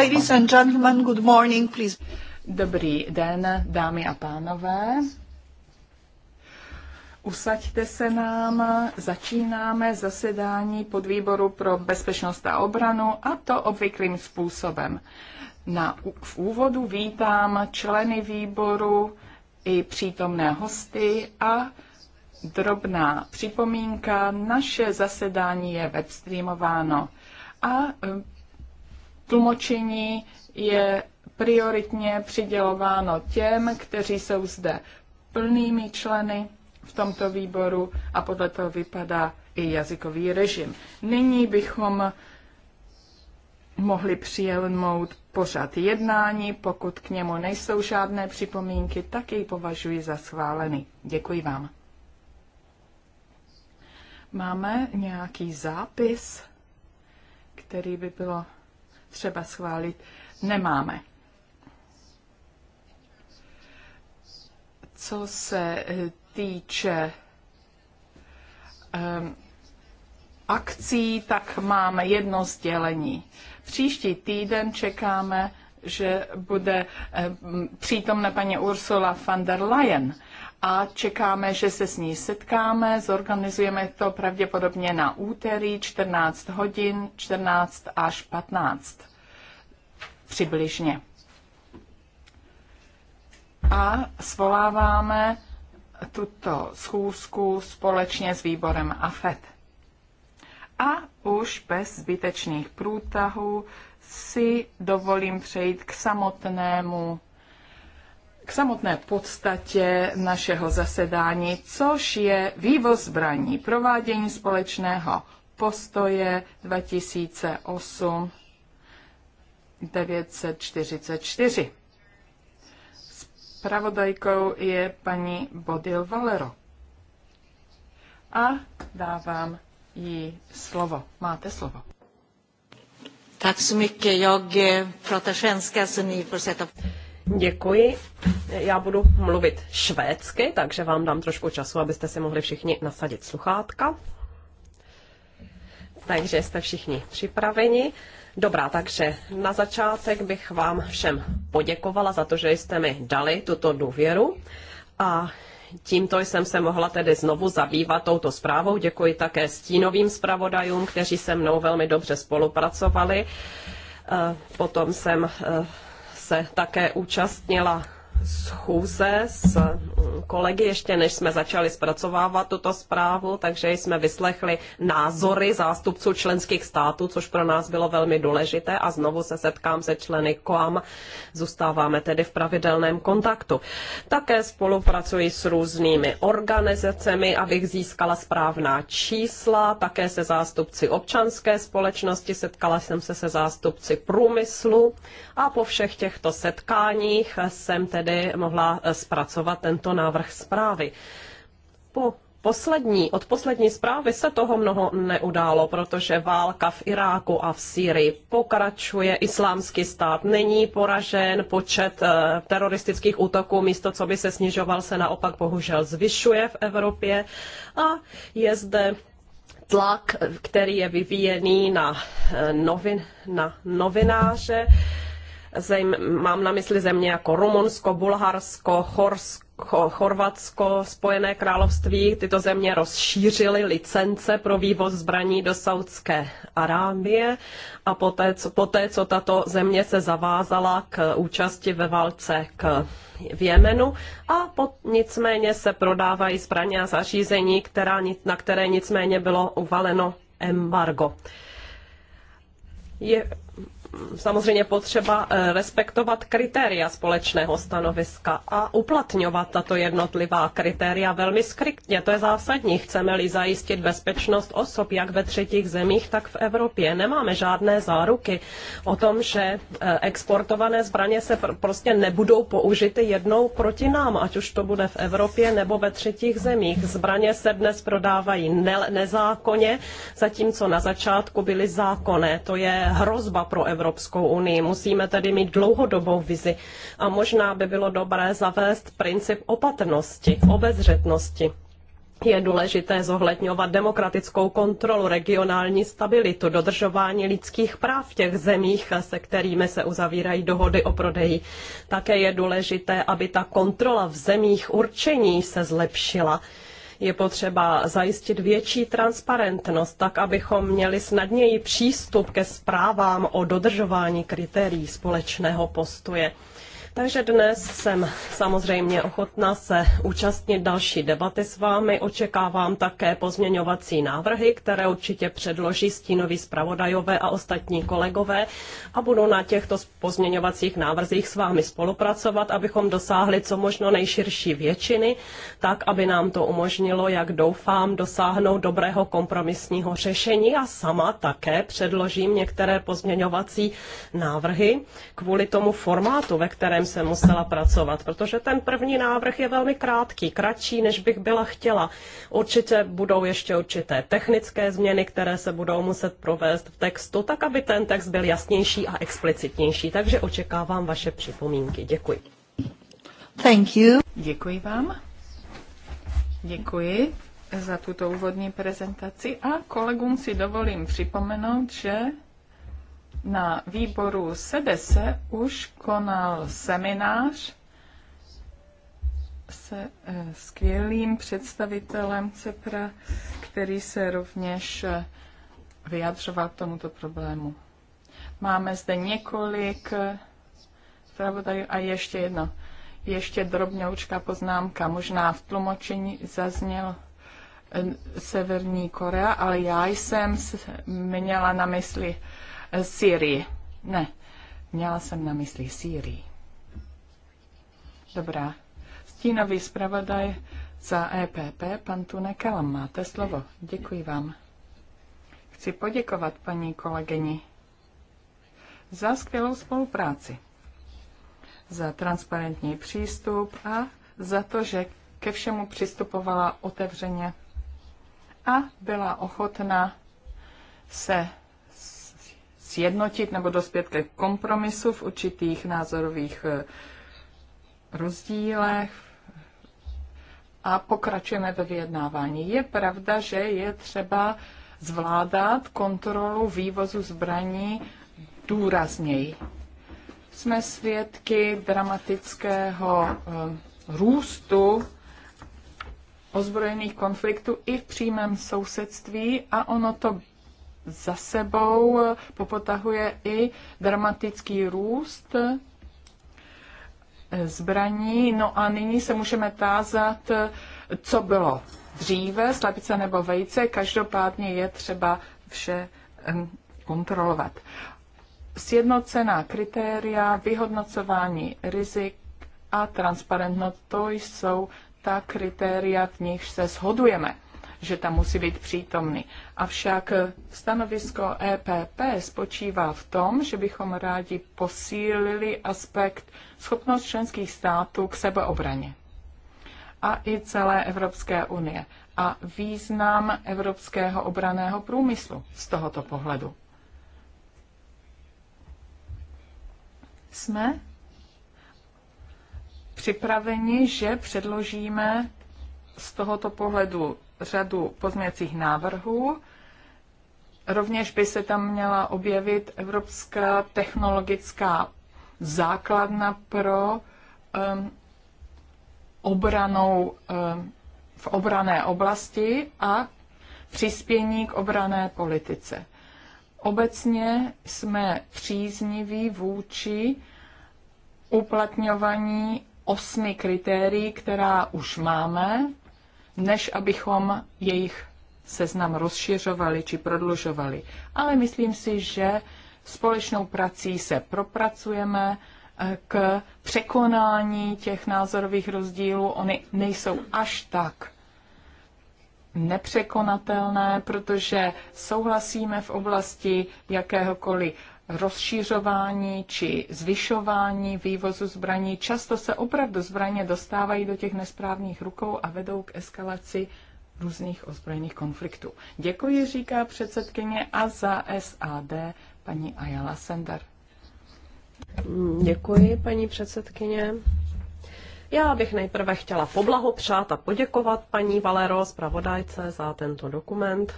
Ladies and gentlemen, good morning, please. Dobrý den, dámy a pánové. Usaďte se nám, začínáme zasedání podvýboru pro bezpečnost a obranu a to obvyklým způsobem. Na, v úvodu vítám členy výboru i přítomné hosty a drobná připomínka, naše zasedání je webstreamováno a Tlumočení je prioritně přidělováno těm, kteří jsou zde plnými členy v tomto výboru a podle toho vypadá i jazykový režim. Nyní bychom mohli přijmout pořad jednání. Pokud k němu nejsou žádné připomínky, tak jej považuji za schválený. Děkuji vám. Máme nějaký zápis, který by bylo třeba schválit, nemáme. Co se eh, týče um, akcí, tak máme jedno sdělení. Příští týden čekáme, že bude um, přítomna paní Ursula von der Leyen a čekáme, že se s ní setkáme. Zorganizujeme to pravděpodobně na úterý 14 hodin, 14 až 15 přibližně. A svoláváme tuto schůzku společně s výborem AFET. A už bez zbytečných průtahů si dovolím přejít k samotnému k samotné podstatě našeho zasedání, což je vývoz zbraní, provádění společného postoje 2008 944. Spravodajkou je paní Bodil Valero. A dávám jí slovo. Máte slovo. Tak så mycket. Jag pratar svenska så ni får sätta... Děkuji. Já budu mluvit švédsky, takže vám dám trošku času, abyste si mohli všichni nasadit sluchátka. Takže jste všichni připraveni. Dobrá, takže na začátek bych vám všem poděkovala za to, že jste mi dali tuto důvěru. A tímto jsem se mohla tedy znovu zabývat touto zprávou. Děkuji také stínovým zpravodajům, kteří se mnou velmi dobře spolupracovali. Eh, potom jsem eh, se také účastnila schůze s eh, kolegy, ještě než jsme začali zpracovávat tuto zprávu, takže jsme vyslechli názory zástupců členských států, což pro nás bylo velmi důležité a znovu se setkám se členy KOAM, zůstáváme tedy v pravidelném kontaktu. Také spolupracuji s různými organizacemi, abych získala správná čísla, také se zástupci občanské společnosti, setkala jsem se se zástupci průmyslu a po všech těchto setkáních jsem tedy tedy mohla eh, zpracovat tento návrh zprávy. Po poslední, od poslední zprávy se toho mnoho neudálo, protože válka v Iráku a v Sýrii pokračuje, islámský stát není poražen, počet eh, teroristických útoků místo, co by se snižoval, se naopak bohužel zvyšuje v Evropě a je zde tlak, který je vyvíjený na, eh, novin, na novináře. Zem, mám na mysli země jako Rumunsko, Bulharsko, Chorsko, Chorvatsko, Spojené království, tyto země rozšířily licence pro vývoz zbraní do Saudské Arábie a poté co, poté, co tato země se zavázala k účasti ve válce k, v Jemenu a po, nicméně se prodávají zbraně a zařízení, která, na které nicméně bylo uvaleno embargo. Je, samozřejmě potřeba eh, respektovat kritéria společného stanoviska a uplatňovat tato jednotlivá kritéria velmi skriktně. To je zásadní. Chceme-li zajistit bezpečnost osob jak ve třetích zemích, tak v Evropě. Nemáme žádné záruky o tom, že eh, exportované zbraně se prostě nebudou použity jednou proti nám, ať už to bude v Evropě nebo ve třetích zemích. Zbraně se dnes prodávají ne- nezákonně, zatímco na začátku byly zákonné. To je hrozba pro Evropu Evropskou unii. Musíme tedy mít dlouhodobou vizi a možná by bylo dobré zavést princip opatrnosti, obezřetnosti je důležité zohledňovat demokratickou kontrolu, regionální stabilitu, dodržování lidských práv v těch zemích, se kterými se uzavírají dohody o prodeji. Také je důležité, aby ta kontrola v zemích určení se zlepšila je potřeba zajistit větší transparentnost, tak abychom měli snadněji přístup ke zprávám o dodržování kritérií společného postuje. Takže dnes jsem samozřejmě ochotná se účastnit další debaty s vámi. Očekávám také pozměňovací návrhy, které určitě předloží stínoví zpravodajové a ostatní kolegové a budu na těchto pozměňovacích návrzích s vámi spolupracovat, abychom dosáhli co možno nejširší většiny, tak aby nám to umožnilo, jak doufám, dosáhnout dobrého kompromisního řešení a sama také předložím některé pozměňovací návrhy kvůli tomu formátu, ve kterém jsem musela pracovat, protože ten první návrh je velmi krátký, kratší, než bych byla chtěla. Určitě budou ještě určité technické změny, které se budou muset provést v textu, tak aby ten text byl jasnější a explicitnější. Takže očekávám vaše připomínky. Děkuji. Thank you. Děkuji vám. Děkuji za tuto úvodní prezentaci a kolegům si dovolím připomenout, že na výboru SEDES už konal seminář se eh, skvělým představitelem CEPRA, který se rovněž eh, vyjadřoval k tomuto problému. Máme zde několik eh, zpravodajů a ještě jedno. Ještě drobňoučká poznámka. Možná v tlumočení zazněl Severní Korea, ale já jsem měla na mysli Syrii. Ne, měla jsem na mysli Syrii. Dobrá. Stínový zpravodaj za EPP, pan Tune Kalam, máte slovo. Děkuji vám. Chci poděkovat paní kolegyni za skvělou spolupráci, za transparentní přístup a za to, že ke všemu přistupovala otevřeně a byla ochotná se sjednotit nebo dospět ke kompromisu v určitých názorových eh, rozdílech a pokračujeme ve vyjednávání. Je pravda, že je třeba zvládat kontrolu vývozu zbraní důrazněji. Jsme svědky dramatického eh, růstu ozbrojených konfliktů i v přímém sousedství a ono to za sebou, popotahuje i dramatický růst zbraní. No a nyní se můžeme tázat, co bylo dříve, slepice nebo vejce. Každopádně je třeba vše kontrolovat. Sjednocená kritéria, vyhodnocování rizik a transparentnost, to jsou ta kritéria, v nichž se shodujeme že tam musí být přítomny. Avšak stanovisko EPP spočívá v tom, že bychom rádi posílili aspekt schopnost členských států k sebeobraně a i celé Evropské unie a význam evropského obraného průmyslu z tohoto pohledu. Jsme připraveni, že předložíme z tohoto pohledu řadu pozměcích návrhů. Rovněž by se tam měla objevit Evropská technologická základna pro um, obranou um, v obrané oblasti a přispění k obrané politice. Obecně jsme přízniví vůči uplatňování osmi kritérií, která už máme než abychom jejich seznam rozšiřovali či prodlužovali. Ale myslím si, že společnou prací se propracujeme eh, k překonání těch názorových rozdílů. Ony nejsou až tak nepřekonatelné, protože souhlasíme v oblasti jakéhokoliv rozšířování či zvyšování vývozu zbraní. Často se opravdu zbraně dostávají do těch nesprávných rukou a vedou k eskalaci různých ozbrojených konfliktů. Děkuji, říká předsedkyně a za SAD paní Ayala Sender. Děkuji, paní předsedkyně. Já bych nejprve chtěla poblahopřát a poděkovat paní Valero, zpravodajce, za tento dokument.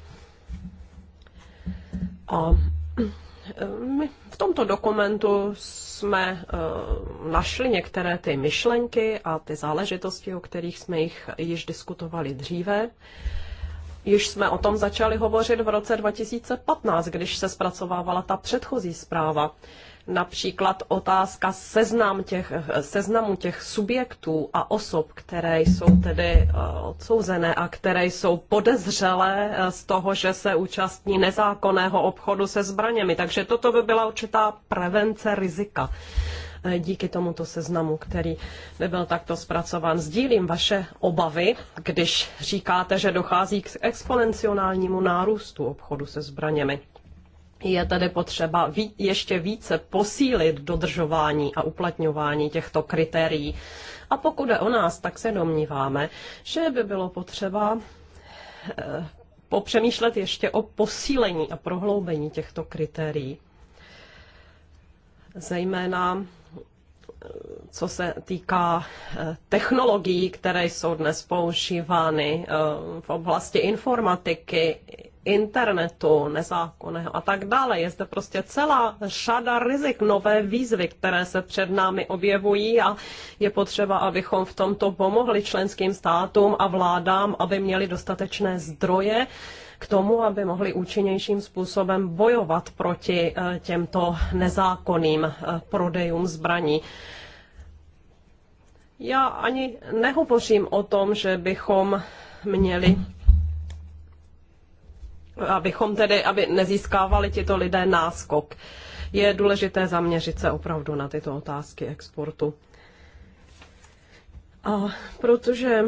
A my v tomto dokumentu jsme eh, našli některé ty myšlenky a ty záležitosti, o kterých jsme jich již diskutovali dříve. Již jsme o tom začali hovořit v roce 2015, když se zpracovávala ta předchozí zpráva například otázka seznam těch, seznamu těch subjektů a osob, které jsou tedy eh, odsouzené a které jsou podezřelé eh, z toho, že se účastní nezákonného obchodu se zbraněmi. Takže toto by byla určitá prevence rizika eh, díky tomuto seznamu, který by byl takto zpracován. Sdílím vaše obavy, když říkáte, že dochází k exponenciálnímu nárůstu obchodu se zbraněmi. Je tedy potřeba ještě více posílit dodržování a uplatňování těchto kritérií. A pokud je o nás, tak se domníváme, že by bylo potřeba eh, popřemýšlet ještě o posílení a prohloubení těchto kritérií. Zejména eh, co se týká eh, technologií, které jsou dnes používány v oblasti informatiky, internetu nezákonného a tak dále. Je zde prostě celá šada rizik, nové výzvy, které se před námi objevují a je potřeba, abychom v tomto pomohli členským státům a vládám, aby měli dostatečné zdroje k tomu, aby mohli účinnějším způsobem bojovat proti eh, těmto nezákonným eh, prodejům zbraní. Já ani nehovořím o tom, že bychom měli abychom tedy, aby nezískávali tito lidé náskok. Je důležité zaměřit se opravdu na tyto otázky exportu. A protože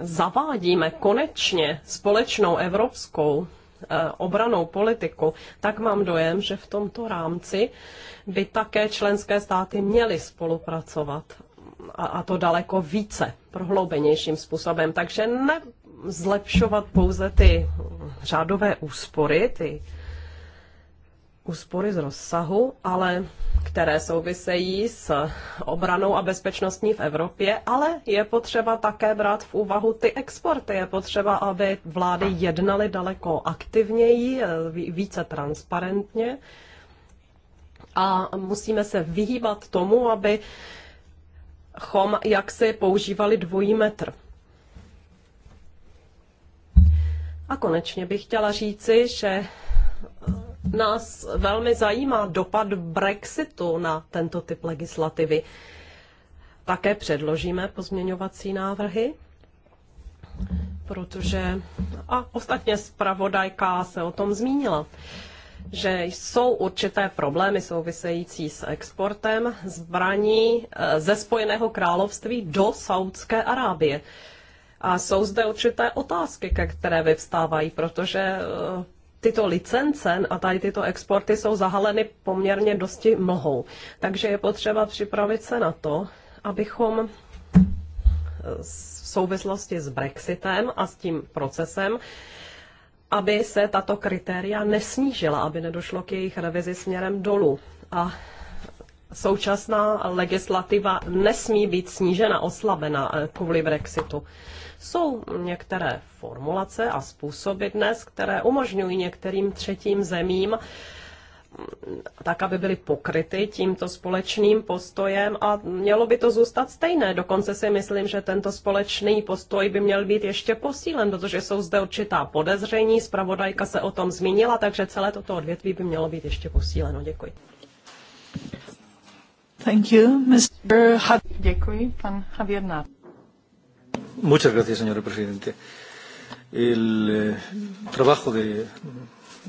zavádíme konečně společnou evropskou eh, obranou politiku, tak mám dojem, že v tomto rámci by také členské státy měly spolupracovat a, to daleko více prohloubenějším způsobem. Takže ne, zlepšovat pouze ty řádové úspory, ty úspory z rozsahu, ale které souvisejí s obranou a bezpečnostní v Evropě, ale je potřeba také brát v úvahu ty exporty. Je potřeba, aby vlády jednaly daleko aktivněji, eh, více transparentně a musíme se vyhýbat tomu, aby chom jaksi používali dvojí metr. A konečně bych chtěla říci, že eh, nás velmi zajímá dopad Brexitu na tento typ legislativy. Také předložíme pozměňovací návrhy, protože, a ostatně zpravodajka se o tom zmínila, že jsou určité problémy související s exportem zbraní eh, ze Spojeného království do Saudské Arábie. A jsou zde určité otázky, ke které vyvstávají, protože eh, tyto licence a tady tyto exporty jsou zahaleny poměrně dosti mlhou. Takže je potřeba připravit se na to, abychom eh, v souvislosti s Brexitem a s tím procesem, aby se tato kritéria nesnížila, aby nedošlo k jejich revizi směrem dolů. A současná legislativa nesmí být snížena, oslabena eh, kvůli Brexitu. Jsou některé formulace a způsoby dnes, které umožňují některým třetím zemím tak, aby byly pokryty tímto společným postojem a mělo by to zůstat stejné. Dokonce si myslím, že tento společný postoj by měl být ještě posílen, protože jsou zde určitá podezření, zpravodajka se o tom zmínila, takže celé toto odvětví by mělo být ještě posíleno. Děkuji. Thank you, Mr. Děkuji, pan Javier Muchas gracias, señor presidente. El eh, trabajo de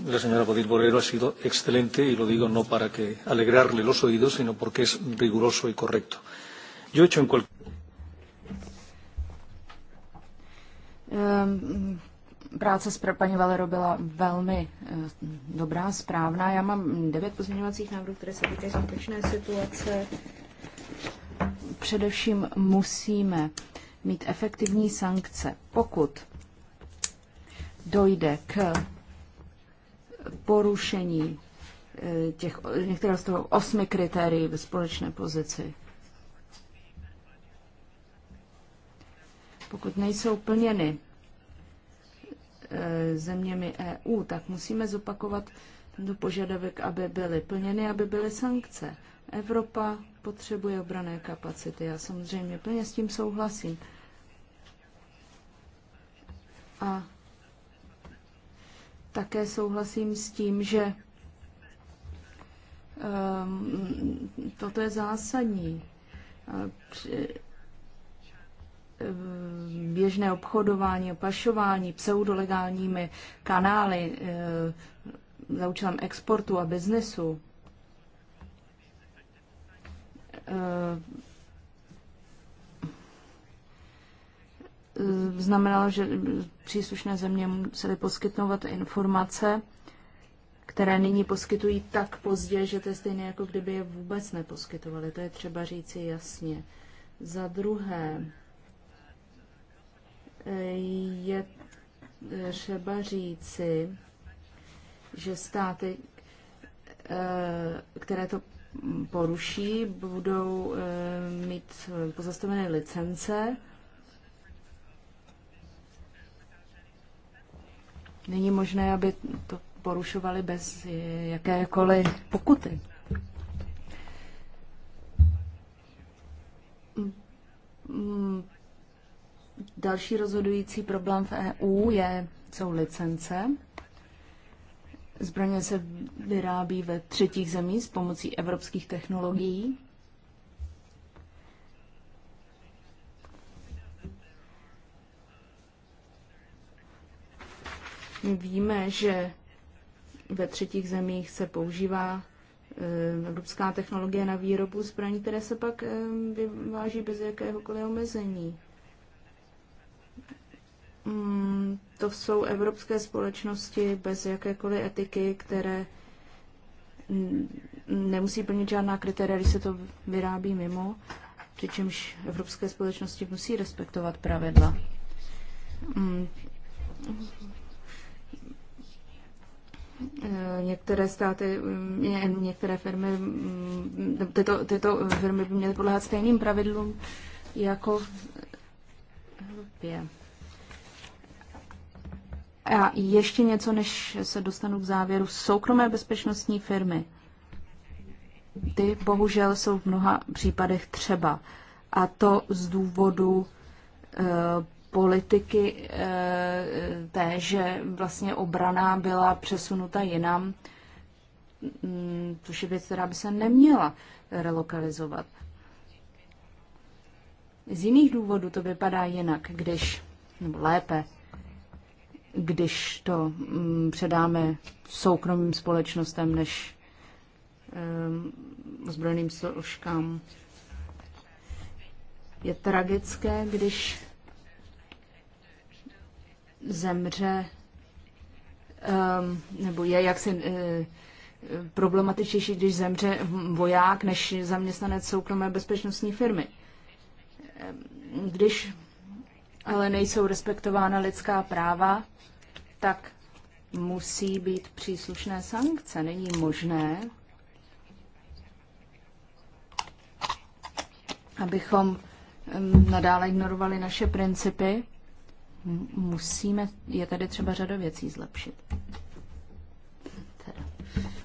la señora Bodil Borero ha sido excelente y lo digo no para que alegrarle los oídos, sino porque es riguroso y correcto. Yo he hecho en cualquier. Um, práce s paní Valero byla velmi uh, dobrá, správná. Já mám devět pozměňovacích návrhů, které se týkají skutečné situace. Především musíme mít efektivní sankce. Pokud dojde k porušení eh, těch, některého z toho osmi kritérií ve společné pozici, pokud nejsou plněny eh, zeměmi EU, tak musíme zopakovat tento požadavek, aby byly plněny, aby byly sankce. Evropa potřebuje obrané kapacity. Já samozřejmě plně s tím souhlasím. A také souhlasím s tím, že um, toto je zásadní. Ehm, běžné obchodování opašování pseudolegálními kanály ehm, za účelem exportu a biznesu Eh, znamenalo, že příslušné země museli poskytnout informace, které nyní poskytují tak pozdě, že to je stejné, jako kdyby je vůbec neposkytovali. To je třeba říci jasně. Za druhé, eh, je třeba říci, že státy, eh, které to poruší, budou mít pozastavené licence Není možné, aby to porušovali bez jakékoliv pokuty. Další rozhodující problém v EU je, jsou licence. Zbraně se vyrábí ve třetích zemích s pomocí evropských technologií. Víme, že ve třetích zemích se používá eh, evropská technologie na výrobu zbraní, které se pak eh, vyváží bez jakéhokoliv omezení. Mm, to jsou evropské společnosti bez jakékoliv etiky, které nemusí plnit žádná kritéria, když se to vyrábí mimo, přičemž evropské společnosti musí respektovat pravidla. Mm. Eh, některé státy, mm, některé firmy, mm, tyto, tyto firmy by měly podlehat stejným pravidlům jako v Evropě. A ještě něco, než se dostanu k závěru. Soukromé bezpečnostní firmy. Ty bohužel jsou v mnoha případech třeba. A to z důvodu eh, politiky eh, té, že vlastně obrana byla přesunuta jinam, mm, což je věc, která by se neměla relokalizovat. Z jiných důvodů to vypadá jinak, když, nebo lépe, když to mm, předáme soukromým společnostem než eh, ozbrojeným složkám. Je tragické, když zemře um, nebo je jaksi uh, problematičtější, když zemře voják, než zaměstnanec soukromé bezpečnostní firmy. Ehm, když ale nejsou respektována lidská práva, tak musí být příslušné sankce. Není možné, abychom ehm, nadále ignorovali naše principy. Musíme, je tady třeba řada věcí zlepšit. Teda.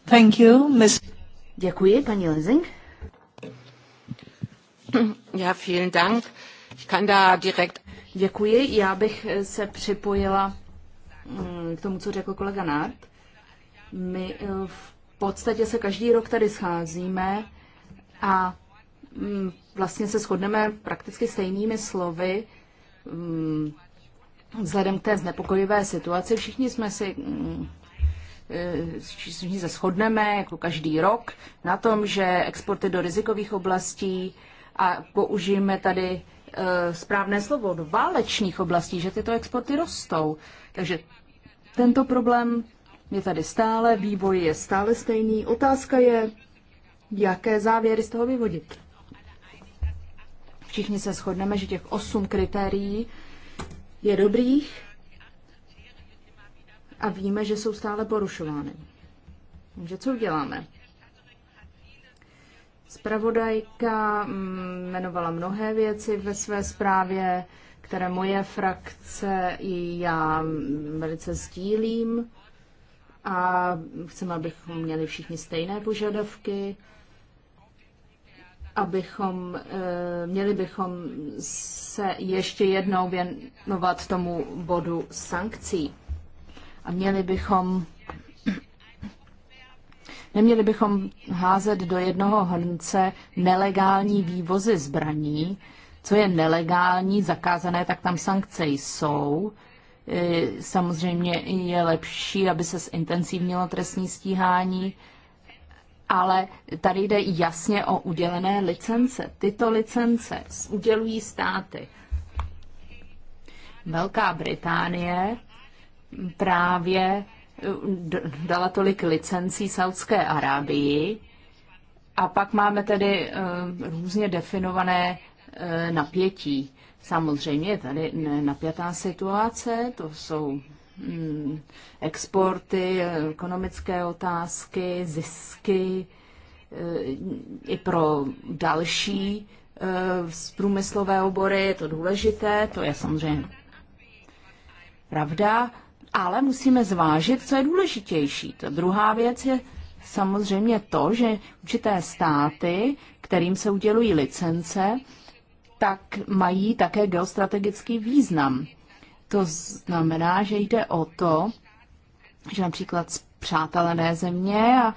Thank you, miss. Děkuji, paní Lezing. Ja, vielen Dank. Ich kann da direkt... Děkuji, já bych se připojila mm, k tomu, co řekl kolega Nart. My eh, v podstatě se každý rok tady scházíme a mm, vlastně se shodneme prakticky stejnými slovy. Mm, Vzhledem k té znepokojivé situaci všichni jsme si mm, eh, všichni se shodneme, jako každý rok, na tom, že exporty do rizikových oblastí a použijeme tady eh, správné slovo, do válečných oblastí, že tyto exporty rostou. Takže tento problém je tady stále, vývoj je stále stejný. Otázka je, jaké závěry z toho vyvodit. Všichni se shodneme, že těch osm kritérií je dobrých a víme, že jsou stále porušovány. Takže co uděláme? Spravodajka mm, jmenovala mnohé věci ve své zprávě, které moje frakce i já velice sdílím a chceme, abychom měli všichni stejné požadavky abychom, eh, měli bychom se ještě jednou věnovat tomu bodu sankcí. A měli bychom, neměli bychom házet do jednoho hrnce nelegální vývozy zbraní, co je nelegální, zakázané, tak tam sankce jsou. Eh, samozřejmě je lepší, aby se zintenzivnilo trestní stíhání, ale tady jde jasně o udělené licence. Tyto licence udělují státy. Velká Británie právě eh, dala tolik licencí Saudské Arábii a pak máme tedy eh, různě definované eh, napětí. Samozřejmě tady napjatá situace, to jsou Mm, exporty, ekonomické otázky, zisky eh, i pro další eh, z průmyslové obory, je to důležité, to je samozřejmě pravda, ale musíme zvážit, co je důležitější. Ta druhá věc je samozřejmě to, že určité státy, kterým se udělují licence, tak mají také geostrategický význam. To znamená, že jde o to, že například přátelené země a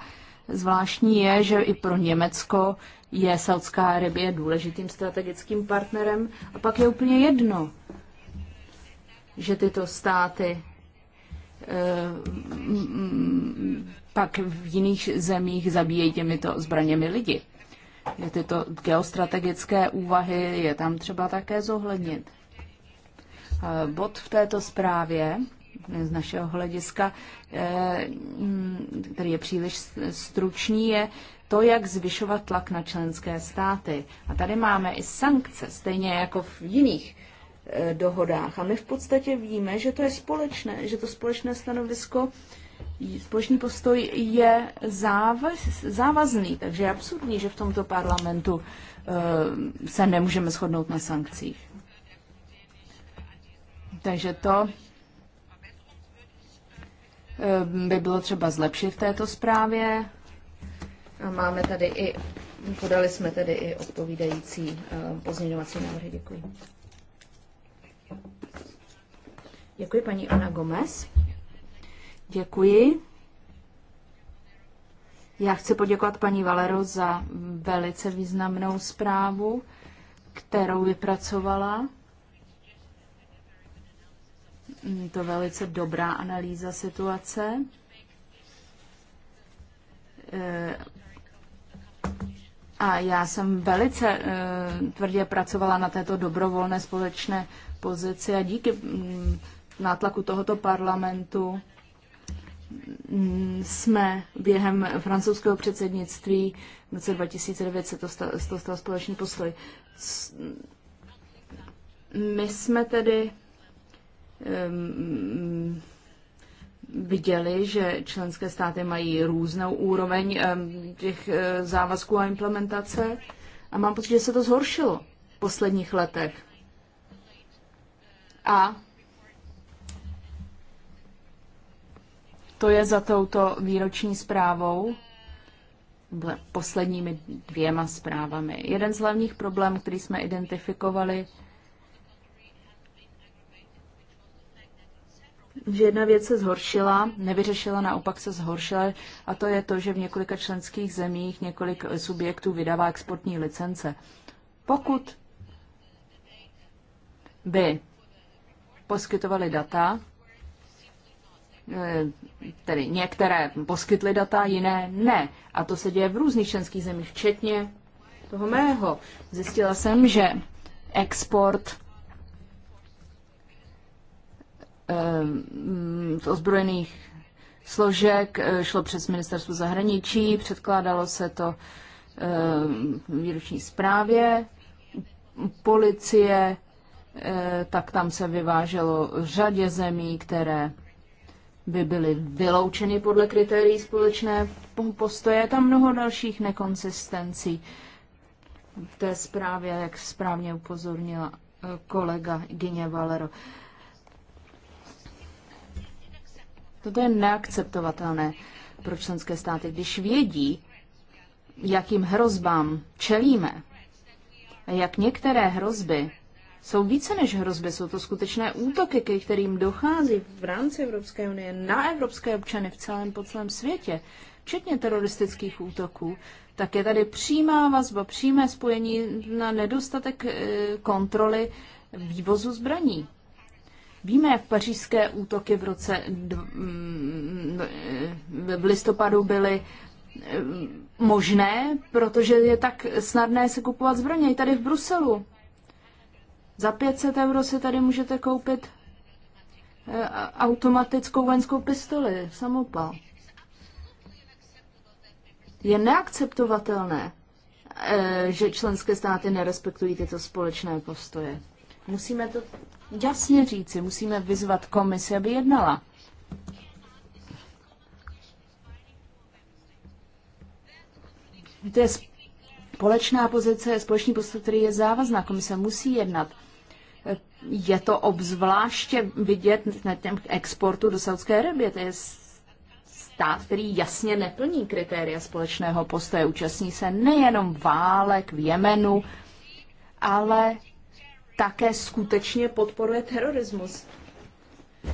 zvláštní je, že i pro Německo je Saudská Arabie důležitým strategickým partnerem a pak je úplně jedno, že tyto státy eh, pak v jiných zemích zabíjejí těmito zbraněmi lidi. Tyto geostrategické úvahy je tam třeba také zohlednit. Eh, bod v této zprávě z našeho hlediska, eh, mm, který je příliš stručný, je to, jak zvyšovat tlak na členské státy. A tady máme i sankce, stejně jako v jiných eh, dohodách. A my v podstatě víme, že to je společné, že to společné stanovisko, společný postoj je závaz, závazný. Takže je absurdní, že v tomto parlamentu se nemůžeme shodnout na sankcích. Takže to ehm, by bylo třeba zlepšit v této zprávě. A máme tady i, podali jsme tedy i odpovídající ehm, pozměňovací návrhy. Děkuji. Děkuji paní Ana Gomez. Děkuji. Já chci poděkovat paní Valero za velice významnou zprávu, kterou vypracovala. Mm, to velice dobrá analýza situace. Eh, a já jsem velice eh, tvrdě pracovala na této dobrovolné společné pozici a díky mm, nátlaku tohoto parlamentu mm, jsme během francouzského předsednictví v roce 2009 se to stalo společný postoj. My jsme tedy Ehm, viděli, že členské státy mají různou úroveň ehm, těch eh, závazků a implementace a mám pocit, že se to zhoršilo v posledních letech. A to je za touto výroční zprávou, posledními dvěma zprávami. Jeden z hlavních problémů, který jsme identifikovali, že jedna věc se zhoršila, nevyřešila, naopak se zhoršila, a to je to, že v několika členských zemích několik subjektů vydává exportní licence. Pokud by poskytovali data, eh, tedy některé poskytly data, jiné ne. A to se děje v různých členských zemích, včetně toho mého. Zjistila jsem, že export Eh, z ozbrojených složek, eh, šlo přes ministerstvo zahraničí, předkládalo se to eh, výroční zprávě, policie, tak tam se vyváželo řadě zemí, které by byly vyloučeny podle kritérií společné postoje. Je tam mnoho dalších nekonsistencí. V té zprávě, jak správně upozornila kolega Gině Valero. Toto je neakceptovatelné pro členské státy, když vědí, jakým hrozbám čelíme a jak některé hrozby jsou více než hrozby, jsou to skutečné útoky, ke kterým dochází v rámci Evropské unie na evropské občany v celém po celém světě, včetně teroristických útoků, tak je tady přímá vazba, přímé spojení na nedostatek eh, kontroly vývozu zbraní. Víme, jak pařížské útoky v roce mm, v listopadu byly mm, možné, protože je tak snadné se kupovat zbraně i tady v Bruselu. Za 500 euro si tady můžete koupit e, automatickou vojenskou pistoli, samopal. Je neakceptovatelné, e, že členské státy nerespektují tyto společné postoje. Musíme to jasně říci, musíme vyzvat komisi, aby jednala. To je společná pozice, společný postup, který je závazná. Komise musí jednat. Je to obzvláště vidět na těm exportu do Saudské Arabie. To je stát, který jasně neplní kritéria společného postoje. Účastní se nejenom válek v Jemenu, ale také skutečně podporuje terorismus.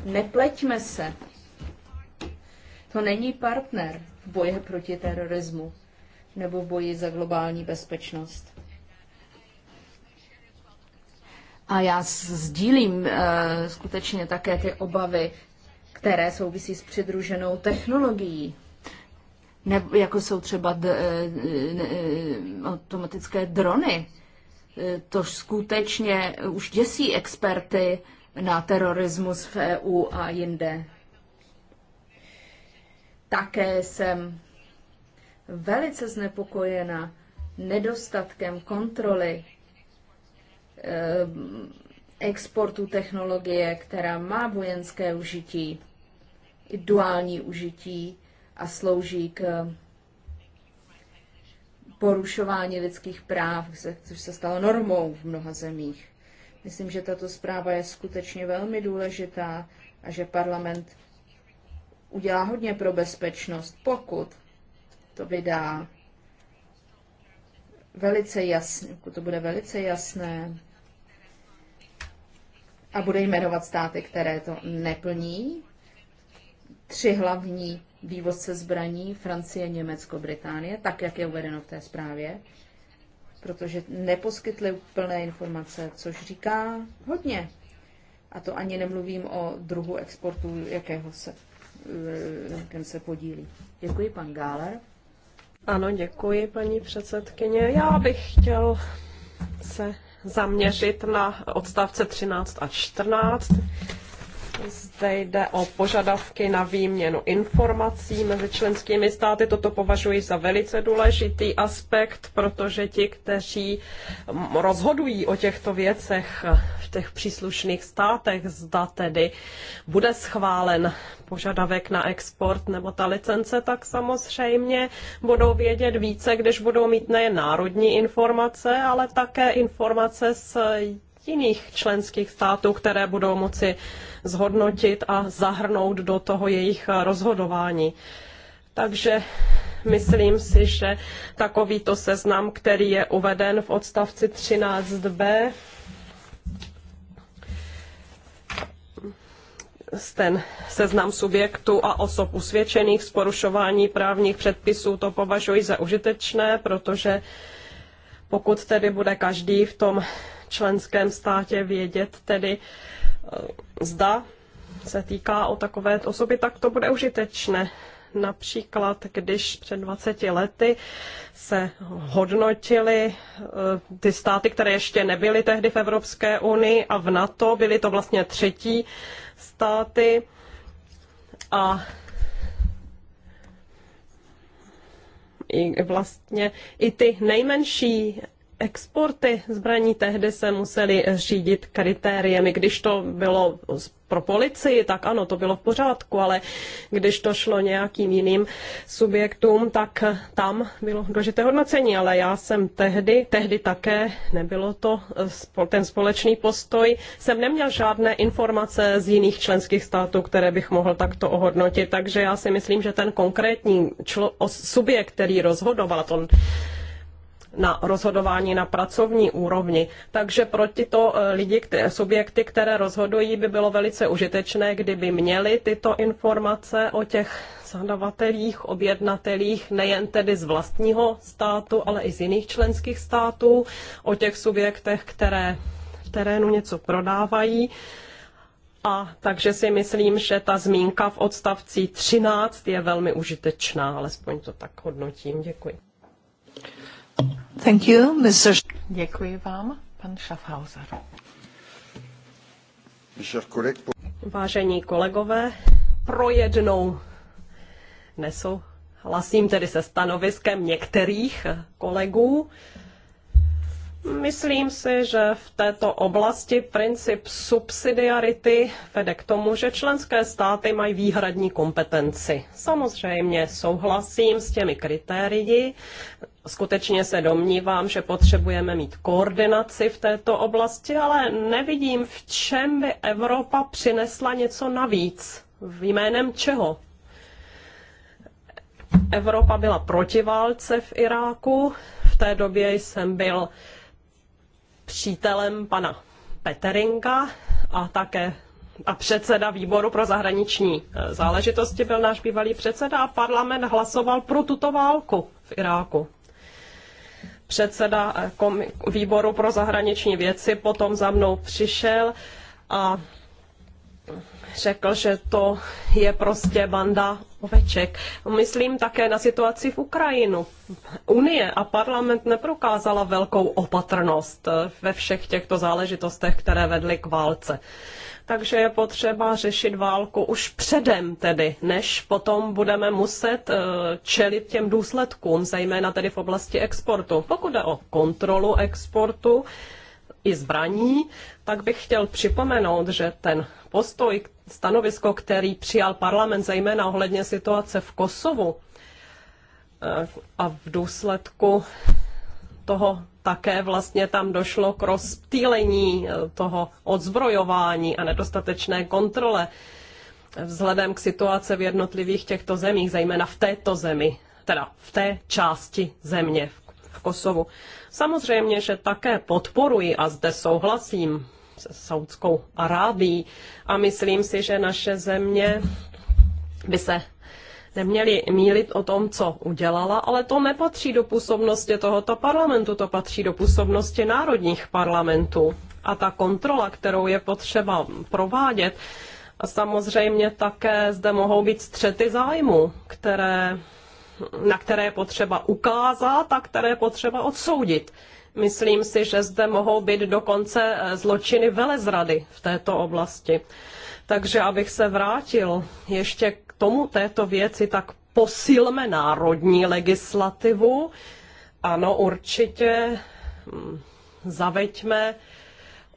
Nepleťme se. To není partner v boji proti terorismu nebo v boji za globální bezpečnost. A já sdílím uh, skutečně také ty obavy, které souvisí s přidruženou technologií. Ne, jako jsou třeba d, e, e, automatické drony, to skutečně už děsí experty na terorismus v EU a jinde. Také jsem velice znepokojena nedostatkem kontroly eh, exportu technologie, která má vojenské užití, duální užití a slouží k porušování lidských práv, což se stalo normou v mnoha zemích. Myslím, že tato zpráva je skutečně velmi důležitá a že parlament udělá hodně pro bezpečnost, pokud to vydá velice jasně, pokud to bude velice jasné a bude jmenovat státy, které to neplní tři hlavní vývozce zbraní, Francie, Německo, Británie, tak, jak je uvedeno v té zprávě, protože neposkytli úplné informace, což říká hodně. A to ani nemluvím o druhu exportu, jakého se, jakém eh, se podílí. Děkuji, pan Gáler. Ano, děkuji, paní předsedkyně. Já bych chtěl se zaměřit na odstavce 13 a 14 zde jde o požadavky na výměnu informací mezi členskými státy. Toto považuji za velice důležitý aspekt, protože ti, kteří rozhodují o těchto věcech v těch příslušných státech, zda tedy bude schválen požadavek na export nebo ta licence, tak samozřejmě budou vědět více, když budou mít nejen národní informace, ale také informace z jiných členských států, které budou moci zhodnotit a zahrnout do toho jejich rozhodování. Takže myslím si, že takovýto seznam, který je uveden v odstavci 13b, ten seznam subjektů a osob usvědčených z porušování právních předpisů, to považuji za užitečné, protože pokud tedy bude každý v tom členském státě vědět tedy, eh, zda se týká o takové osoby, tak to bude užitečné. Například, když před 20 lety se hodnotily eh, ty státy, které ještě nebyly tehdy v Evropské unii a v NATO, byly to vlastně třetí státy. A i vlastně i ty nejmenší exporty zbraní tehdy se musely řídit kritériemi. Když to bylo pro policii, tak ano, to bylo v pořádku, ale když to šlo nějakým jiným subjektům, tak tam bylo důležité hodnocení, ale já jsem tehdy, tehdy také nebylo to ten společný postoj, jsem neměl žádné informace z jiných členských států, které bych mohl takto ohodnotit, takže já si myslím, že ten konkrétní člo, subjekt, který rozhodoval, to na rozhodování na pracovní úrovni. Takže pro tyto eh, lidi, které, subjekty, které rozhodují, by bylo velice užitečné, kdyby měli tyto informace o těch zadavatelích, objednatelích, nejen tedy z vlastního státu, ale i z jiných členských států, o těch subjektech, které v terénu něco prodávají. A takže si myslím, že ta zmínka v odstavci 13 je velmi užitečná, alespoň to tak hodnotím. Děkuji. Thank you, Mr. Děkuji vám, pan Schaffhauser. Vážení kolegové, pro jednou nesouhlasím tedy se stanoviskem některých kolegů. Myslím si, že v této oblasti princip subsidiarity vede k tomu, že členské státy mají výhradní kompetenci. Samozřejmě souhlasím s těmi kritérii. Skutečně se domnívám, že potřebujeme mít koordinaci v této oblasti, ale nevidím, v čem by Evropa přinesla něco navíc. V jménem čeho? Evropa byla proti válce v Iráku. V té době jsem byl přítelem pana Peterinka a také a předseda výboru pro zahraniční eh, záležitosti byl náš bývalý předseda a parlament hlasoval pro tuto válku v Iráku. Předseda eh, výboru pro zahraniční věci potom za mnou přišel a řekl, že to je prostě banda oveček. Myslím také na situaci v Ukrajinu. Unie a parlament neprokázala velkou opatrnost ve všech těchto záležitostech, které vedly k válce. Takže je potřeba řešit válku už předem tedy, než potom budeme muset eh, čelit těm důsledkům, zejména tedy v oblasti exportu. Pokud jde o kontrolu exportu, i zbraní, tak bych chtěl připomenout, že ten postoj, stanovisko, který přijal parlament, zejména ohledně situace v Kosovu eh, a v důsledku toho také vlastně tam došlo k rozptýlení eh, toho odzbrojování a nedostatečné kontrole eh, vzhledem k situaci v jednotlivých těchto zemích, zejména v této zemi, teda v té části země v Kosovu. Samozřejmě, že také podporuji a zde souhlasím se Saudskou Arábií. A myslím si, že naše země by se neměli mílit o tom, co udělala, ale to nepatří do působnosti tohoto parlamentu, to patří do působnosti národních parlamentů. A ta kontrola, kterou je potřeba provádět, a samozřejmě také zde mohou být střety zájmu, které, na které je potřeba ukázat a které je potřeba odsoudit. Myslím si, že zde mohou být dokonce eh, zločiny velezrady v této oblasti. Takže abych se vrátil ještě k tomu této věci, tak posilme národní legislativu. Ano, určitě hm, zaveďme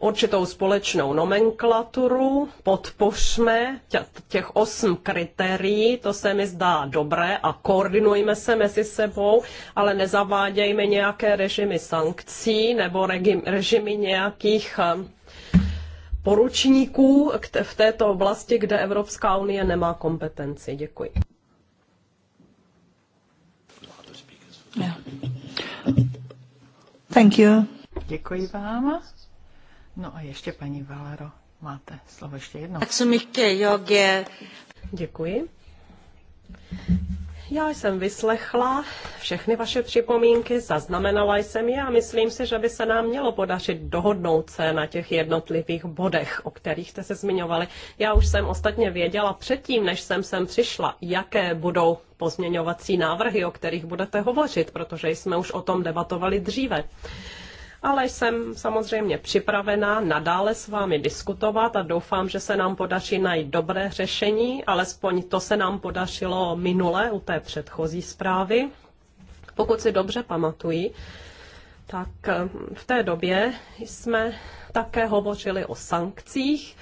určitou společnou nomenklaturu, podpořme těch osm kritérií, to se mi zdá dobré a koordinujme se mezi sebou, ale nezavádějme nějaké režimy sankcí nebo režimy nějakých eh, poručníků v této oblasti, kde Evropská unie nemá kompetenci. Děkuji. Thank you. Děkuji vám. No a ještě paní Valero, máte slovo ještě jedno. Tak jsem ještě jogě. Děkuji. Já jsem vyslechla všechny vaše připomínky, zaznamenala jsem je a myslím si, že by se nám mělo podařit dohodnout se na těch jednotlivých bodech, o kterých jste se zmiňovali. Já už jsem ostatně věděla předtím, než jsem sem přišla, jaké budou pozměňovací návrhy, o kterých budete hovořit, protože jsme už o tom debatovali dříve ale jsem samozřejmě připravená nadále s vámi diskutovat a doufám, že se nám podaří najít dobré řešení, alespoň to se nám podařilo minule u té předchozí zprávy. Pokud si dobře pamatuji, tak eh, v té době jsme také hovořili o sankcích,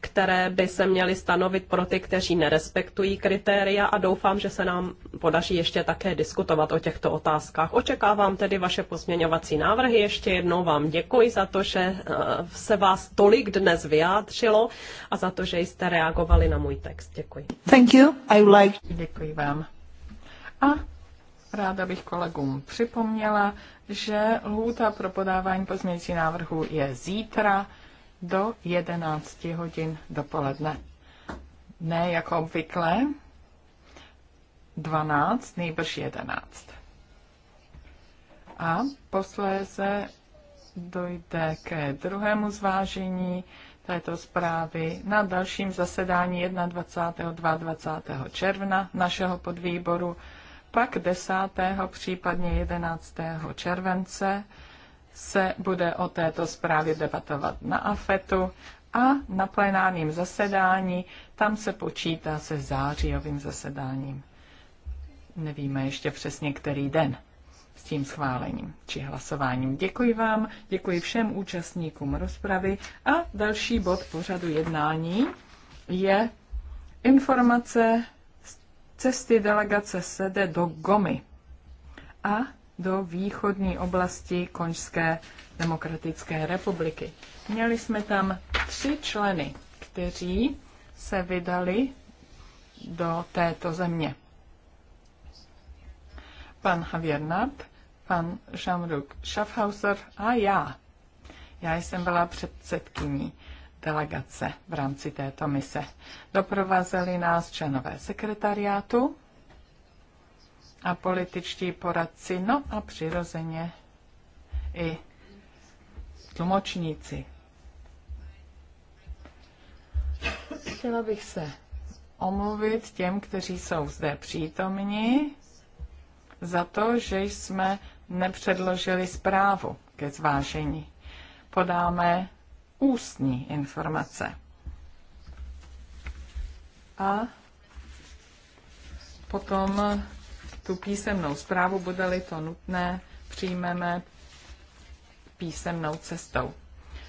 které by se měly stanovit pro ty, kteří nerespektují kritéria a doufám, že se nám podaří ještě také diskutovat o těchto otázkách. Očekávám tedy vaše pozměňovací návrhy. Ještě jednou vám děkuji za to, že eh, se vás tolik dnes vyjádřilo a za to, že jste reagovali na můj text. Děkuji. Thank you. I like... Děkuji vám. A ráda bych kolegům připomněla, že lhůta pro podávání pozměňovacích návrhů je zítra do 11 hodin dopoledne. Ne jako obvykle 12, nejbrž 11. A posléze dojde ke druhému zvážení této zprávy na dalším zasedání 21. 22. června našeho podvýboru, pak 10. případně 11. července se bude o této zprávě debatovat na AFETu a na plenárním zasedání. Tam se počítá se zářijovým zasedáním. Nevíme ještě přesně, který den s tím schválením či hlasováním. Děkuji vám, děkuji všem účastníkům rozpravy a další bod pořadu jednání je informace z cesty delegace SEDE do Gomy a do východní oblasti Konžské demokratické republiky. Měli jsme tam tři členy, kteří se vydali do této země. Pan Javier Nart, pan Jean-Luc Schaffhauser a já. Já jsem byla předsedkyní delegace v rámci této mise. Doprovázeli nás členové sekretariátu, a političtí poradci, no a přirozeně i tlumočníci. Chtěla bych se omluvit těm, kteří jsou zde přítomní za to, že jsme nepředložili zprávu ke zvážení. Podáme ústní informace. A potom tu písemnou zprávu, bude-li to nutné, přijmeme písemnou cestou.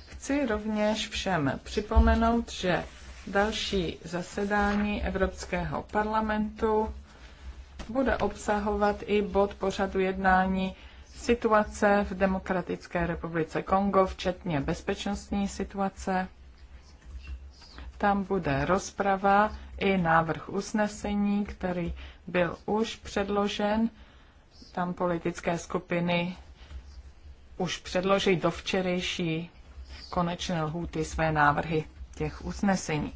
Chci rovněž všem připomenout, že další zasedání Evropského parlamentu bude obsahovat i bod pořadu jednání situace v Demokratické republice Kongo, včetně bezpečnostní situace. Tam bude rozprava i návrh usnesení, který byl už předložen. Tam politické skupiny už předloží do včerejší konečné lhůty své návrhy těch usnesení.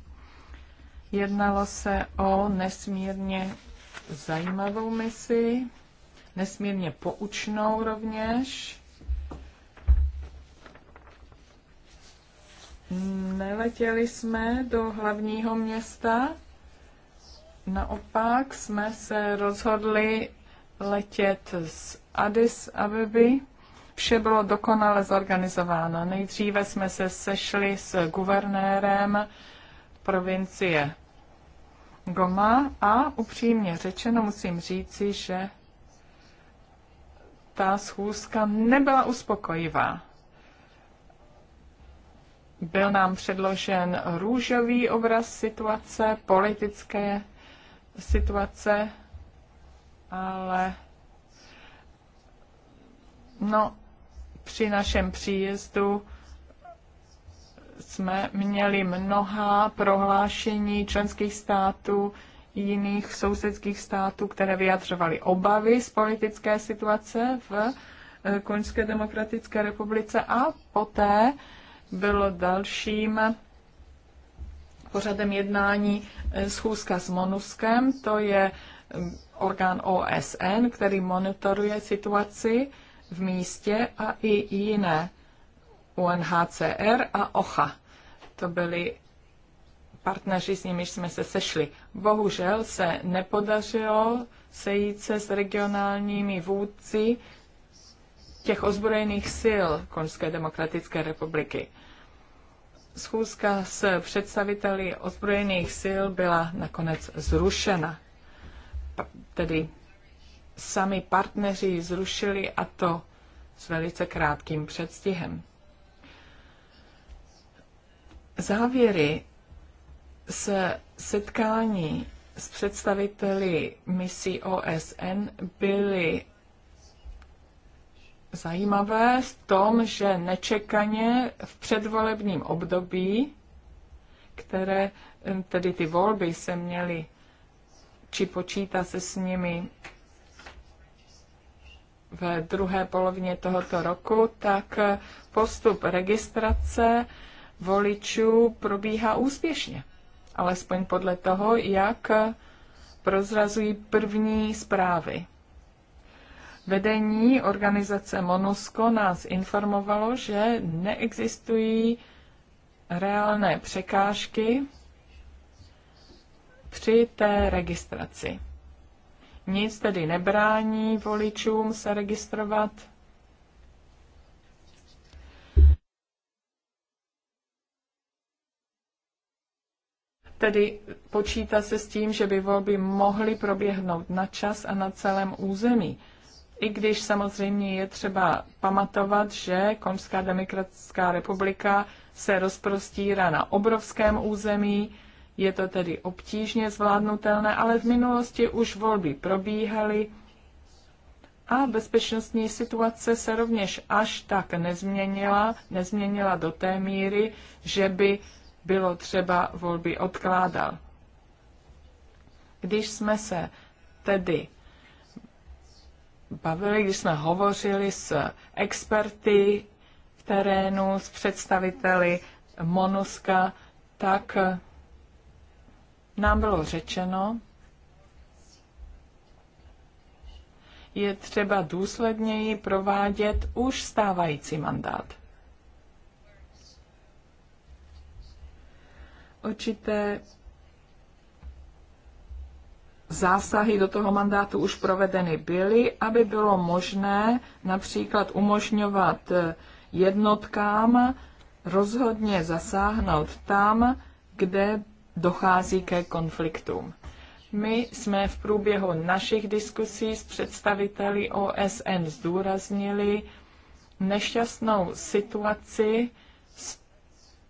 Jednalo se o nesmírně zajímavou misi, nesmírně poučnou rovněž. Neletěli jsme do hlavního města, Naopak jsme se rozhodli letět z Addis Abeby. Vše bylo dokonale zorganizováno. Nejdříve jsme se sešli s guvernérem provincie Goma a upřímně řečeno musím říci, že ta schůzka nebyla uspokojivá. Byl nám předložen růžový obraz situace politické situace, ale no, při našem příjezdu jsme měli mnoha prohlášení členských států, jiných sousedských států, které vyjadřovaly obavy z politické situace v eh, Koňské demokratické republice a poté bylo dalším pořadem jednání eh, schůzka s Monuskem, to je eh, orgán OSN, který monitoruje situaci v místě a i jiné UNHCR a OCHA. To byli partneři, s nimiž jsme se sešli. Bohužel se nepodařilo sejít se s regionálními vůdci těch ozbrojených sil Konžské demokratické republiky schůzka s představiteli ozbrojených sil byla nakonec zrušena. Tedy sami partneři ji zrušili a to s velice krátkým předstihem. Závěry se setkání s představiteli misí OSN byly zajímavé v tom, že nečekaně v předvolebním období, které eh, tedy ty volby se měly, či počítá se s nimi v druhé polovině tohoto roku, tak eh, postup registrace voličů probíhá úspěšně. Alespoň podle toho, jak eh, prozrazují první zprávy Vedení organizace MONUSCO nás informovalo, že neexistují reálné překážky při té registraci. Nic tedy nebrání voličům se registrovat. Tedy počítá se s tím, že by volby mohly proběhnout na čas a na celém území. I když samozřejmě je třeba pamatovat, že Komská demokratická republika se rozprostírá na obrovském území, je to tedy obtížně zvládnutelné, ale v minulosti už volby probíhaly a bezpečnostní situace se rovněž až tak nezměnila, nezměnila do té míry, že by bylo třeba volby odkládal. Když jsme se tedy bavili, když jsme hovořili s experty v terénu, s představiteli Monuska, tak nám bylo řečeno, je třeba důsledněji provádět už stávající mandát. Určité zásahy do toho mandátu už provedeny byly, aby bylo možné například umožňovat eh, jednotkám rozhodně zasáhnout tam, kde dochází ke konfliktům. My jsme v průběhu našich diskusí s představiteli OSN zdůraznili nešťastnou situaci z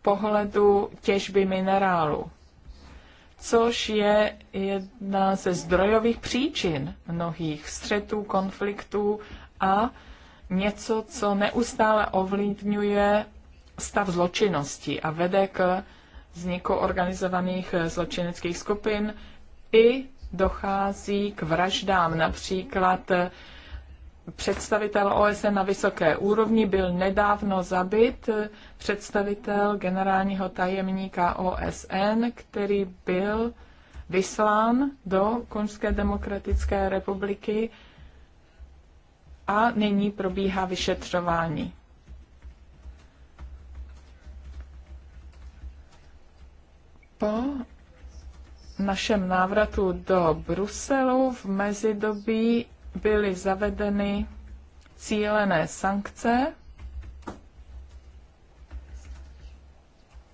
pohledu těžby minerálu což je jedna ze zdrojových příčin mnohých střetů, konfliktů a něco, co neustále ovlivňuje stav zločinnosti a vede k vzniku organizovaných zločineckých skupin i dochází k vraždám, například představitel OSN na vysoké úrovni byl nedávno zabit, představitel generálního tajemníka OSN, který byl vyslán do Konžské demokratické republiky a nyní probíhá vyšetřování. Po našem návratu do Bruselu v mezidobí byly zavedeny cílené sankce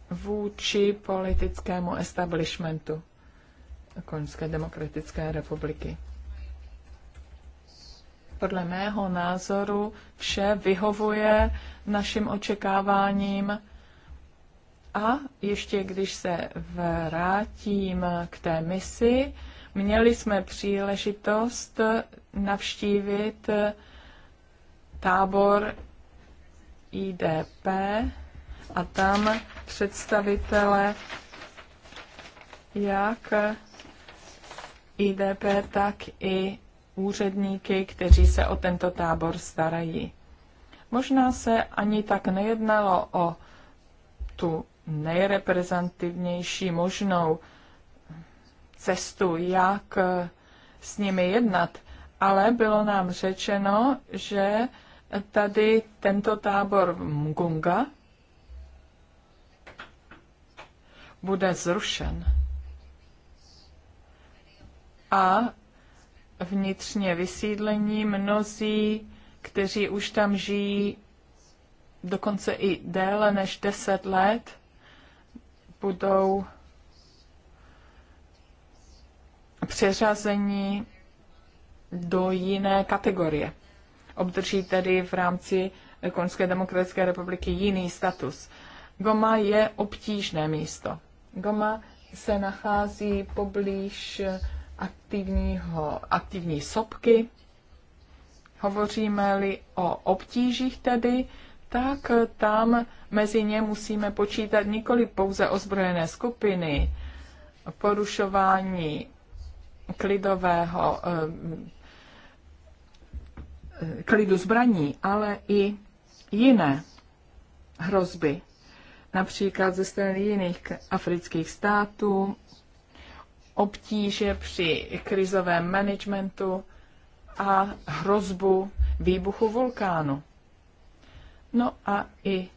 vůči politickému establishmentu Koňské demokratické republiky. Podle mého názoru vše vyhovuje našim očekáváním a ještě když se vrátím k té misi, měli jsme příležitost navštívit eh, tábor IDP a tam představitele jak IDP, tak i úředníky, kteří se o tento tábor starají. Možná se ani tak nejednalo o tu nejreprezentativnější možnou cestu, jak s nimi jednat, ale bylo nám řečeno, že tady tento tábor Mgunga bude zrušen. A vnitřně vysídlení mnozí, kteří už tam žijí dokonce i déle než 10 let, budou přeřazení do jiné kategorie. Obdrží tedy v rámci Konské demokratické republiky jiný status. Goma je obtížné místo. Goma se nachází poblíž aktivního, aktivní sopky. Hovoříme-li o obtížích tedy, tak tam mezi ně musíme počítat nikoli pouze ozbrojené skupiny, porušování klidového eh, klidu zbraní, ale i jiné hrozby, například ze strany jiných afrických států, obtíže při krizovém managementu a hrozbu výbuchu vulkánu. No a i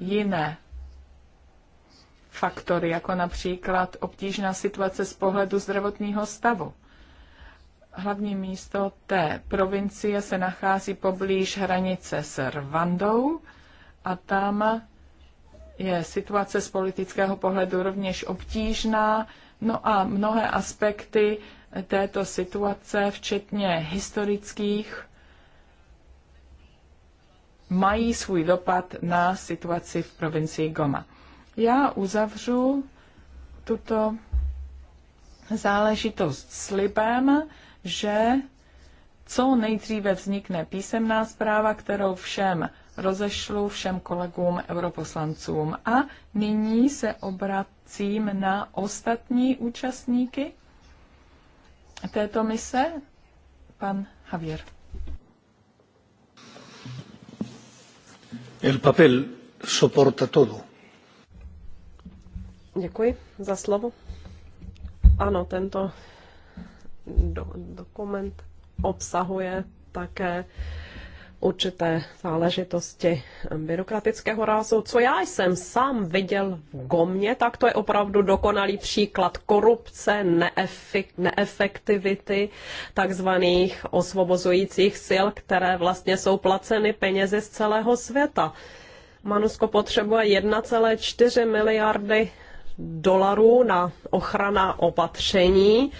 jiné faktory, jako například obtížná situace z pohledu zdravotního stavu. Hlavní místo té provincie se nachází poblíž hranice s Rwandou a tam je situace z politického pohledu rovněž obtížná. No a mnohé aspekty této situace, včetně historických, mají svůj dopad na situaci v provincii Goma. Já uzavřu tuto záležitost slibem, že co nejdříve vznikne písemná zpráva, kterou všem rozešlu všem kolegům europoslancům. A nyní se obracím na ostatní účastníky této mise. Pan Javier. El papel soporta todo. Děkuji za slovo. Ano, tento do, dokument obsahuje také určité záležitosti byrokratického rázu. Co já jsem sám viděl v Gomě, tak to je opravdu dokonalý příklad korupce, neefektivity takzvaných osvobozujících sil, které vlastně jsou placeny penězi z celého světa. Manusko potřebuje 1,4 miliardy dolarů na ochrana opatření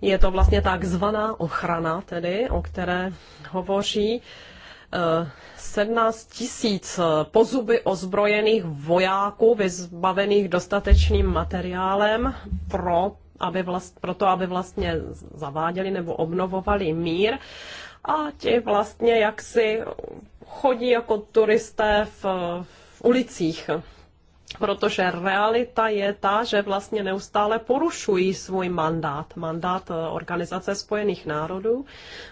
je to vlastně takzvaná ochrana, tedy, o které hovoří 17 eh, tisíc pozuby ozbrojených vojáků vyzbavených dostatečným materiálem pro aby vlast, pro to aby vlastně zaváděli nebo obnovovali mír. A ti vlastně jaksi chodí jako turisté v, v ulicích protože realita je ta, že vlastně neustále porušují svůj mandát, mandát eh, Organizace spojených národů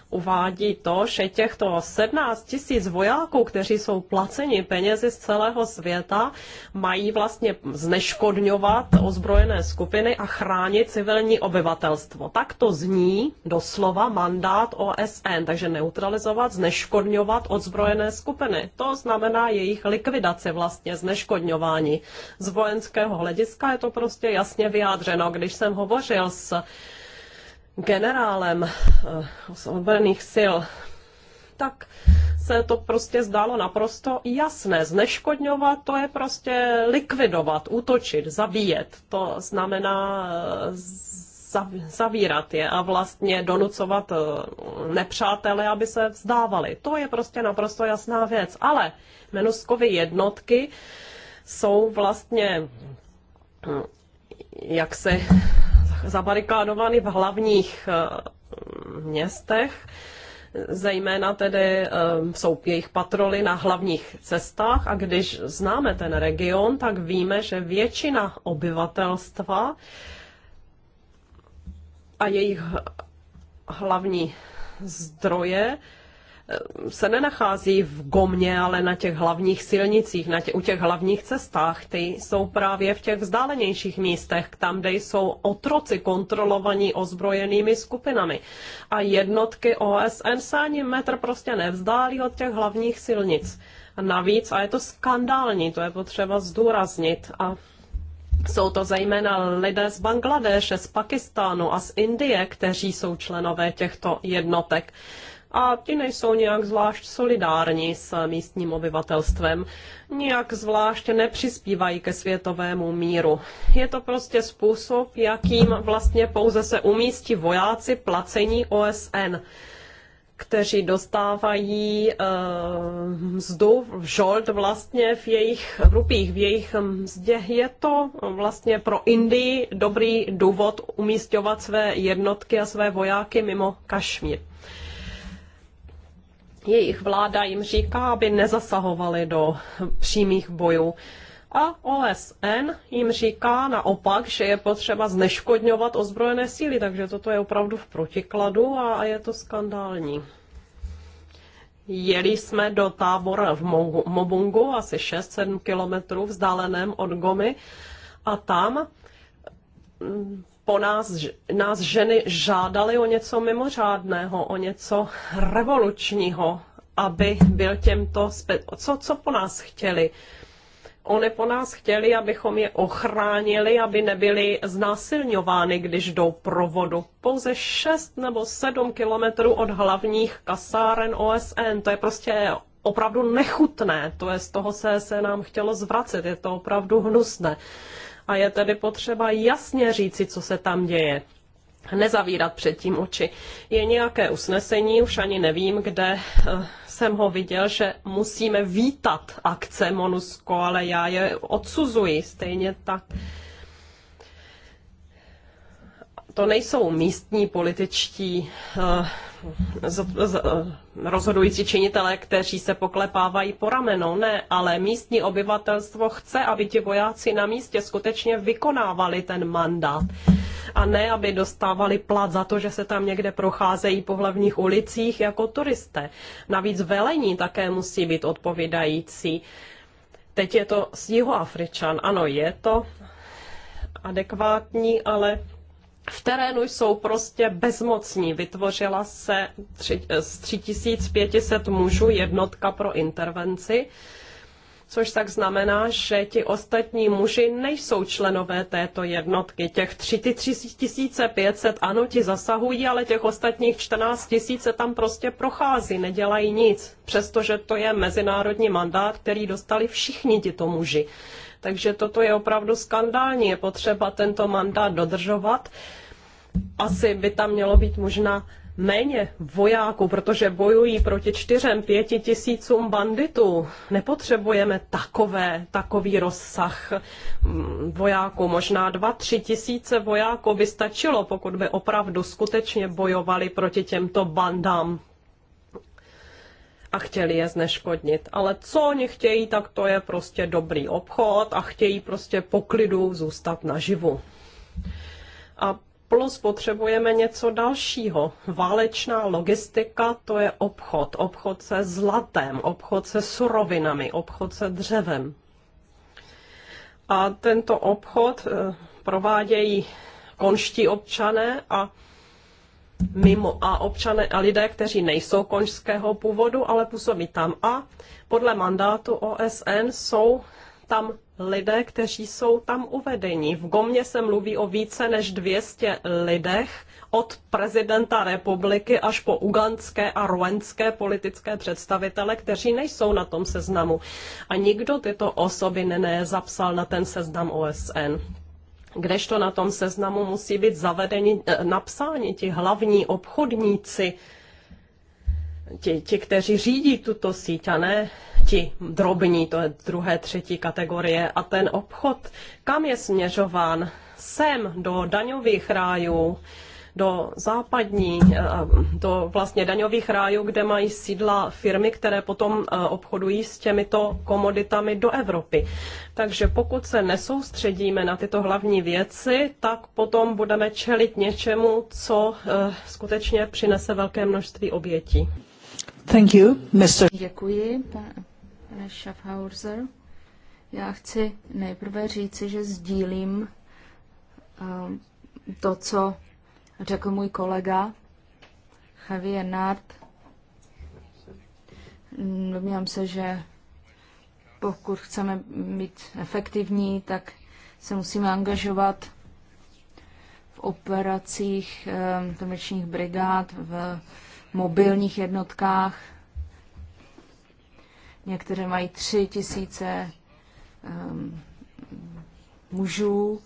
uvádí to, že těchto 17 tisíc vojáků, kteří jsou placeni penězi z celého světa, mají vlastně zneškodňovat ozbrojené skupiny a chránit civilní obyvatelstvo. Tak to zní doslova mandát OSN, takže neutralizovat, zneškodňovat ozbrojené skupiny. To znamená jejich likvidaci vlastně, zneškodňování. Z vojenského hlediska je to prostě jasně vyjádřeno. Když jsem hovořil s generálem eh, z odborných sil, tak se to prostě zdálo naprosto jasné. Zneškodňovat to je prostě likvidovat, útočit, zabíjet. To znamená eh, zavírat je a vlastně donucovat eh, nepřátele, aby se vzdávali. To je prostě naprosto jasná věc. Ale menuskovy jednotky jsou vlastně hm, jak se zabarikádovány v hlavních eh, městech, zejména tedy eh, jsou jejich patroly na hlavních cestách a když známe ten region, tak víme, že většina obyvatelstva a jejich hlavní zdroje se nenachází v Gomě, ale na těch hlavních silnicích, na tě, u těch hlavních cestách. Ty jsou právě v těch vzdálenějších místech, tam, kde jsou otroci kontrolovaní ozbrojenými skupinami. A jednotky OSN se ani metr prostě nevzdálí od těch hlavních silnic. A navíc, a je to skandální, to je potřeba zdůraznit. A jsou to zejména lidé z Bangladeše, z Pakistánu a z Indie, kteří jsou členové těchto jednotek a ti nejsou nějak zvlášť solidární s místním obyvatelstvem, nějak zvlášť nepřispívají ke světovému míru. Je to prostě způsob, jakým vlastně pouze se umístí vojáci placení OSN kteří dostávají e, mzdu, žold vlastně v jejich rupích, v jejich mzdě. Je to vlastně pro Indii dobrý důvod umístěvat své jednotky a své vojáky mimo Kašmír. Jejich vláda jim říká, aby nezasahovali do přímých bojů. A OSN jim říká naopak, že je potřeba zneškodňovat ozbrojené síly, takže toto je opravdu v protikladu a je to skandální. Jeli jsme do tábora v Mobungu, asi 6-7 kilometrů vzdáleném od Gomy a tam mm, po nás, nás ženy žádali o něco mimořádného, o něco revolučního, aby byl těmto... Co, co po nás chtěli? Oni po nás chtěli, abychom je ochránili, aby nebyli znásilňovány, když jdou pro vodu. Pouze 6 nebo 7 kilometrů od hlavních kasáren OSN. To je prostě opravdu nechutné. To je z toho se, se nám chtělo zvracet. Je to opravdu hnusné. A je tedy potřeba jasně říci, co se tam děje nezavírat předtím oči. Je nějaké usnesení, už ani nevím, kde eh, jsem ho viděl, že musíme vítat akce MONUSCO, ale já je odsuzuji stejně tak. To nejsou místní političtí eh, z, z, rozhodující činitelé, kteří se poklepávají po rameno. Ne, ale místní obyvatelstvo chce, aby ti vojáci na místě skutečně vykonávali ten mandát a ne, aby dostávali plat za to, že se tam někde procházejí po hlavních ulicích jako turisté. Navíc velení také musí být odpovídající. Teď je to z Jihoafričan. Ano, je to adekvátní, ale v terénu jsou prostě bezmocní. Vytvořila se tři, z 3500 mužů jednotka pro intervenci, což tak znamená, že ti ostatní muži nejsou členové této jednotky. Těch 3500, ano, ti zasahují, ale těch ostatních 14 000 se tam prostě prochází, nedělají nic, přestože to je mezinárodní mandát, který dostali všichni tito muži. Takže toto je opravdu skandální, je potřeba tento mandát dodržovat. Asi by tam mělo být možná méně vojáků, protože bojují proti čtyřem, pěti tisícům banditů. Nepotřebujeme takové, takový rozsah mm, vojáků. Možná dva, tři tisíce vojáků by stačilo, pokud by opravdu skutečně bojovali proti těmto bandám a chtěli je zneškodnit. Ale co oni chtějí, tak to je prostě dobrý obchod a chtějí prostě poklidu zůstat naživu. A plus potřebujeme něco dalšího. Válečná logistika to je obchod. Obchod se zlatem, obchod se surovinami, obchod se dřevem. A tento obchod eh, provádějí konští občané a mimo a občané a lidé, kteří nejsou konžského původu, ale působí tam. A podle mandátu OSN jsou tam lidé, kteří jsou tam uvedeni. V Gomě se mluví o více než 200 lidech od prezidenta republiky až po ugandské a ruenské politické představitele, kteří nejsou na tom seznamu. A nikdo tyto osoby nezapsal na ten seznam OSN kdežto na tom seznamu musí být zavedeni, eh, napsáni ti hlavní obchodníci, ti, ti, kteří řídí tuto síť a ne ti drobní, to je druhé, třetí kategorie. A ten obchod, kam je směřován? Sem, do daňových rájů, do západní, eh, do vlastně daňových rájů, kde mají sídla firmy, které potom eh, obchodují s těmito komoditami do Evropy. Takže pokud se nesoustředíme na tyto hlavní věci, tak potom budeme čelit něčemu, co eh, skutečně přinese velké množství obětí. Thank you, Mr. Děkuji, pane Schaffhauser. Já chci nejprve říci, že sdílím to, co řekl můj kolega Javier Nart. Domnívám se, že pokud chceme být efektivní, tak se musíme angažovat v operacích tomečních eh, brigád, v mobilních jednotkách. Některé mají tři tisíce eh, mužů,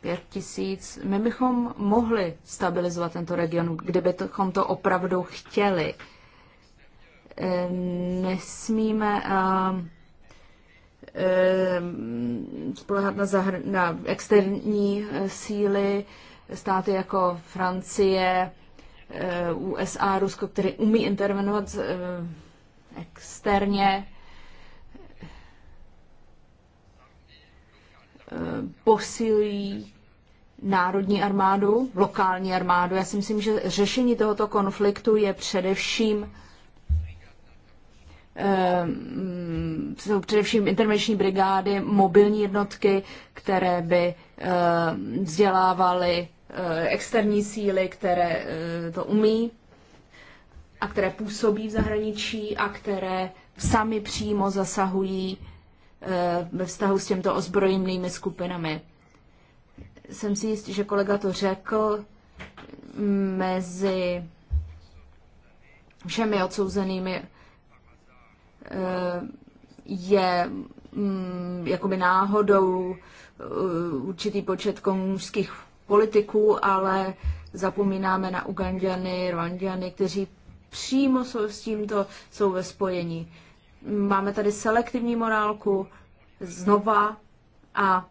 Pět tisíc. My bychom mohli stabilizovat tento region, kdybychom to opravdu chtěli. Ehm, nesmíme ehm, ehm, spolehat na, zahr- na externí eh, síly, státy jako Francie, eh, USA, Rusko, které umí intervenovat eh, externě posílí národní armádu, lokální armádu. Já si myslím, že řešení tohoto konfliktu je především eh, jsou především intervenční brigády, mobilní jednotky, které by eh, vzdělávaly eh, externí síly, které to umí a které působí v zahraničí a které sami přímo zasahují Eh, ve vztahu s těmto ozbrojenými skupinami. Jsem si jistý, že kolega to řekl, mezi všemi odsouzenými eh, je mm, jakoby náhodou eh, určitý počet komunistických politiků, ale zapomínáme na Ugandiany, Rwandiany, kteří přímo jsou s tímto jsou ve spojení. Máme tady selektivní morálku znova a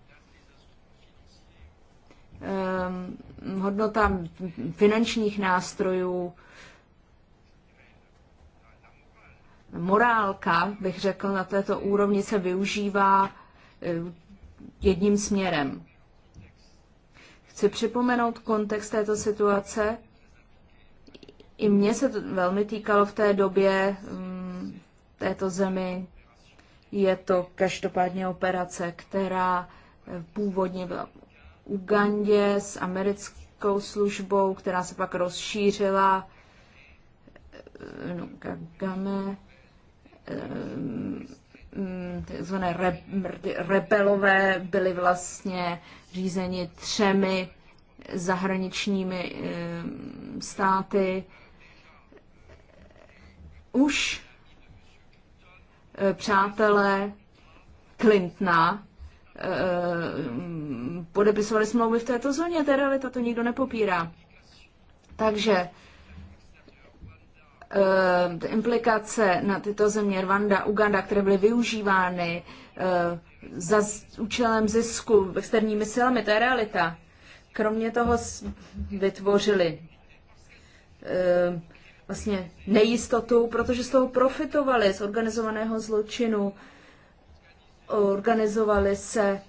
um, hodnota finančních nástrojů, morálka, bych řekl, na této úrovni se využívá eh, jedním směrem. Chci připomenout kontext této situace. I mně se to velmi týkalo v té době této zemi. Je to každopádně operace, která původně byla v Ugandě s americkou službou, která se pak rozšířila eh, no, Kagame, eh, mm, takzvané rebelové byli vlastně řízeni třemi zahraničními eh, státy. Už Eh, přátelé Clintona eh, podepisovali smlouvy v této zóně, to je realita, to nikdo nepopírá. Takže eh, implikace na tyto země Rwanda, Uganda, které byly využívány za účelem zisku externími silami, to je realita. Kromě toho vytvořili vlastně nejistotu, protože z toho profitovali, z organizovaného zločinu, organizovali se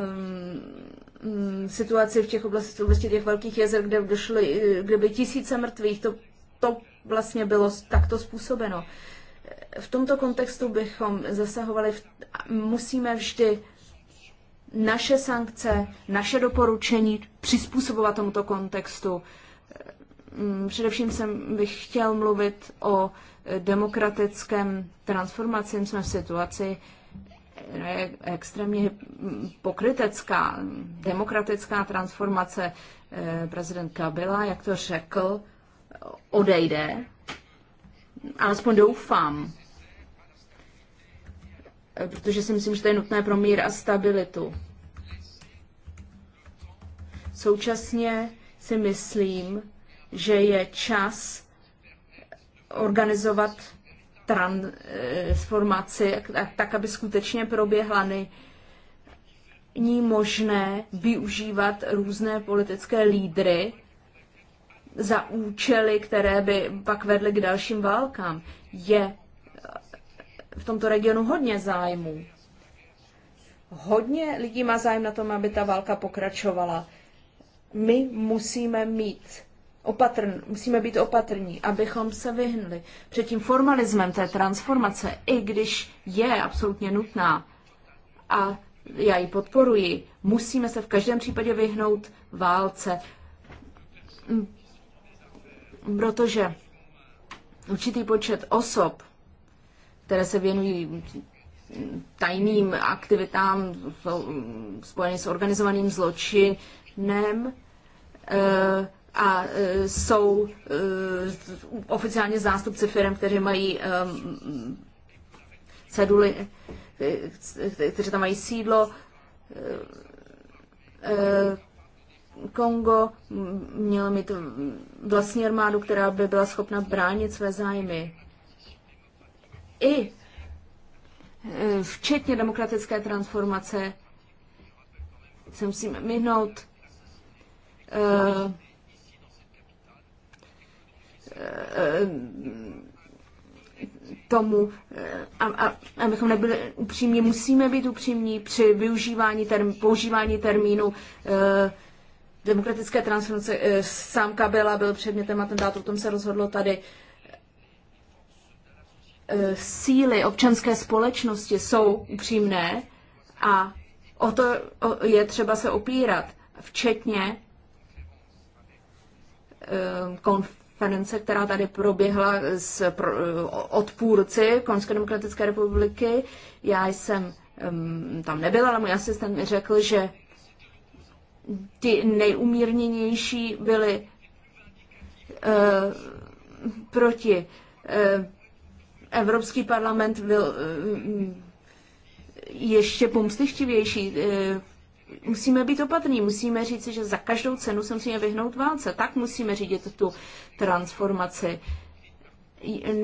um, situaci v těch oblastech, v oblasti těch velkých jezer, kde, došly, eh, kde byly tisíce mrtvých, to, to vlastně bylo takto způsobeno. V tomto kontextu bychom zasahovali, v, musíme vždy naše sankce, naše doporučení přizpůsobovat tomuto kontextu Mm, především jsem bych chtěl mluvit o eh, demokratickém transformaci. Jsme v situaci extrémně pokrytecká. Demokratická transformace eh, prezident Kabila, jak to řekl, odejde. Alespoň doufám. Eh, protože si myslím, že to je nutné pro mír a stabilitu. Současně si myslím, že je čas organizovat transformaci eh, tak, aby skutečně proběhla není možné využívat různé politické lídry za účely, které by pak vedly k dalším válkám. Je eh, v tomto regionu hodně zájmů. Hodně lidí má zájem na tom, aby ta válka pokračovala. My musíme mít opatrn, musíme být opatrní, abychom se vyhnuli před tím formalismem té transformace, i když je absolutně nutná a já ji podporuji, musíme se v každém případě vyhnout válce, mm, protože určitý počet osob, které se věnují tajným aktivitám mm, spojeným s organizovaným zločinem, eh, a e, jsou e, oficiálně zástupci firm, kteří mají e, ceduly, kteří tam mají sídlo. Kongo mělo mít vlastní armádu, která by byla schopna bránit své zájmy. I včetně demokratické transformace se musíme minout. Eh, tomu, eh, a, a, abychom nebyli upřímní, musíme být upřímní při využívání term, používání termínu eh, demokratické transformace. Eh, sám kabela byl předmětem atentátu, o tom se rozhodlo tady. Eh, síly občanské společnosti jsou upřímné a o to je třeba se opírat, včetně eh, konf- Konference, která tady proběhla s pro, eh, odpůrci Konské demokratické republiky. Já jsem um, tam nebyla, ale můj asistent mi řekl, že ty nejumírněnější byly uh, eh, proti. Uh, Evropský parlament byl uh, ještě pomstychtivější. Uh, musíme být opatrní, musíme říci, že za každou cenu se musíme vyhnout válce. Tak musíme řídit tu transformaci.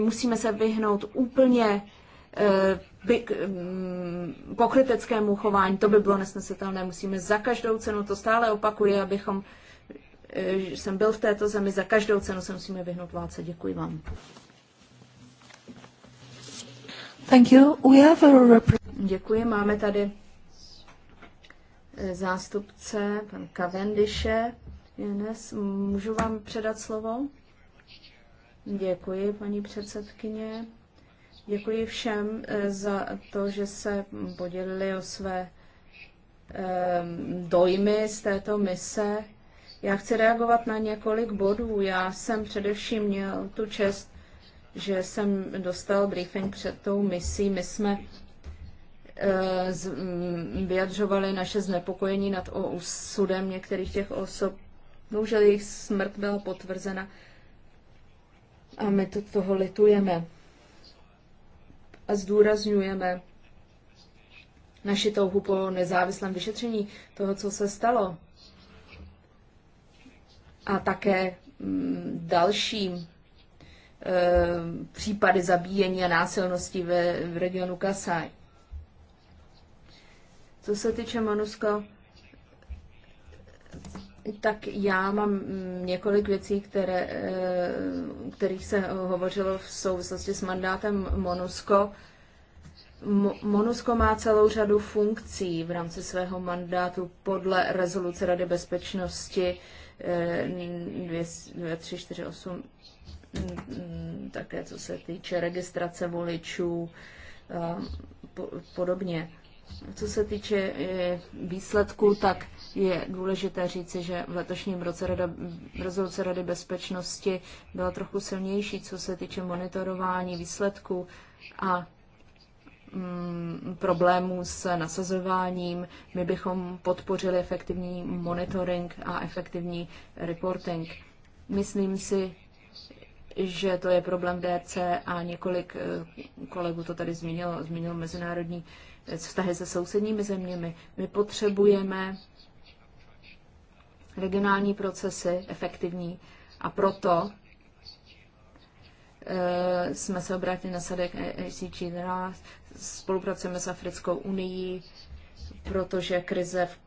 Musíme se vyhnout úplně eh, by, mm, pokryteckému chování. To by bylo nesnesitelné. Musíme za každou cenu, to stále opakuje, abychom eh, jsem byl v této zemi, za každou cenu se musíme vyhnout válce. Děkuji vám. Thank you. We have a... Děkuji, máme tady zástupce, pan Cavendishe. Jenes, můžu vám předat slovo? Děkuji, paní předsedkyně. Děkuji všem eh, za to, že se podělili o své eh, dojmy z této mise. Já chci reagovat na několik bodů. Já jsem především měl tu čest, že jsem dostal briefing před tou misí. My jsme Eh, mm, vyjadřovali naše znepokojení nad osudem některých těch osob. Bohužel jejich smrt byla potvrzena a my to toho litujeme a zdůrazňujeme naši touhu po nezávislém vyšetření toho, co se stalo. A také mm, dalším eh, případy zabíjení a násilnosti ve, v regionu Kasaj. Co se týče Manuska, tak já mám několik věcí, které, eh, kterých se hovořilo v souvislosti s mandátem Monusko. Monusko má celou řadu funkcí v rámci svého mandátu podle rezoluce Rady bezpečnosti 2348, eh, mm, také co se týče registrace voličů a podobně. Co se týče eh, výsledků, tak je důležité říci, že v letošním roce rada, rezoluce Rady bezpečnosti byla trochu silnější, co se týče monitorování výsledků a mm, problémů s nasazováním. My bychom podpořili efektivní monitoring a efektivní reporting. Myslím si, že to je problém DC a několik eh, kolegů to tady zmínilo, zmínil Mezinárodní vztahy se sousedními zeměmi. My potřebujeme regionální procesy efektivní a proto eh, jsme se obrátili na sadek ACG, spolupracujeme s Africkou unii, protože krize v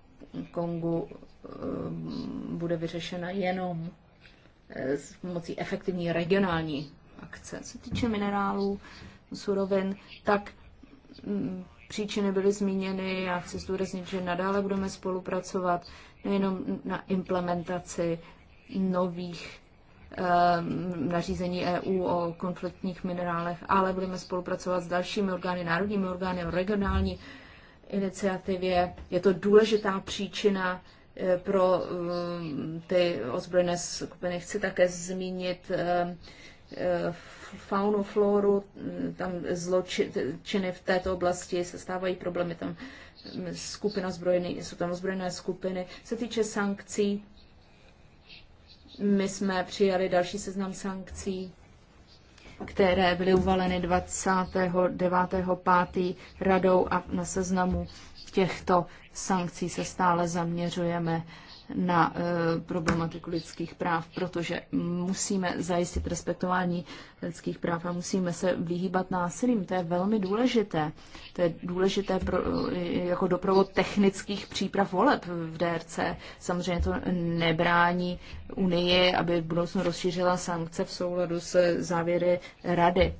Kongu eh, bude vyřešena jenom eh, s pomocí efektivní regionální akce. Co se týče minerálů, surovin, tak mm, Příčiny byly zmíněny, já chci zdůraznit, že nadále budeme spolupracovat nejenom na implementaci nových ehm, nařízení EU o konfliktních minerálech, ale budeme spolupracovat s dalšími orgány, národními orgány, regionální iniciativě. Je to důležitá příčina e, pro ehm, ty ozbrojené skupiny. Chci také zmínit ehm, e, faunu, floru, tam zločiny v této oblasti se stávají problémy, tam mm, skupina zbrojný, jsou tam ozbrojené skupiny. Se týče sankcí, my jsme přijali další seznam sankcí, které byly uvaleny 29.5. radou a na seznamu těchto sankcí se stále zaměřujeme na eh, problematiku lidských práv, protože musíme zajistit respektování lidských práv a musíme se vyhýbat násilím. To je velmi důležité. To je důležité pro, eh, jako doprovod technických příprav voleb v DRC. Samozřejmě to nebrání Unii, aby v budoucnu rozšířila sankce v souladu se závěry Rady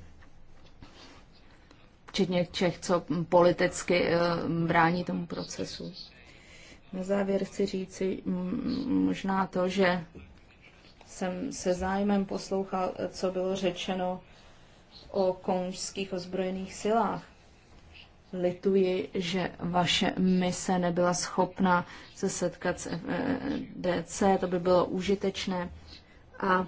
včetně Čech, co politicky eh, brání tomu procesu. Na závěr chci říci možná to, že jsem se zájmem poslouchal, co bylo řečeno o konžských ozbrojených silách. Lituji, že vaše mise nebyla schopna se setkat s eh, DC. to by bylo užitečné. A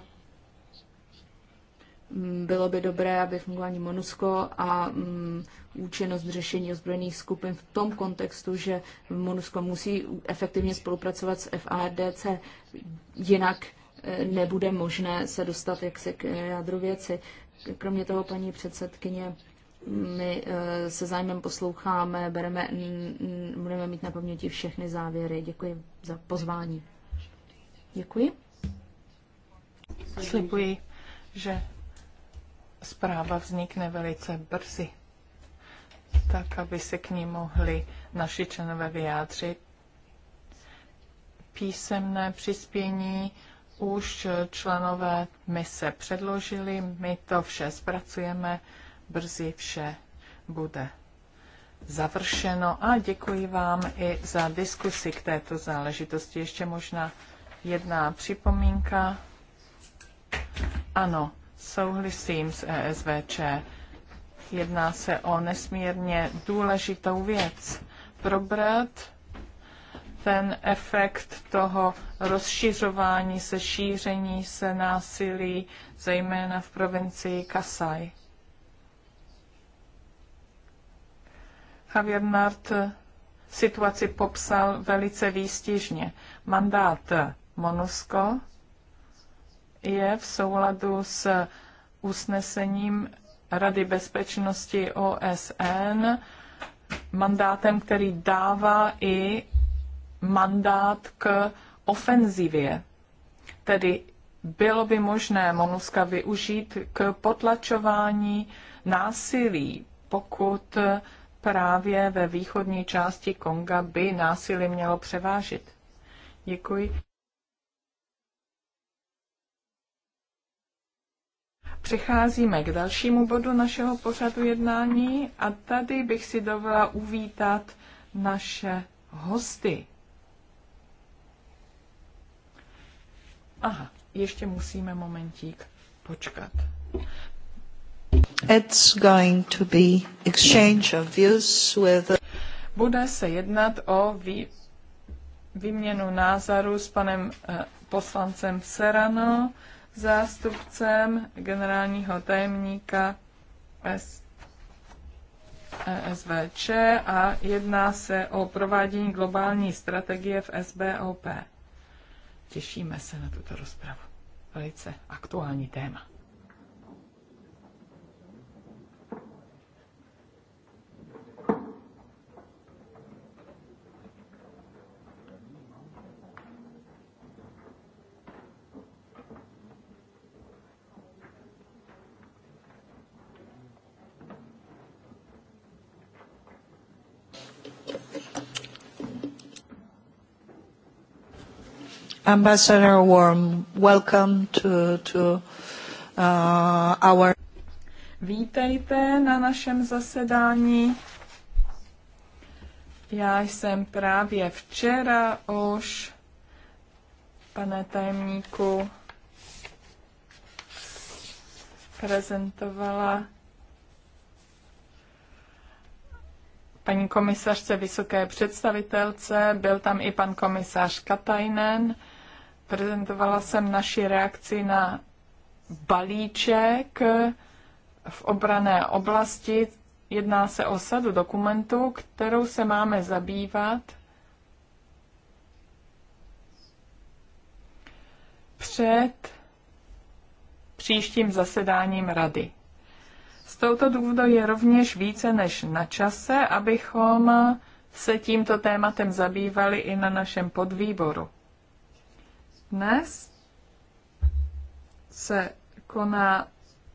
bylo by dobré, aby fungování MONUSCO a um, účinnost řešení ozbrojených skupin v tom kontextu, že MONUSCO musí efektivně spolupracovat s FADC, jinak e, nebude možné se dostat jaksi k jádru věci. Kromě toho, paní předsedkyně, my e, se zájmem posloucháme, bereme, budeme mít na paměti všechny závěry. Děkuji za pozvání. Děkuji. Slibuji, že zpráva vznikne velice brzy, tak aby se k ní mohli naši členové vyjádřit. Písemné přispění už členové se předložili, my to vše zpracujeme, brzy vše bude završeno a děkuji vám i za diskusi k této záležitosti. Ještě možná jedna připomínka. Ano, Souhlasím s ESVČ. Jedná se o nesmírně důležitou věc. Probrat ten efekt toho rozšiřování se, šíření se násilí, zejména v provincii Kasaj. Javier Nart situaci popsal velice výstižně. Mandát MONUSCO je v souladu s usnesením Rady bezpečnosti OSN, mandátem, který dává i mandát k ofenzivě. Tedy bylo by možné Monuska využít k potlačování násilí, pokud právě ve východní části Konga by násilí mělo převážit. Děkuji. Přecházíme k dalšímu bodu našeho pořadu jednání a tady bych si dovolila uvítat naše hosty. Aha, ještě musíme momentík počkat. It's going to be exchange of views with... Bude se jednat o vý... výměnu názoru s panem eh, poslancem Serano, zástupcem generálního tajemníka S ESVČ a jedná se o provádění globální strategie v SBOP. Těšíme se na tuto rozpravu. Velice aktuální téma. Ambassador, warm welcome to, to uh, our... Vítejte na našem zasedání. Já jsem právě včera už, pane tajemníku, prezentovala paní komisařce vysoké představitelce, byl tam i pan komisař Katajnen Prezentovala jsem naši reakci na balíček v obrané oblasti. Jedná se o sadu dokumentů, kterou se máme zabývat před příštím zasedáním rady. Z touto důvodu je rovněž více než na čase, abychom se tímto tématem zabývali i na našem podvýboru. Dnes se koná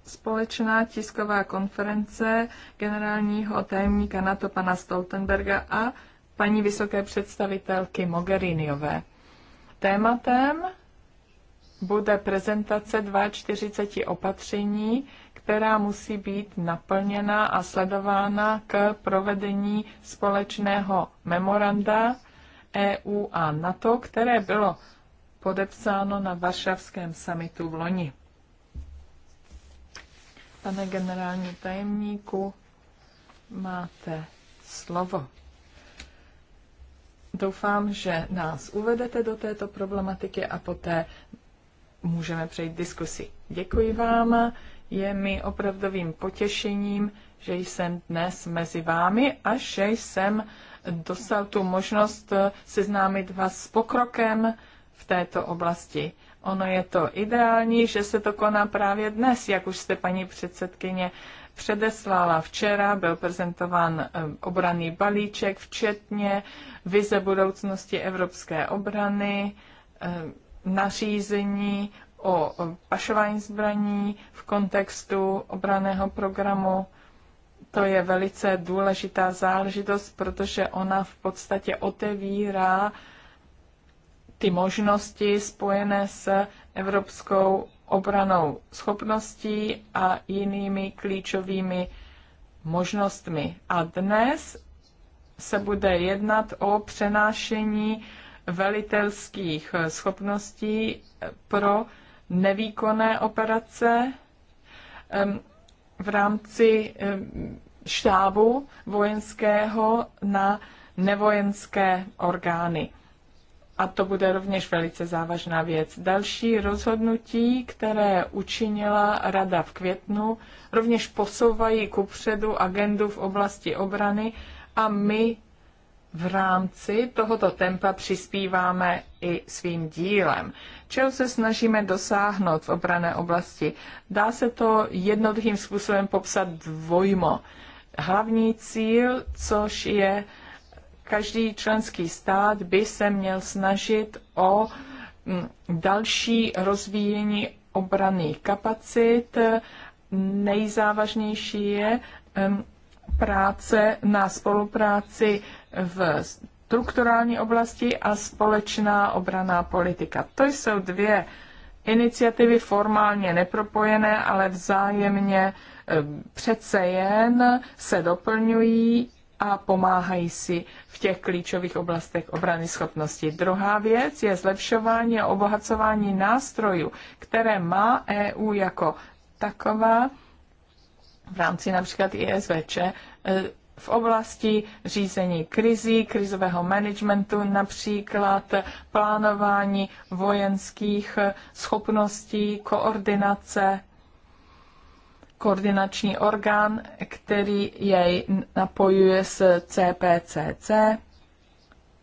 společná tisková konference generálního tajemníka NATO pana Stoltenberga a paní vysoké představitelky Mogheriniové. Tématem bude prezentace 42 opatření, která musí být naplněna a sledována k provedení společného memoranda EU a NATO, které bylo podepsáno na Varšavském samitu v loni. Pane generální tajemníku, máte slovo. Doufám, že nás uvedete do této problematiky a poté můžeme přejít diskusi. Děkuji vám, je mi opravdovým potěšením, že jsem dnes mezi vámi a že jsem dostal tu možnost seznámit vás s pokrokem v této oblasti. Ono je to ideální, že se to koná právě dnes, jak už jste paní předsedkyně předeslala včera, byl prezentován eh, obranný balíček, včetně vize budoucnosti evropské obrany, eh, nařízení o pašování zbraní v kontextu obraného programu. To je velice důležitá záležitost, protože ona v podstatě otevírá ty možnosti spojené s evropskou obranou schopností a jinými klíčovými možnostmi. A dnes se bude jednat o přenášení velitelských schopností pro nevýkonné operace v rámci štábu vojenského na nevojenské orgány a to bude rovněž velice závažná věc. Další rozhodnutí, které učinila Rada v květnu, rovněž posouvají kupředu agendu v oblasti obrany a my v rámci tohoto tempa přispíváme i svým dílem. Čeho se snažíme dosáhnout v obrané oblasti? Dá se to jednoduchým způsobem popsat dvojmo. Hlavní cíl, což je každý členský stát by se měl snažit o mm, další rozvíjení obraných kapacit. Nejzávažnější je mm, práce na spolupráci v strukturální oblasti a společná obraná politika. To jsou dvě iniciativy formálně nepropojené, ale vzájemně eh, přece jen se doplňují a pomáhají si v těch klíčových oblastech obrany schopnosti. Druhá věc je zlepšování a obohacování nástrojů, které má EU jako taková v rámci například ISVČ e, v oblasti řízení krizí, krizového managementu, například plánování vojenských e, schopností, koordinace koordinační orgán, který jej napojuje s CPCC.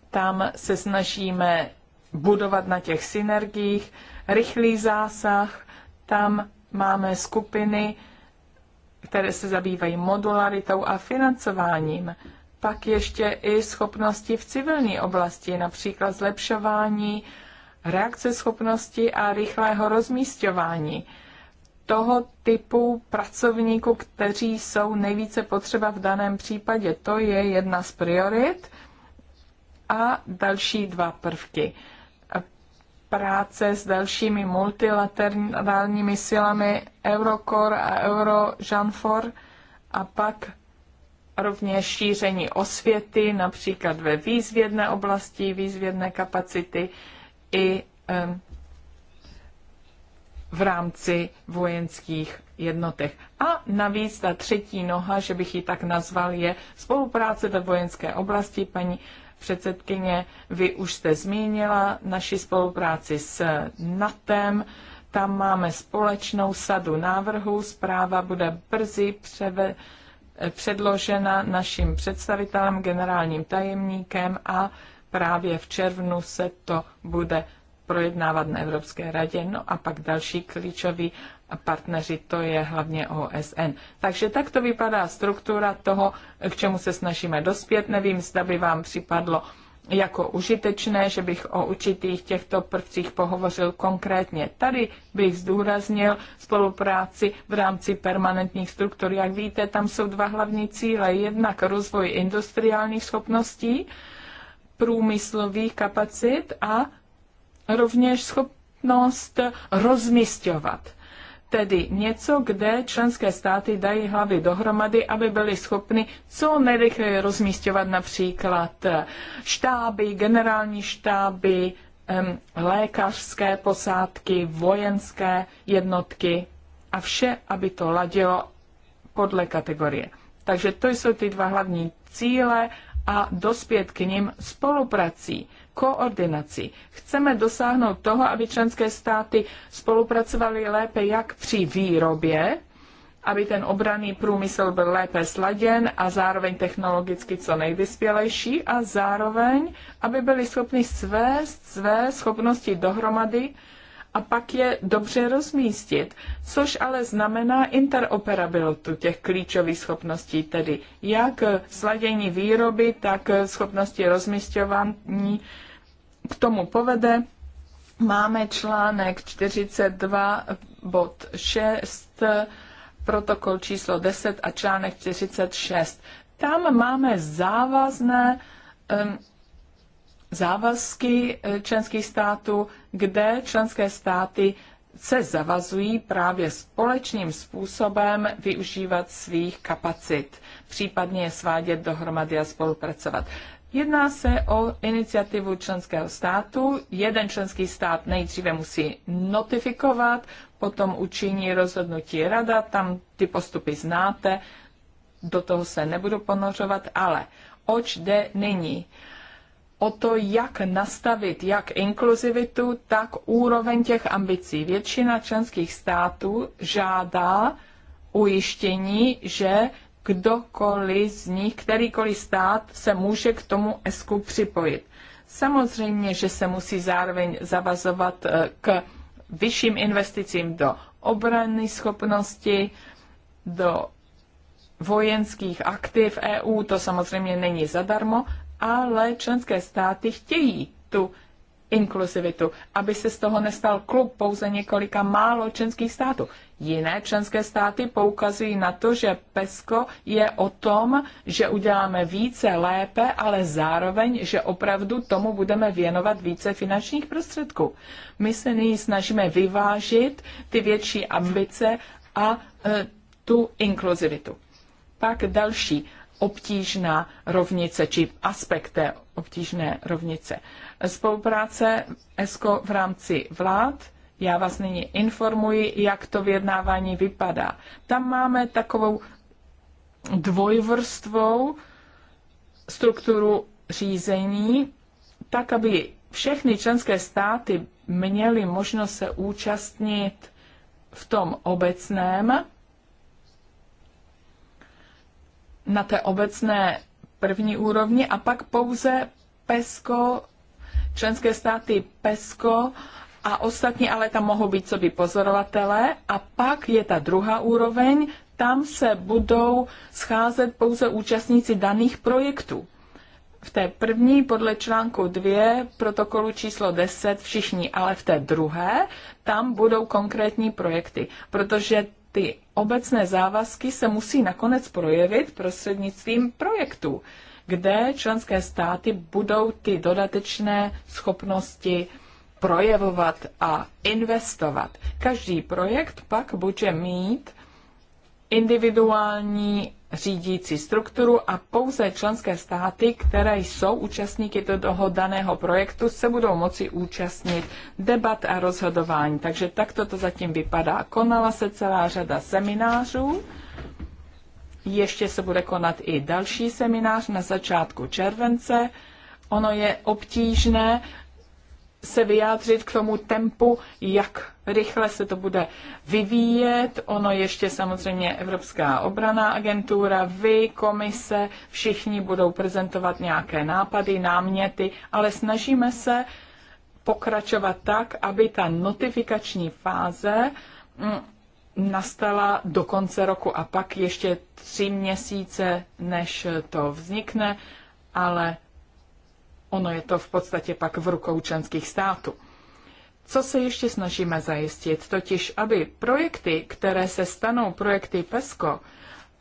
Tam se snažíme budovat na těch synergiích. Rychlý zásah, tam máme skupiny, které se zabývají modularitou a financováním. Pak ještě i schopnosti v civilní oblasti, například zlepšování reakce schopnosti a rychlého rozmístování toho typu pracovníků, kteří jsou nejvíce potřeba v daném případě. To je jedna z priorit. A další dva prvky. Práce s dalšími multilaterálními silami Eurocor a Eurojanfor a pak rovněž šíření osvěty, například ve výzvědné oblasti, výzvědné kapacity i um, v rámci vojenských jednotek. A navíc ta třetí noha, že bych ji tak nazval, je spolupráce ve vojenské oblasti. Paní předsedkyně, vy už jste zmínila naši spolupráci s NATEM, tam máme společnou sadu návrhů, zpráva bude brzy převe, eh, předložena našim představitelem, generálním tajemníkem a právě v červnu se to bude projednávat na Evropské radě. No a pak další klíčoví partneři, to je hlavně OSN. Takže tak to vypadá struktura toho, k čemu se snažíme dospět. Nevím, zda by vám připadlo jako užitečné, že bych o určitých těchto prvcích pohovořil konkrétně. Tady bych zdůraznil spolupráci v rámci permanentních struktur. Jak víte, tam jsou dva hlavní cíle. Jednak rozvoj industriálních schopností, průmyslových kapacit a rovněž schopnost rozmysťovat. Tedy něco, kde členské státy dají hlavy dohromady, aby byly schopny co nejrychleji rozmístěvat například štáby, generální štáby, lékařské posádky, vojenské jednotky a vše, aby to ladilo podle kategorie. Takže to jsou ty dva hlavní cíle a dospět k nim spoluprací koordinací. Chceme dosáhnout toho, aby členské státy spolupracovaly lépe jak při výrobě, aby ten obraný průmysl byl lépe sladěn a zároveň technologicky co nejvyspělejší a zároveň, aby byli schopni svést své schopnosti dohromady a pak je dobře rozmístit, což ale znamená interoperabilitu těch klíčových schopností, tedy jak sladění výroby, tak schopnosti rozmístěvání k tomu povede. Máme článek 42 bod 6, protokol číslo 10 a článek 46. Tam máme závazné um, závazky eh, členských států, kde členské státy se zavazují právě společným způsobem využívat svých kapacit, případně je svádět dohromady a spolupracovat. Jedná se o iniciativu členského státu. Jeden členský stát nejdříve musí notifikovat, potom učiní rozhodnutí rada, tam ty postupy znáte, do toho se nebudu ponořovat, ale oč jde nyní? O to, jak nastavit jak inkluzivitu, tak úroveň těch ambicí. Většina členských států žádá ujištění, že kdokoliv z nich, kterýkoliv stát se může k tomu ESKu připojit. Samozřejmě, že se musí zároveň zavazovat eh, k vyšším investicím do obrany schopnosti, do vojenských aktiv EU, to samozřejmě není zadarmo, ale členské státy chtějí tu inkluzivitu, aby se z toho nestal klub pouze několika málo členských států. Jiné členské státy poukazují na to, že PESCO je o tom, že uděláme více lépe, ale zároveň, že opravdu tomu budeme věnovat více finančních prostředků. My se nyní snažíme vyvážit ty větší ambice a e, tu inkluzivitu. Pak další obtížná rovnice, či aspekt té obtížné rovnice. Spolupráce ESCO v rámci vlád, já vás nyní informuji, jak to vyjednávání vypadá. Tam máme takovou dvojvrstvou strukturu řízení, tak, aby všechny členské státy měly možnost se účastnit v tom obecném na té obecné první úrovni a pak pouze PESCO, členské státy PESCO a ostatní, ale tam mohou být co by pozorovatelé. A pak je ta druhá úroveň, tam se budou scházet pouze účastníci daných projektů. V té první podle článku 2 protokolu číslo 10 všichni, ale v té druhé tam budou konkrétní projekty, protože ty obecné závazky se musí nakonec projevit prostřednictvím projektů, kde členské státy budou ty dodatečné schopnosti projevovat a investovat. Každý projekt pak bude mít individuální řídící strukturu a pouze členské státy, které jsou účastníky toho daného projektu, se budou moci účastnit debat a rozhodování. Takže takto to zatím vypadá. Konala se celá řada seminářů. Ještě se bude konat i další seminář na začátku července. Ono je obtížné se vyjádřit k tomu tempu, jak rychle se to bude vyvíjet. Ono ještě samozřejmě Evropská obraná agentura, vy, komise, všichni budou prezentovat nějaké nápady, náměty, ale snažíme se pokračovat tak, aby ta notifikační fáze mm, nastala do konce roku a pak ještě tři měsíce, než to vznikne, ale ono je to v podstatě pak v rukou členských států co se ještě snažíme zajistit, totiž aby projekty, které se stanou projekty PESCO,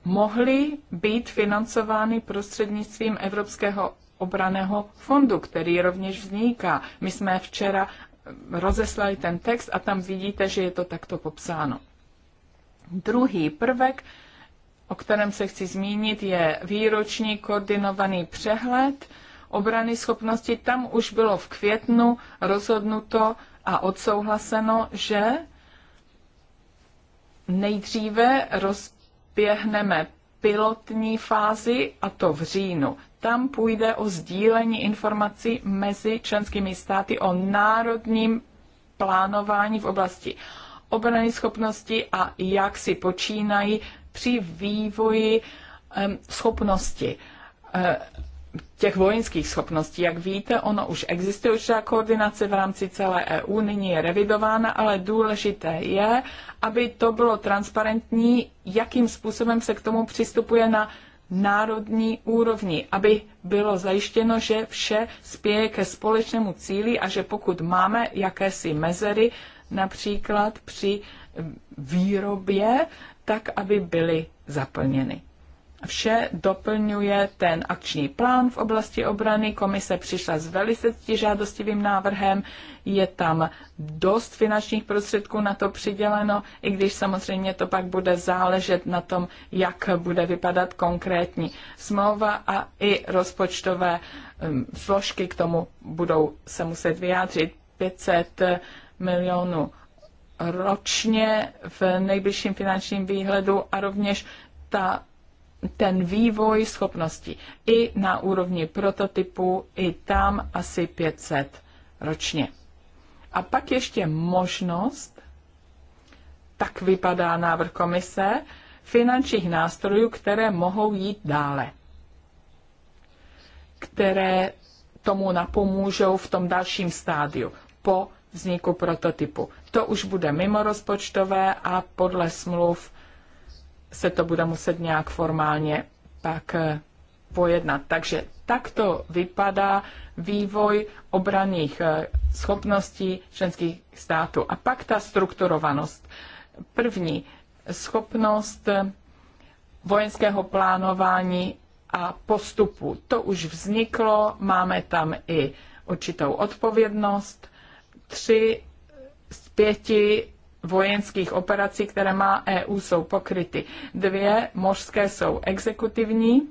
mohly být financovány prostřednictvím Evropského obraného fondu, který rovněž vzniká. My jsme včera rozeslali ten text a tam vidíte, že je to takto popsáno. Druhý prvek, o kterém se chci zmínit, je výroční koordinovaný přehled obrany schopnosti. Tam už bylo v květnu rozhodnuto a odsouhlaseno, že nejdříve rozběhneme pilotní fázi, a to v říjnu. Tam půjde o sdílení informací mezi členskými státy o národním plánování v oblasti obrany schopnosti a jak si počínají při vývoji schopnosti eh, těch vojenských schopností. Jak víte, ono už existuje určitá koordinace v rámci celé EU, nyní je revidována, ale důležité je, aby to bylo transparentní, jakým způsobem se k tomu přistupuje na národní úrovni, aby bylo zajištěno, že vše spěje ke společnému cíli a že pokud máme jakési mezery, například při výrobě, tak aby byly zaplněny vše doplňuje ten akční plán v oblasti obrany. Komise přišla s velice žádostivým návrhem. Je tam dost finančních prostředků na to přiděleno, i když samozřejmě to pak bude záležet na tom, jak bude vypadat konkrétní smlouva a i rozpočtové um, složky k tomu budou se muset vyjádřit. 500 eh, milionů ročně v nejbližším finančním výhledu a rovněž ta ten vývoj schopnosti i na úrovni prototypu, i tam asi 500 ročně. A pak ještě možnost, tak vypadá návrh komise, finančních nástrojů, které mohou jít dále, které tomu napomůžou v tom dalším stádiu po vzniku prototypu. To už bude mimo rozpočtové a podle smluv se to bude muset nějak formálně pak eh, pojednat. Takže takto vypadá vývoj obraných eh, schopností členských států. A pak ta strukturovanost. První, schopnost eh, vojenského plánování a postupu. To už vzniklo, máme tam i určitou odpovědnost. Tři z pěti vojenských operací, které má EU, jsou pokryty. Dvě mořské jsou exekutivní,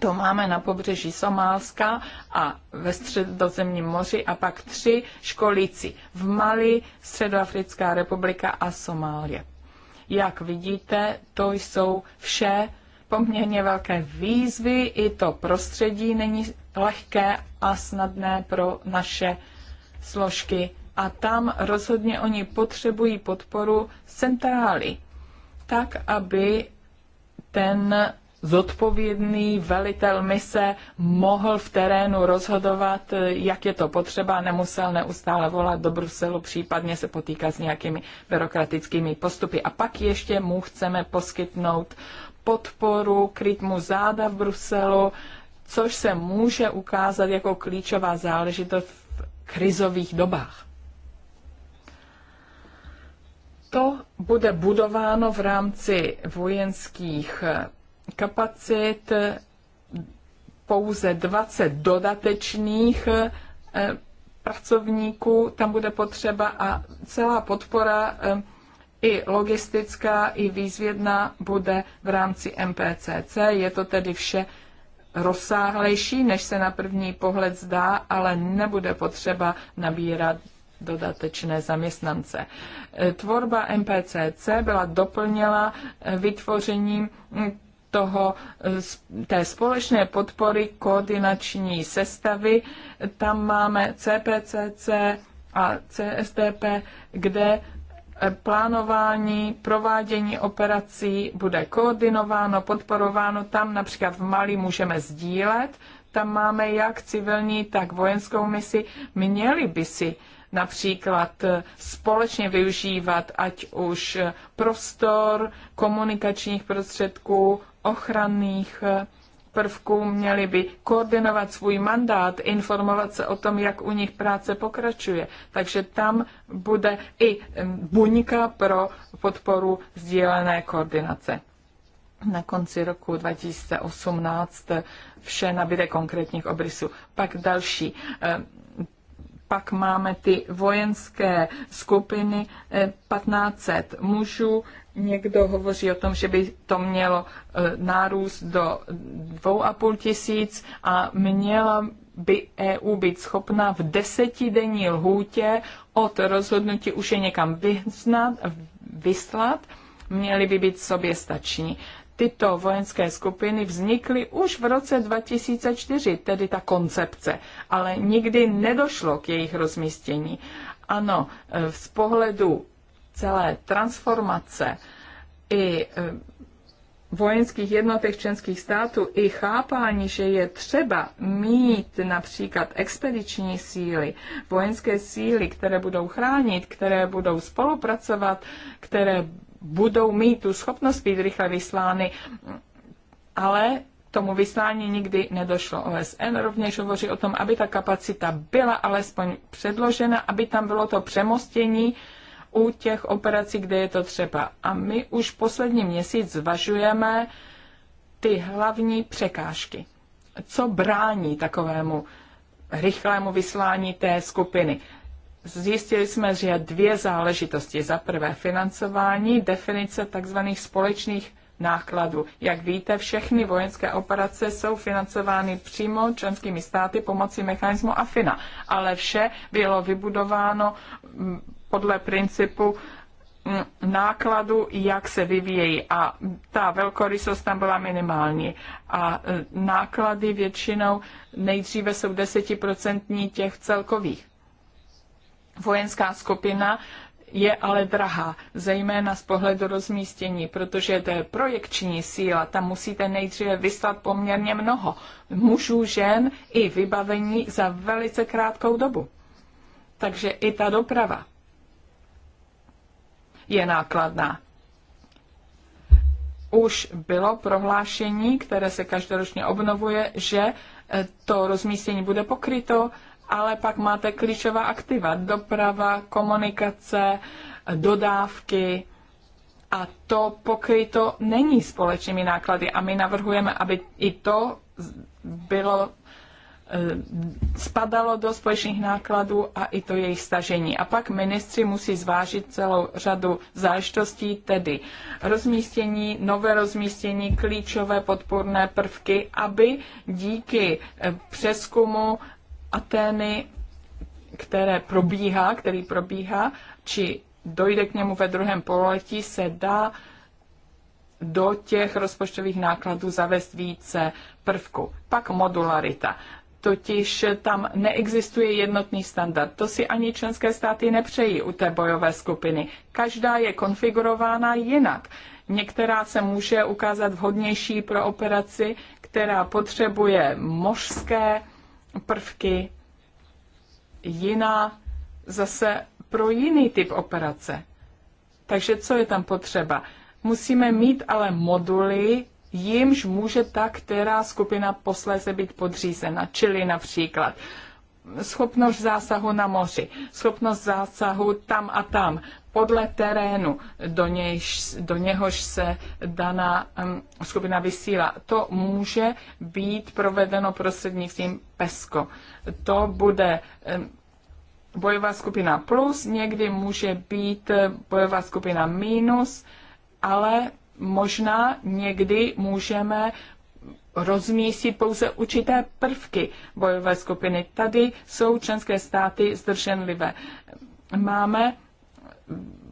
to máme na pobřeží Somálska a ve středozemním moři a pak tři školici v Mali, Středoafrická republika a Somálie. Jak vidíte, to jsou vše poměrně velké výzvy, i to prostředí není lehké a snadné pro naše složky a tam rozhodně oni potřebují podporu z centrály, tak aby ten zodpovědný velitel mise mohl v terénu rozhodovat, jak je to potřeba, nemusel neustále volat do Bruselu, případně se potýkat s nějakými byrokratickými postupy. A pak ještě mu chceme poskytnout podporu, kryt mu záda v Bruselu, což se může ukázat jako klíčová záležitost v krizových dobách. To bude budováno v rámci vojenských kapacit pouze 20 dodatečných eh, pracovníků tam bude potřeba a celá podpora eh, i logistická, i výzvědná bude v rámci MPCC. Je to tedy vše rozsáhlejší, než se na první pohled zdá, ale nebude potřeba nabírat dodatečné zaměstnance. E, tvorba MPCC byla doplněna e, vytvořením toho, e, té společné podpory koordinační sestavy. Tam máme CPCC a CSTP, kde plánování, provádění operací bude koordinováno, podporováno. Tam například v Mali můžeme sdílet, tam máme jak civilní, tak vojenskou misi. Měli by si uh, například eh, společně využívat ať už eh, prostor, komunikačních prostředků, ochranných eh, prvků, měli by koordinovat svůj mandát, informovat se o tom, jak u nich práce pokračuje. Takže tam bude i buňka pro podporu sdílené koordinace. Na konci roku 2018 vše nabíde konkrétních obrysů. Pak další pak máme ty vojenské skupiny 1500 eh, mužů. Někdo hovoří o tom, že by to mělo eh, nárůst do 2,5 tisíc a měla by EU být schopna v desetidenní lhůtě od rozhodnutí už je někam vyznat, vyslat, měli by být sobě stační tyto vojenské skupiny vznikly už v roce 2004, tedy ta koncepce, ale nikdy nedošlo k jejich rozmístění. Ano, e, z pohledu celé transformace i e, vojenských jednotek členských států i chápání, že je třeba mít například expediční síly, vojenské síly, které budou chránit, které budou spolupracovat, které budou mít tu schopnost být rychle vyslány, ale tomu vyslání nikdy nedošlo. OSN rovněž hovoří o tom, aby ta kapacita byla alespoň předložena, aby tam bylo to přemostění u těch operací, kde je to třeba. A my už poslední měsíc zvažujeme ty hlavní překážky. Co brání takovému rychlému vyslání té skupiny? Zjistili jsme, že dvě záležitosti. Za prvé financování, definice tzv. společných nákladů. Jak víte, všechny vojenské operace jsou financovány přímo členskými státy pomocí mechanismu AFINA, ale vše bylo vybudováno mm, podle principu mm, nákladu, jak se vyvíjejí. A ta velkorysost tam byla minimální. A e, náklady většinou nejdříve jsou desetiprocentní těch celkových vojenská skupina je ale drahá, zejména z pohledu rozmístění, protože to je projekční síla, tam musíte nejdříve vyslat poměrně mnoho mužů, žen i vybavení za velice krátkou dobu. Takže i ta doprava je nákladná. Už bylo prohlášení, které se každoročně obnovuje, že eh, to rozmístění bude pokryto ale pak máte klíčová aktiva, doprava, komunikace, dodávky a to pokryto není společnými náklady a my navrhujeme, aby i to bylo eh, spadalo do společných nákladů a i to jejich stažení. A pak ministři musí zvážit celou řadu záležitostí, tedy rozmístění, nové rozmístění, klíčové podporné prvky, aby díky eh, přeskumu Atény, které probíhá, který probíhá, či dojde k němu ve druhém pololetí, se dá do těch rozpočtových nákladů zavést více prvků. Pak modularita. Totiž tam neexistuje jednotný standard. To si ani členské státy nepřejí u té bojové skupiny. Každá je konfigurována jinak. Některá se může ukázat vhodnější pro operaci, která potřebuje mořské prvky, jiná zase pro jiný typ operace. Takže co je tam potřeba? Musíme mít ale moduly, jimž může ta která skupina posléze být podřízena. Čili například schopnost zásahu na moři, schopnost zásahu tam a tam, podle terénu, do, nějž, do něhož se daná um, skupina vysílá. To může být provedeno prostřednictvím PESCO. To bude um, bojová skupina plus, někdy může být eh, bojová skupina minus, ale možná někdy můžeme si pouze určité prvky bojové skupiny. Tady jsou členské státy zdrženlivé. Máme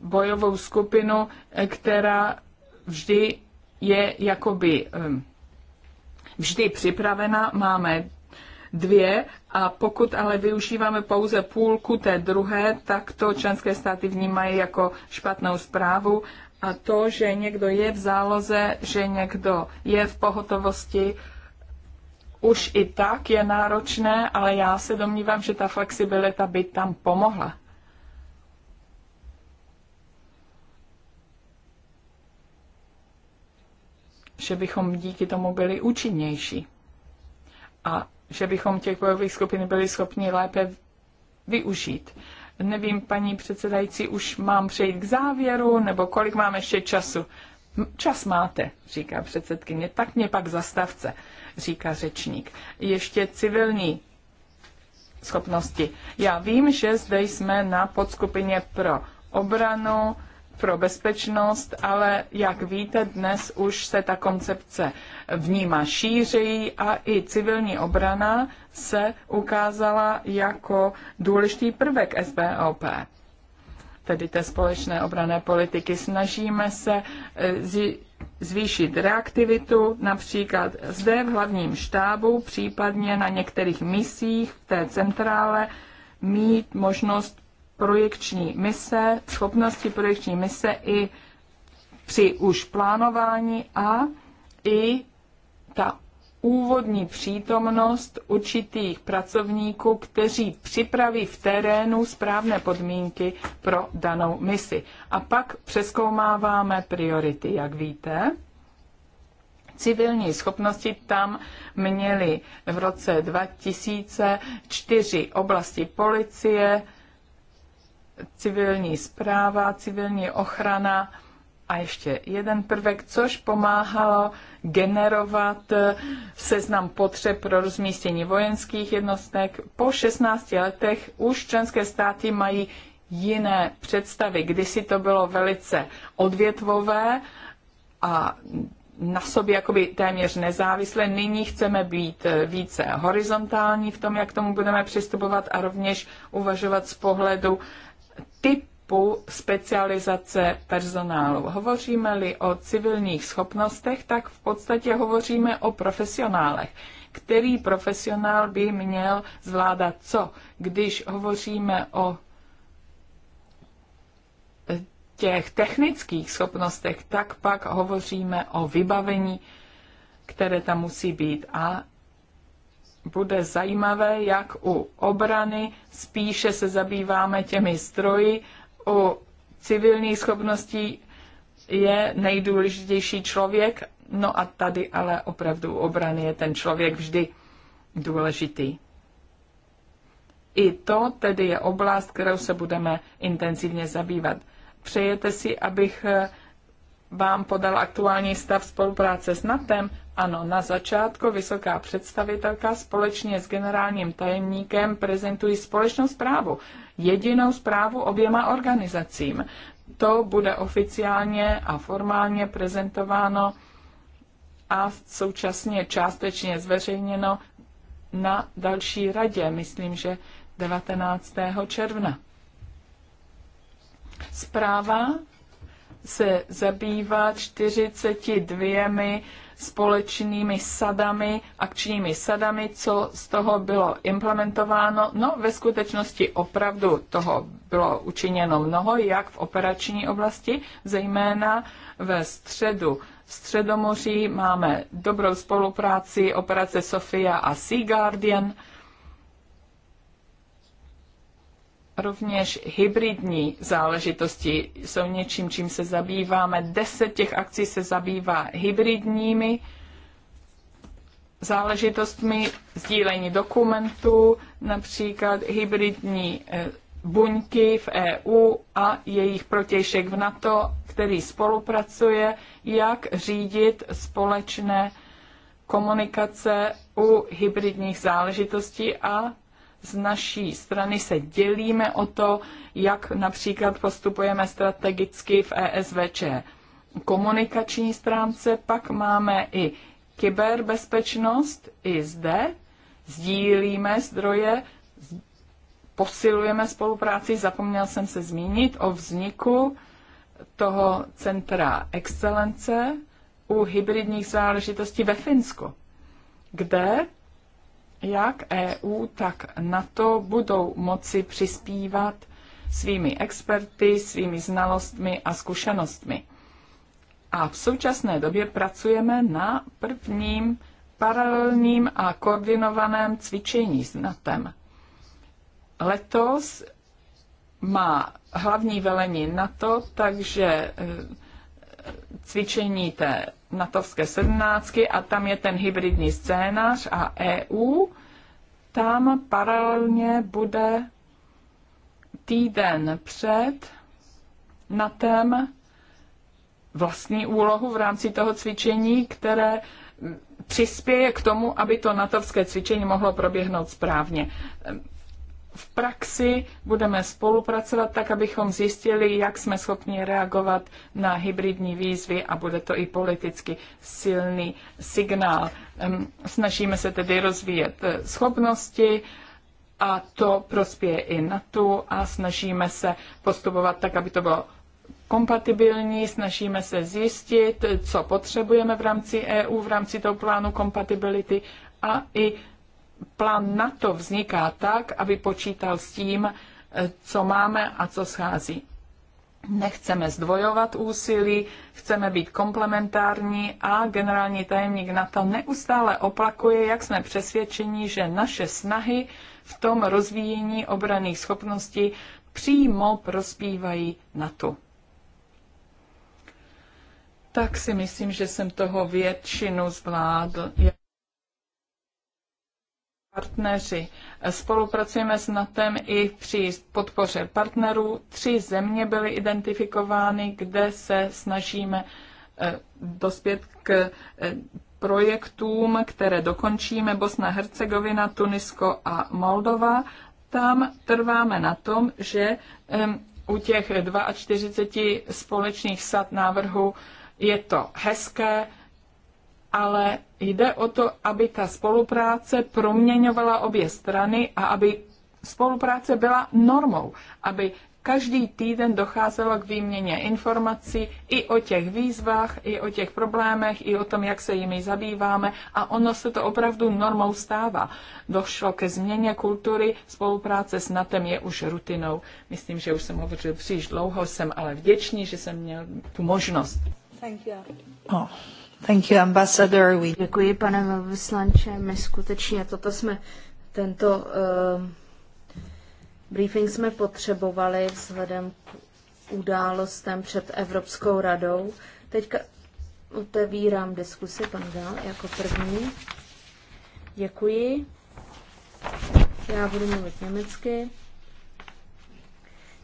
bojovou skupinu, která vždy je jakoby vždy připravena, máme dvě a pokud ale využíváme pouze půlku té druhé, tak to členské státy vnímají jako špatnou zprávu a to, že někdo je v záloze, že někdo je v pohotovosti, už i tak je náročné, ale já se domnívám, že ta flexibilita by tam pomohla. Že bychom díky tomu byli účinnější a že bychom těch bojových skupin byli schopni lépe využít. Nevím, paní předsedající, už mám přejít k závěru, nebo kolik mám ještě času? Čas máte, říká předsedkyně, tak mě pak zastavce, říká řečník. Ještě civilní schopnosti. Já vím, že zde jsme na podskupině pro obranu, pro bezpečnost, ale jak víte, dnes už se ta koncepce vnímá šířejí a i civilní obrana se ukázala jako důležitý prvek SBOP tedy té společné obrané politiky. Snažíme se eh, zvýšit reaktivitu například zde v hlavním štábu, případně na některých misích v té centrále mít možnost projekční mise, schopnosti projekční mise i při už plánování a i ta úvodní přítomnost určitých pracovníků, kteří připraví v terénu správné podmínky pro danou misi. A pak přeskoumáváme priority, jak víte. Civilní schopnosti tam měly v roce 2004 oblasti policie, civilní zpráva, civilní ochrana a ještě jeden prvek, což pomáhalo generovat seznam potřeb pro rozmístění vojenských jednotek. Po 16 letech už členské státy mají jiné představy. Kdysi to bylo velice odvětvové a na sobě jakoby téměř nezávisle. Nyní chceme být více horizontální v tom, jak tomu budeme přistupovat a rovněž uvažovat z pohledu typu specializace personálu. Hovoříme-li o civilních schopnostech, tak v podstatě hovoříme o profesionálech. Který profesionál by měl zvládat co? Když hovoříme o eh, těch technických schopnostech, tak pak hovoříme o vybavení, které tam musí být. A bude zajímavé, jak u obrany spíše se zabýváme těmi stroji, u civilních schopností je nejdůležitější člověk, no a tady ale opravdu u obrany je ten člověk vždy důležitý. I to tedy je oblast, kterou se budeme intenzivně zabývat. Přejete si, abych vám podal aktuální stav spolupráce s NATO? Ano, na začátku vysoká představitelka společně s generálním tajemníkem prezentují společnou zprávu. Jedinou zprávu oběma organizacím. To bude oficiálně a formálně prezentováno a současně částečně zveřejněno na další radě, myslím, že 19. června. Zpráva se zabývá 42 společnými sadami, akčními sadami, co z toho bylo implementováno. No, ve skutečnosti opravdu toho bylo učiněno mnoho, jak v operační oblasti, zejména ve středu v Středomoří máme dobrou spolupráci operace Sofia a Sea Guardian – rovněž hybridní záležitosti jsou něčím, čím se zabýváme. Deset těch akcí se zabývá hybridními záležitostmi sdílení dokumentů, například hybridní eh, buňky v EU a jejich protějšek v NATO, který spolupracuje, jak řídit společné komunikace u hybridních záležitostí a z naší strany se dělíme o to, jak například postupujeme strategicky v ESVČ komunikační stránce, pak máme i kyberbezpečnost, i zde sdílíme zdroje, posilujeme spolupráci. Zapomněl jsem se zmínit o vzniku toho centra excelence u hybridních záležitostí ve Finsku, kde jak EU, tak NATO budou moci přispívat svými experty, svými znalostmi a zkušenostmi. A v současné době pracujeme na prvním paralelním a koordinovaném cvičení s NATO. Letos má hlavní velení NATO, takže eh, cvičení té natovské sedmnáctky a tam je ten hybridní scénář a EU, tam paralelně bude týden před na tém vlastní úlohu v rámci toho cvičení, které přispěje k tomu, aby to natovské cvičení mohlo proběhnout správně v praxi budeme spolupracovat tak, abychom zjistili, jak jsme schopni reagovat na hybridní výzvy a bude to i politicky silný signál. Snažíme se tedy rozvíjet eh, schopnosti a to prospěje i na tu a snažíme se postupovat tak, aby to bylo kompatibilní, snažíme se zjistit, co potřebujeme v rámci EU, v rámci toho plánu kompatibility a i plán NATO vzniká tak, aby počítal s tím, eh, co máme a co schází. Nechceme zdvojovat úsilí, chceme být komplementární a generální tajemník NATO neustále opakuje, jak jsme přesvědčeni, že naše snahy v tom rozvíjení obraných schopností přímo prospívají NATO. Tak si myslím, že jsem toho většinu zvládl partneři. Spolupracujeme s NATEM i při podpoře partnerů. Tři země byly identifikovány, kde se snažíme eh, dospět k eh, projektům, které dokončíme Bosna, Hercegovina, Tunisko a Moldova. Tam trváme na tom, že u těch 42 společných sad návrhu je to hezké, ale Jde o to, aby ta spolupráce proměňovala obě strany a aby spolupráce byla normou, aby každý týden docházelo k výměně informací i o těch výzvách, i o těch problémech, i o tom, jak se jimi zabýváme a ono se to opravdu normou stává. Došlo ke změně kultury, spolupráce s NATem je už rutinou. Myslím, že už jsem hovořil příliš dlouho, jsem ale vděčný, že jsem měl tu možnost. Thank you. Oh. Thank you, ambassador. We... Děkuji, pane vyslanče. My skutečně toto jsme, tento uh, briefing jsme potřebovali vzhledem k událostem před Evropskou radou. Teďka otevírám diskusi, pan Dál, jako první. Děkuji. Já budu mluvit německy.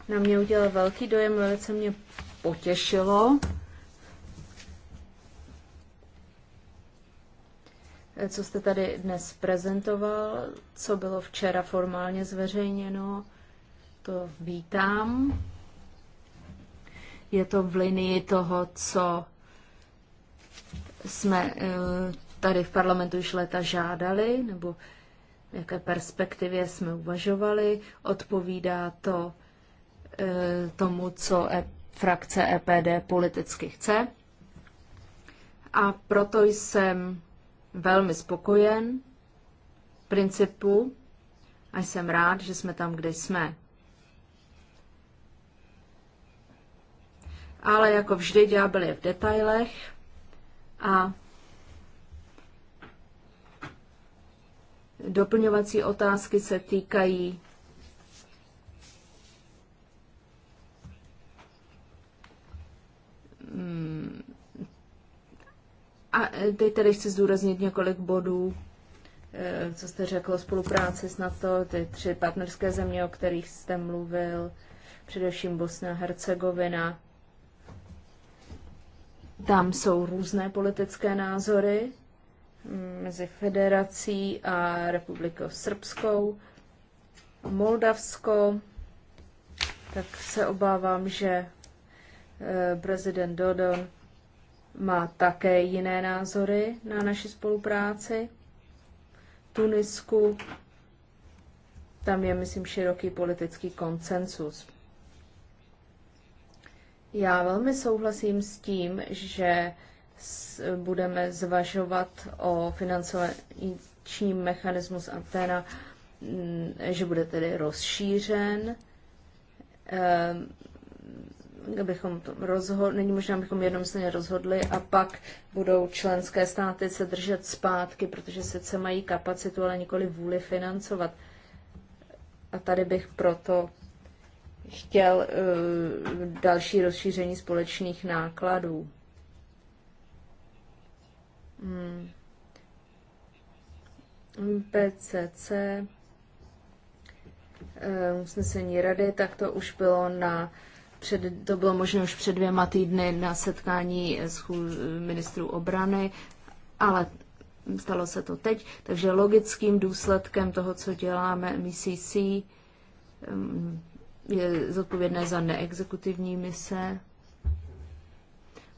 Na mě udělal velký dojem, velice mě potěšilo co jste tady dnes prezentoval, co bylo včera formálně zveřejněno, to vítám. Je to v linii toho, co jsme eh, tady v parlamentu již léta žádali, nebo v jaké perspektivě jsme uvažovali. Odpovídá to eh, tomu, co e- frakce EPD politicky chce. A proto jsem velmi spokojen principu a jsem rád, že jsme tam, kde jsme. Ale jako vždy ďábel je v detailech a doplňovací otázky se týkají hmm, a e, teď tady chci zdůraznit několik bodů, e, co jste řekl o spolupráci s NATO, ty tři partnerské země, o kterých jste mluvil, především Bosna a Hercegovina. Tam jsou různé politické názory mezi federací a republikou srbskou. Moldavsko, tak se obávám, že e, prezident Dodon má také jiné názory na naši spolupráci. V Tunisku tam je, myslím, široký politický koncensus. Já velmi souhlasím s tím, že budeme zvažovat o financovační mechanismus Antena, mm, že bude tedy rozšířen ehm, bychom to rozhodli, není možná, abychom jednomyslně rozhodli a pak budou členské státy se držet zpátky, protože sice mají kapacitu, ale nikoli vůli financovat. A tady bych proto chtěl uh, další rozšíření společných nákladů. Hmm. PCC eh, usnesení rady, tak to už bylo na před, to bylo možné už před dvěma týdny na setkání s ministrů obrany, ale stalo se to teď. Takže logickým důsledkem toho, co děláme MCC, mm, je zodpovědné za neexekutivní mise.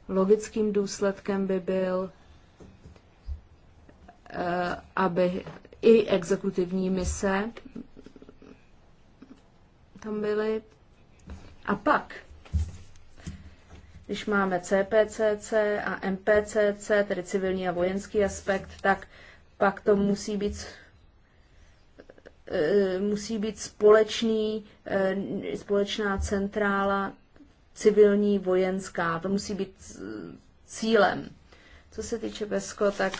Logickým důsledkem by byl, eh, aby i exekutivní mise tam byly a pak, když máme CPCC a MPCC, tedy civilní a vojenský aspekt, tak pak to musí být eh, musí být společný, eh, společná centrála civilní, vojenská. To musí být cílem. Co se týče PESCO, tak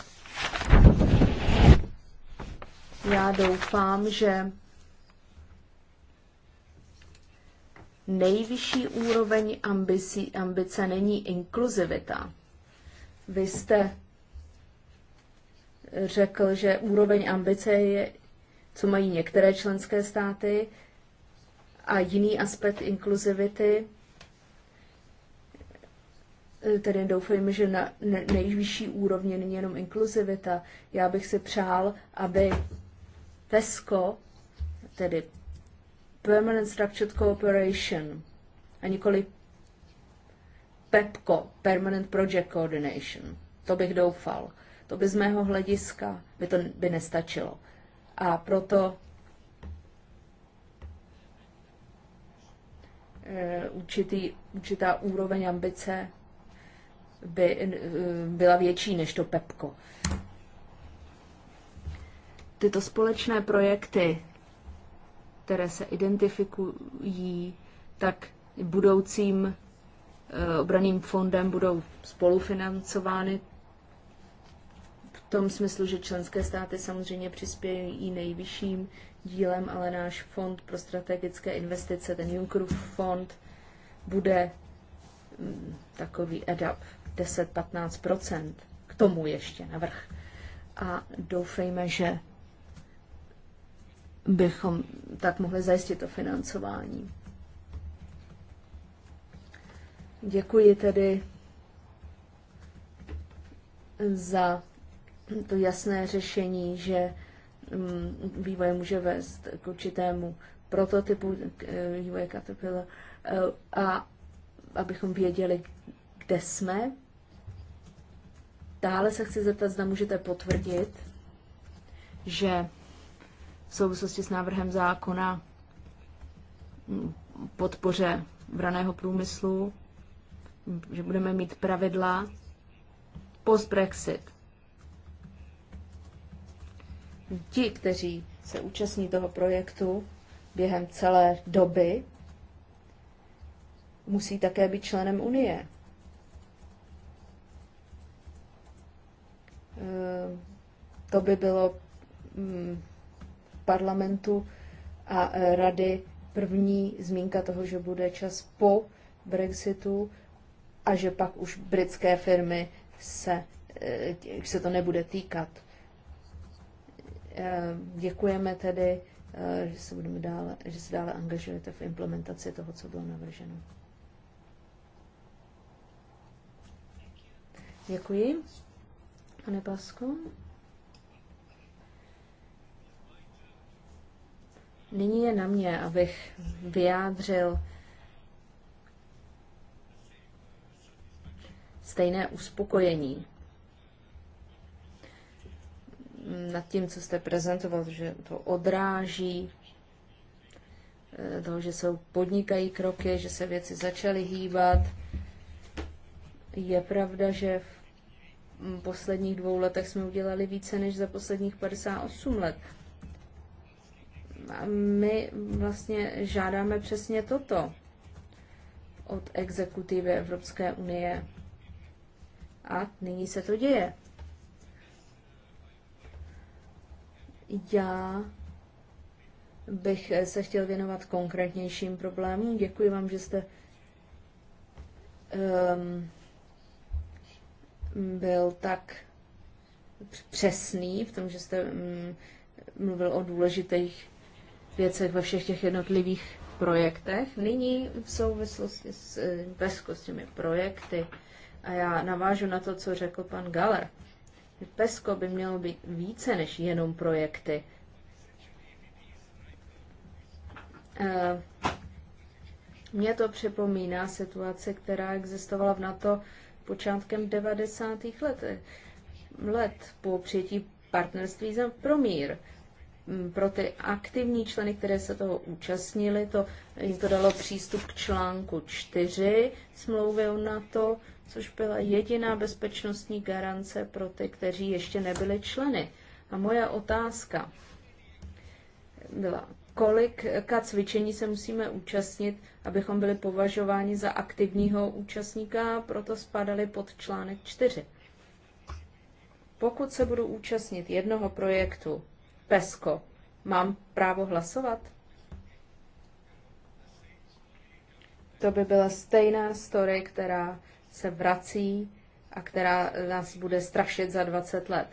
já doufám, že nejvyšší úroveň ambicí, ambice není inkluzivita. Vy jste řekl, že úroveň ambice je, co mají některé členské státy, a jiný aspekt inkluzivity, tedy doufejme, že na nejvyšší úrovni není jenom inkluzivita. Já bych si přál, aby PESCO, tedy Permanent Structured Cooperation a nikoli PEPCO, Permanent Project Coordination. To bych doufal. To by z mého hlediska by to by nestačilo. A proto eh, určitý, určitá úroveň ambice by eh, byla větší než to PEPCO. Tyto společné projekty které se identifikují, tak budoucím eh, obraným fondem budou spolufinancovány v tom smyslu, že členské státy samozřejmě přispějí nejvyšším dílem, ale náš fond pro strategické investice, ten Junckerův fond, bude mm, takový EDAP 10-15 k tomu ještě navrh. A doufejme, že bychom tak mohli zajistit to financování. Děkuji tedy za to jasné řešení, že mm, vývoj může vést k určitému prototypu e, vývoje Caterpillar e, a abychom věděli, kde jsme. Dále se chci zeptat, zda můžete potvrdit, že v souvislosti s návrhem zákona podpoře vraného průmyslu, že budeme mít pravidla post-Brexit. Ti, kteří se účastní toho projektu během celé doby, musí také být členem Unie. Ehm, to by bylo mm, parlamentu a e, rady první zmínka toho, že bude čas po Brexitu a že pak už britské firmy se, e, se to nebude týkat. E, děkujeme tedy, že se, budeme dále, že se dále angažujete v implementaci toho, co bylo navrženo. Děkuji. Pane Pasko. Nyní je na mě, abych vyjádřil stejné uspokojení nad tím, co jste prezentoval, že to odráží eh, toho, že jsou podnikají kroky, že se věci začaly hýbat. Je pravda, že v posledních dvou letech jsme udělali více než za posledních 58 let. A my vlastně žádáme přesně toto od exekutivy Evropské unie. A nyní se to děje. Já bych se chtěl věnovat konkrétnějším problémům. Děkuji vám, že jste um, byl tak přesný v tom, že jste um, mluvil o důležitých věcech ve všech těch jednotlivých projektech. Nyní v souvislosti s eh, PESCO, s těmi projekty, a já navážu na to, co řekl pan Galer. PESCO by mělo být více než jenom projekty. Eh, mně to připomíná situaci, která existovala v NATO počátkem 90. let, let po přijetí partnerství za promír pro ty aktivní členy, které se toho účastnili, to, jim to dalo přístup k článku 4 smlouvy o NATO, což byla jediná bezpečnostní garance pro ty, kteří ještě nebyli členy. A moje otázka byla, kolika cvičení se musíme účastnit, abychom byli považováni za aktivního účastníka proto spadali pod článek 4. Pokud se budu účastnit jednoho projektu, Pesko, Mám právo hlasovat? To by byla stejná story, která se vrací a která nás bude strašit za 20 let.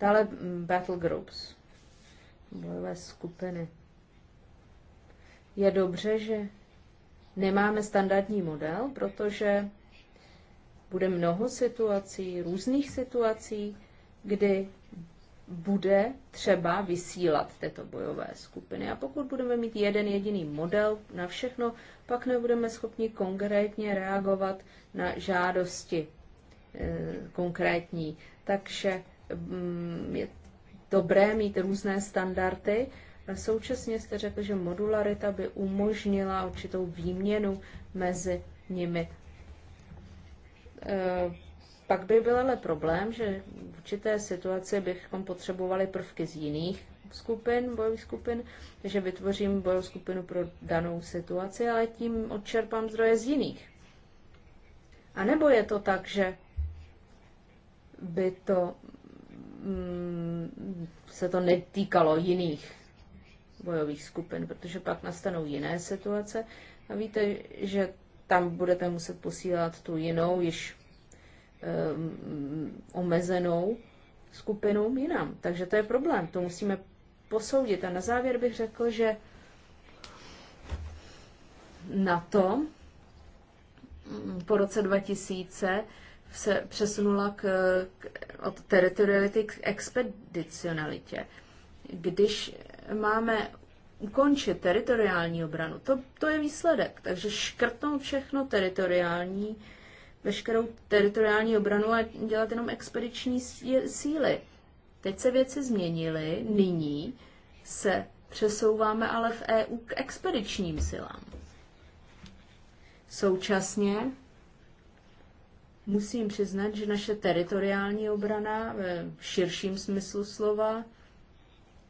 Dále mm, battle groups, bojové skupiny. Je dobře, že nemáme standardní model, protože bude mnoho situací, různých situací, kdy bude třeba vysílat tyto bojové skupiny. A pokud budeme mít jeden jediný model na všechno, pak nebudeme schopni konkrétně reagovat na žádosti e, konkrétní. Takže mm, je dobré mít různé standardy. A Současně jste řekl, že modularita by umožnila určitou výměnu mezi nimi e, pak by byl ale problém, že v určité situaci bychom potřebovali prvky z jiných skupin, bojových skupin, takže vytvořím bojovou skupinu pro danou situaci, ale tím odčerpám zdroje z jiných. A nebo je to tak, že by to mm, se to netýkalo jiných bojových skupin, protože pak nastanou jiné situace a víte, že tam budete muset posílat tu jinou, již Eh, omezenou skupinu jinam. Takže to je problém, to musíme posoudit. A na závěr bych řekl, že na to mm, po roce 2000 se přesunula k, k, od teritoriality k expedicionalitě. Když máme ukončit teritoriální obranu, to, to je výsledek. Takže škrtnout všechno teritoriální veškerou teritoriální obranu a dělat jenom expediční síly. Teď se věci změnily, nyní se přesouváme ale v EU k expedičním silám. Současně musím přiznat, že naše teritoriální obrana v širším smyslu slova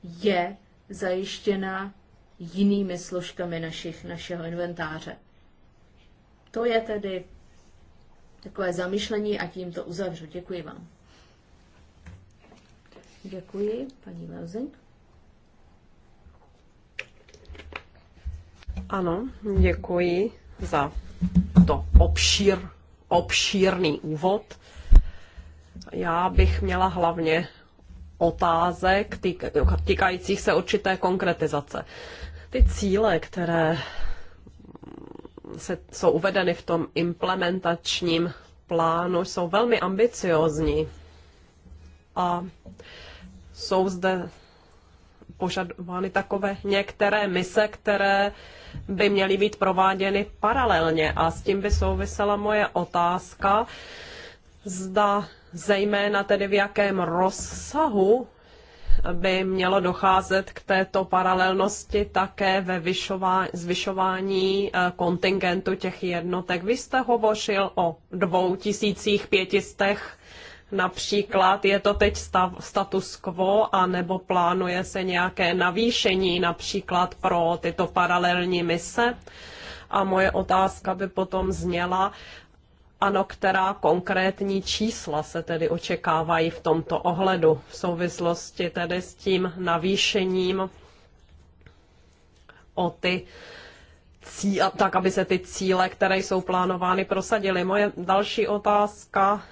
je zajištěna jinými složkami našich, našeho inventáře. To je tedy takové zamyšlení a tím to uzavřu. Děkuji vám. Děkuji, paní Leuzink. Ano, děkuji za to obšír, obšírný úvod. Já bych měla hlavně otázek týkajících se určité konkretizace. Ty cíle, které se, jsou uvedeny v tom implementačním plánu, jsou velmi ambiciozní a jsou zde požadovány takové některé mise, které by měly být prováděny paralelně. A s tím by souvisela moje otázka, zda zejména tedy v jakém rozsahu by mělo docházet k této paralelnosti také ve zvyšování eh, kontingentu těch jednotek. Vy jste hovořil o dvou tisících pětistech Například je to teď stav, status quo a nebo plánuje se nějaké navýšení například pro tyto paralelní mise? A moje otázka by potom zněla, ano, která konkrétní čísla se tedy očekávají v tomto ohledu v souvislosti tedy s tím navýšením o ty cíle, tak aby se ty cíle, které jsou plánovány, prosadily. Moje další otázka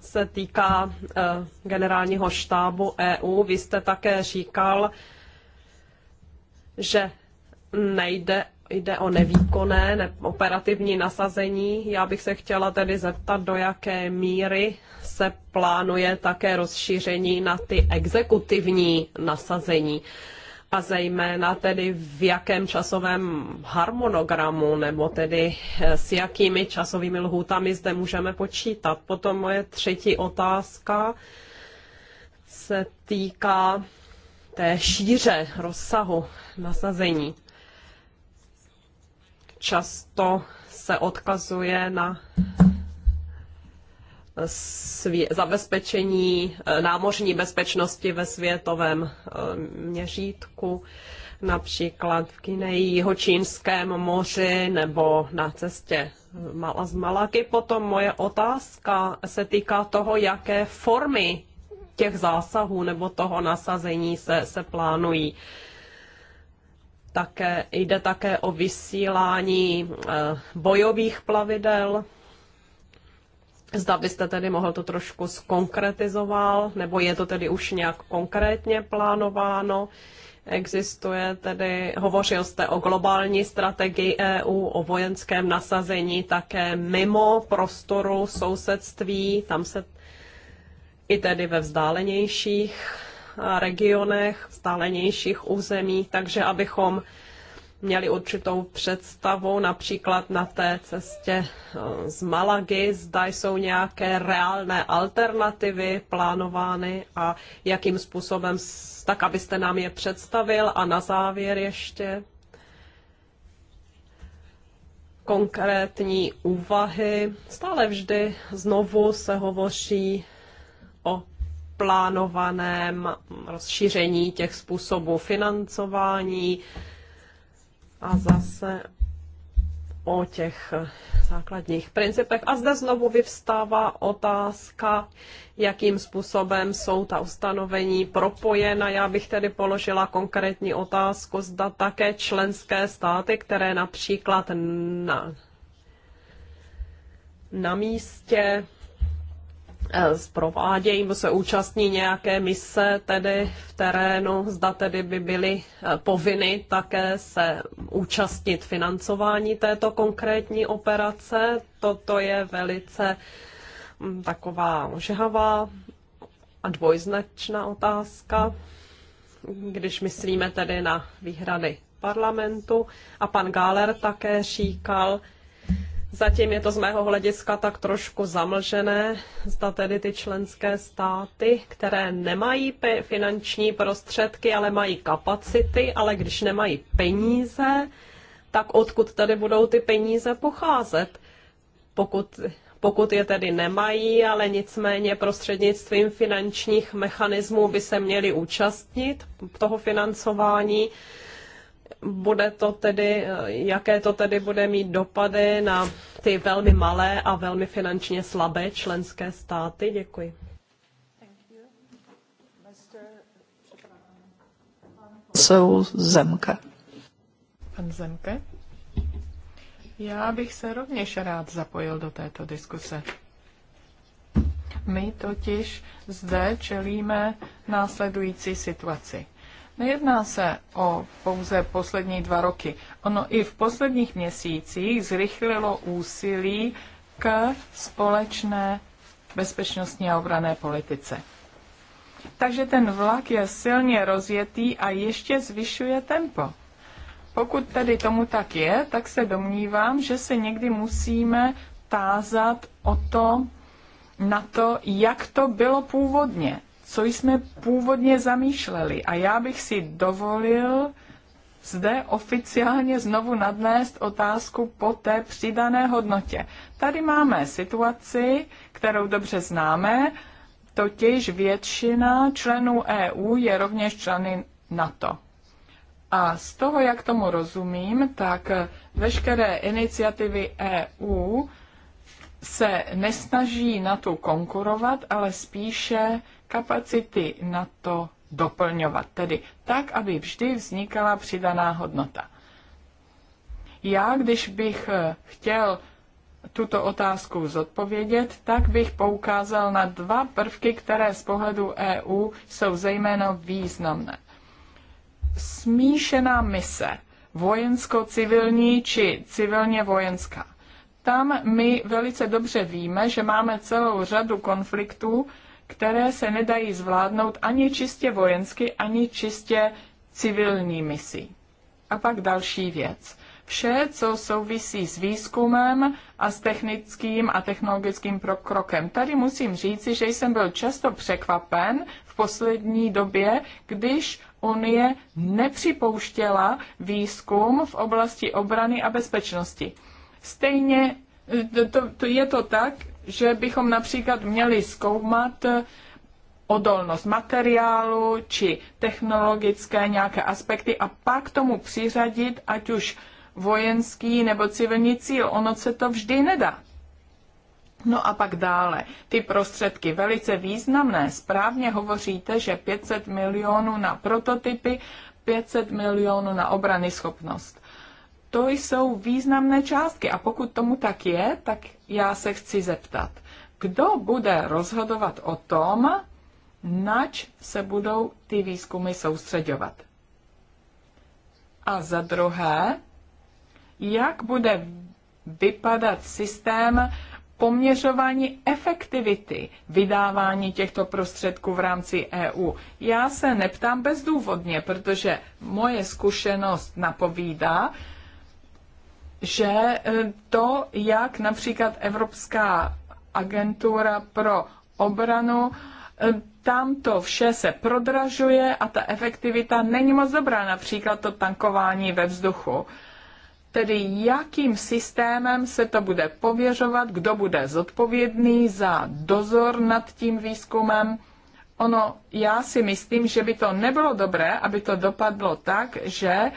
se týká eh, generálního štábu EU. Vy jste také říkal, že nejde jde o nevýkonné ne, operativní nasazení. Já bych se chtěla tedy zeptat, do jaké míry se plánuje také rozšíření na ty exekutivní nasazení a zejména tedy v jakém časovém harmonogramu nebo tedy eh, s jakými časovými lhůtami zde můžeme počítat. Potom moje třetí otázka se týká té šíře rozsahu nasazení často se odkazuje na zabezpečení eh, námořní bezpečnosti ve světovém eh, měřítku, například v Kineji, Jihočínském moři nebo na cestě z Malaky. Potom moje otázka se týká toho, jaké formy těch zásahů nebo toho nasazení se, se plánují. Také, jde také o vysílání eh, bojových plavidel. Zda byste tedy mohl to trošku skonkretizoval, nebo je to tedy už nějak konkrétně plánováno? Existuje tedy, hovořil jste o globální strategii EU, o vojenském nasazení také mimo prostoru sousedství, tam se i tedy ve vzdálenějších regionech, vzdálenějších území, takže abychom měli určitou představu, například na té cestě eh, z Malagy, zda jsou nějaké reálné alternativy plánovány a jakým způsobem, tak abyste nám je představil. A na závěr ještě konkrétní úvahy. Stále vždy znovu se hovoří o plánovaném rozšíření těch způsobů financování a zase o těch základních principech. A zde znovu vyvstává otázka, jakým způsobem jsou ta ustanovení propojena. Já bych tedy položila konkrétní otázku, zda také členské státy, které například na, na místě nebo eh, se účastní nějaké mise tedy v terénu, zda tedy by byly eh, povinny také se účastnit financování této konkrétní operace. Toto je velice hm, taková ožehavá a dvojznačná otázka, když myslíme tedy na výhrady parlamentu. A pan Gáler také říkal, Zatím je to z mého hlediska tak trošku zamlžené, zda tedy ty členské státy, které nemají finanční prostředky, ale mají kapacity, ale když nemají peníze, tak odkud tady budou ty peníze pocházet? Pokud, pokud je tedy nemají, ale nicméně prostřednictvím finančních mechanismů by se měli účastnit toho financování, bude to tedy, eh, jaké to tedy bude mít dopady na ty velmi malé a velmi finančně slabé členské státy? Děkuji. Jsou Zemka. Pan Zemke? Já bych se rovněž rád zapojil do této diskuse. My totiž zde čelíme následující situaci Nejedná se o pouze poslední dva roky. Ono i v posledních měsících zrychlilo úsilí k společné bezpečnostní a obrané politice. Takže ten vlak je silně rozjetý a ještě zvyšuje tempo. Pokud tedy tomu tak je, tak se domnívám, že se někdy musíme tázat o to, na to, jak to bylo původně, co jsme původně zamýšleli. A já bych si dovolil zde oficiálně znovu nadnést otázku po té přidané hodnotě. Tady máme situaci, kterou dobře známe, totiž většina členů EU je rovněž členy NATO. A z toho, jak tomu rozumím, tak veškeré iniciativy EU se nesnaží na to konkurovat, ale spíše kapacity na to doplňovat, tedy tak, aby vždy vznikala přidaná hodnota. Já, když bych eh, chtěl tuto otázku zodpovědět, tak bych poukázal na dva prvky, které z pohledu EU jsou zejména významné. Smíšená mise, vojensko-civilní či civilně-vojenská. Tam my velice dobře víme, že máme celou řadu konfliktů, které se nedají zvládnout ani čistě vojensky, ani čistě civilní misí. A pak další věc. Vše, co souvisí s výzkumem a s technickým a technologickým pokrokem. Tady musím říci, že jsem byl často překvapen v poslední době, když Unie nepřipouštěla výzkum v oblasti obrany a bezpečnosti. Stejně to, to je to tak, že bychom například měli zkoumat eh, odolnost materiálu či technologické nějaké aspekty a pak tomu přiřadit, ať už vojenský nebo civilní cíl. Ono se to vždy nedá. No a pak dále. Ty prostředky velice významné. Správně hovoříte, že 500 milionů na prototypy, 500 milionů na obrany schopnost. To jsou významné částky a pokud tomu tak je, tak já se chci zeptat, kdo bude rozhodovat o tom, nač se budou ty výzkumy soustředovat. A za druhé, jak bude vypadat systém poměřování efektivity vydávání těchto prostředků v rámci EU. Já se neptám bezdůvodně, protože moje zkušenost napovídá, že eh, to, jak například Evropská agentura pro obranu, eh, tam to vše se prodražuje a ta efektivita není moc dobrá, například to tankování ve vzduchu. Tedy jakým systémem se to bude pověřovat, kdo bude zodpovědný za dozor nad tím výzkumem. Ono, já si myslím, že by to nebylo dobré, aby to dopadlo tak, že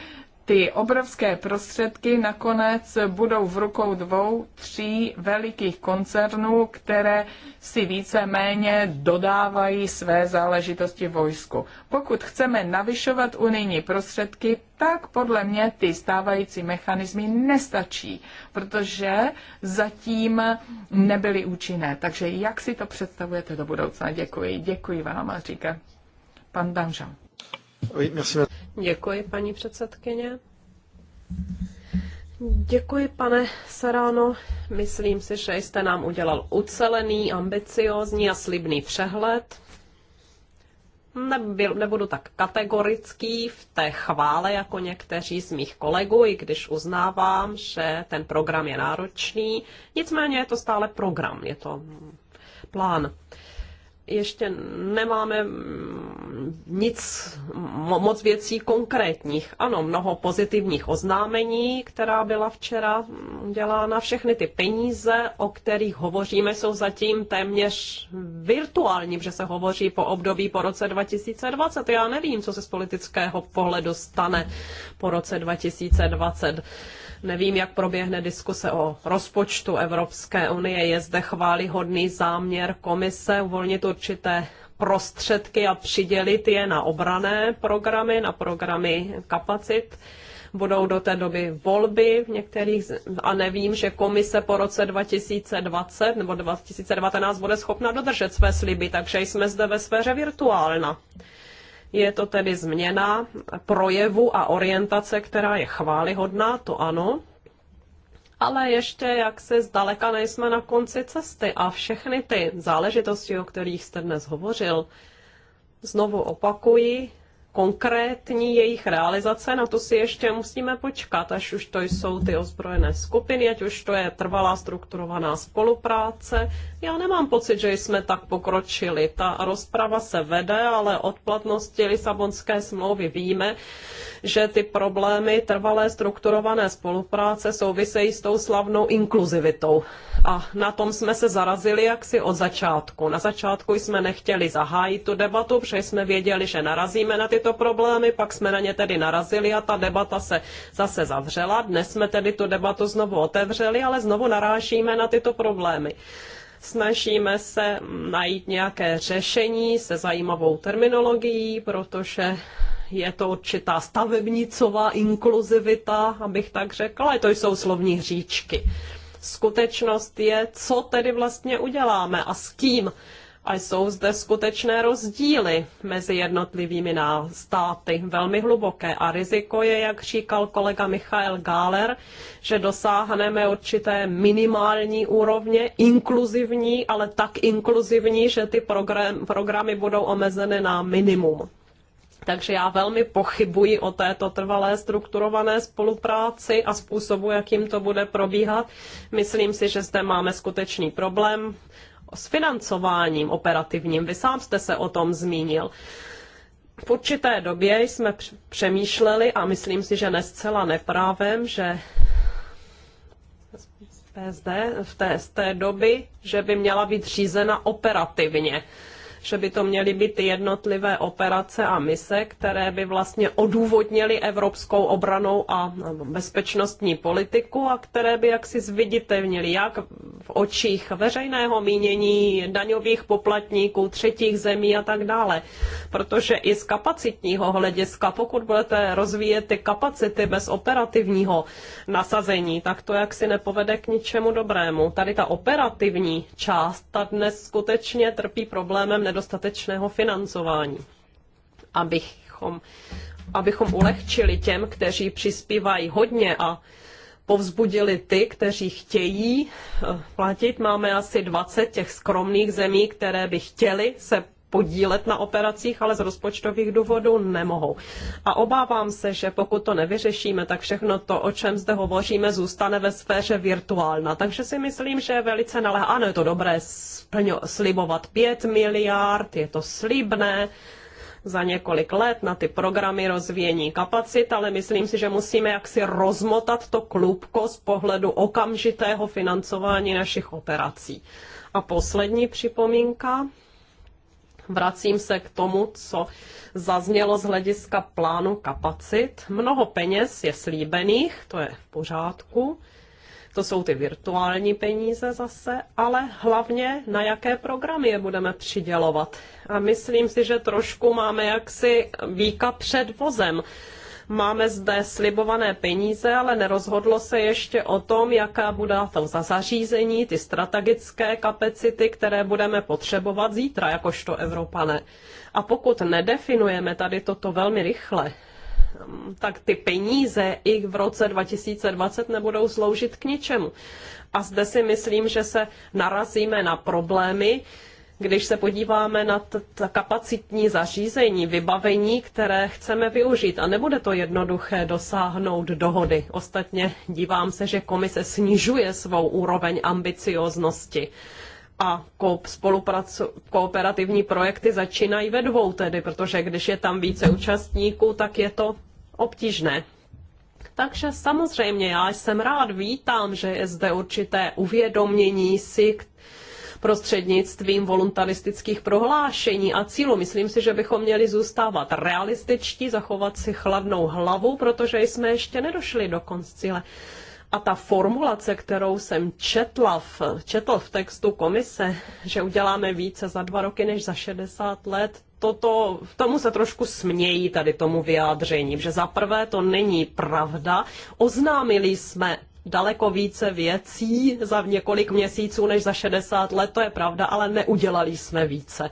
ty obrovské prostředky nakonec budou v rukou dvou, tří velikých koncernů, které si více-méně dodávají své záležitosti vojsku. Pokud chceme navyšovat unijní prostředky, tak podle mě ty stávající mechanismy nestačí, protože zatím nebyly účinné. Takže jak si to představujete do budoucna? Děkuji. Děkuji vám, říká pan Danžan. Děkuji, paní předsedkyně. Děkuji, pane Sarano. Myslím si, že jste nám udělal ucelený, ambiciózní a slibný přehled. Nebyl, nebudu tak kategorický v té chvále jako někteří z mých kolegů, i když uznávám, že ten program je náročný. Nicméně je to stále program, je to plán. Uh, ještě nemáme nic, moc věcí konkrétních. Ano, mnoho pozitivních oznámení, která byla včera dělána. Všechny ty peníze, o kterých hovoříme, jsou zatím téměř virtuální, protože se hovoří po období po roce 2020. Já nevím, co se z politického pohledu stane po roce 2020 Nevím, jak proběhne diskuse o rozpočtu Evropské unie. Je zde chválihodný záměr komise uvolnit určité prostředky a přidělit je na obrané programy, na programy kapacit budou do té doby volby v některých a nevím, že komise po roce 2020 nebo 2019 bude schopna dodržet své sliby, takže jsme zde ve sféře virtuálna. Je to tedy změna projevu a orientace, která je chválihodná, to ano, ale ještě jak se zdaleka nejsme na konci cesty a všechny ty záležitosti, o kterých jste dnes hovořil, znovu opakuji, konkrétní jejich realizace, na to si ještě musíme počkat, až už to jsou ty ozbrojené skupiny, ať už to je trvalá strukturovaná spolupráce. Já nemám pocit, že jsme tak pokročili. Ta rozprava se vede, ale od platnosti Lisabonské smlouvy víme, že ty problémy trvalé strukturované spolupráce souvisejí s tou slavnou inkluzivitou. A na tom jsme se zarazili jaksi od začátku. Na začátku jsme nechtěli zahájit tu debatu, protože jsme věděli, že narazíme na tyto problémy, pak jsme na ně tedy narazili a ta debata se zase zavřela. Dnes jsme tedy tu debatu znovu otevřeli, ale znovu narážíme na tyto problémy snažíme se najít nějaké řešení se zajímavou terminologií, protože je to určitá stavebnicová inkluzivita, abych tak řekla, ale to jsou slovní hříčky. Skutečnost je, co tedy vlastně uděláme a s kým. A jsou zde skutečné rozdíly mezi jednotlivými státy, velmi hluboké. A riziko je, jak říkal kolega Michael Gáler, že dosáhneme určité minimální úrovně, inkluzivní, ale tak inkluzivní, že ty program, programy budou omezeny na minimum. Takže já velmi pochybuji o této trvalé strukturované spolupráci a způsobu, jakým to bude probíhat. Myslím si, že zde máme skutečný problém s financováním operativním. Vy sám jste se o tom zmínil. V určité době jsme přemýšleli a myslím si, že ne zcela neprávem, že v té, z té doby, že by měla být řízena operativně že by to měly být ty jednotlivé operace a mise, které by vlastně odůvodnily evropskou obranou a bezpečnostní politiku a které by jaksi zviditelnily jak v očích veřejného mínění, daňových poplatníků, třetích zemí a tak dále. Protože i z kapacitního hlediska, pokud budete rozvíjet ty kapacity bez operativního nasazení, tak to jaksi nepovede k ničemu dobrému. Tady ta operativní část, ta dnes skutečně trpí problémem nedostatečného financování. Abychom, abychom ulehčili těm, kteří přispívají hodně a povzbudili ty, kteří chtějí eh, platit. Máme asi 20 těch skromných zemí, které by chtěly se podílet na operacích, ale z rozpočtových důvodů nemohou. A obávám se, že pokud to nevyřešíme, tak všechno to, o čem zde hovoříme, zůstane ve sféře virtuálna. Takže si myslím, že je velice nalé. Ano, je to dobré splňo, slibovat 5 miliard, je to slibné, za několik let na ty programy rozvíjení kapacit, ale myslím si, že musíme jaksi rozmotat to klubko z pohledu okamžitého financování našich operací. A poslední připomínka Vracím se k tomu, co zaznělo z hlediska plánu kapacit. Mnoho peněz je slíbených, to je v pořádku. To jsou ty virtuální peníze zase, ale hlavně na jaké programy je budeme přidělovat. A myslím si, že trošku máme jaksi výka před vozem. Máme zde slibované peníze, ale nerozhodlo se ještě o tom, jaká bude to za zařízení, ty strategické kapacity, které budeme potřebovat zítra, jakožto Evropané. A pokud nedefinujeme tady toto velmi rychle, tak ty peníze i v roce 2020 nebudou sloužit k ničemu. A zde si myslím, že se narazíme na problémy, když se podíváme na ta kapacitní zařízení, vybavení, které chceme využít, a nebude to jednoduché dosáhnout dohody. Ostatně dívám se, že komise snižuje svou úroveň ambicioznosti a kooperativní projekty začínají ve dvou tedy, protože když je tam více účastníků, tak je to obtížné. Takže samozřejmě já jsem rád, vítám, že je zde určité uvědomění si, prostřednictvím voluntaristických prohlášení a cílů. Myslím si, že bychom měli zůstávat realističtí, zachovat si chladnou hlavu, protože jsme ještě nedošli do koncile. A ta formulace, kterou jsem četla v, četl v textu komise, že uděláme více za dva roky než za 60 let, toto, tomu se trošku smějí tady tomu vyjádření, že za prvé to není pravda. Oznámili jsme daleko více věcí za několik měsíců než za 60 let, to je pravda, ale neudělali jsme více.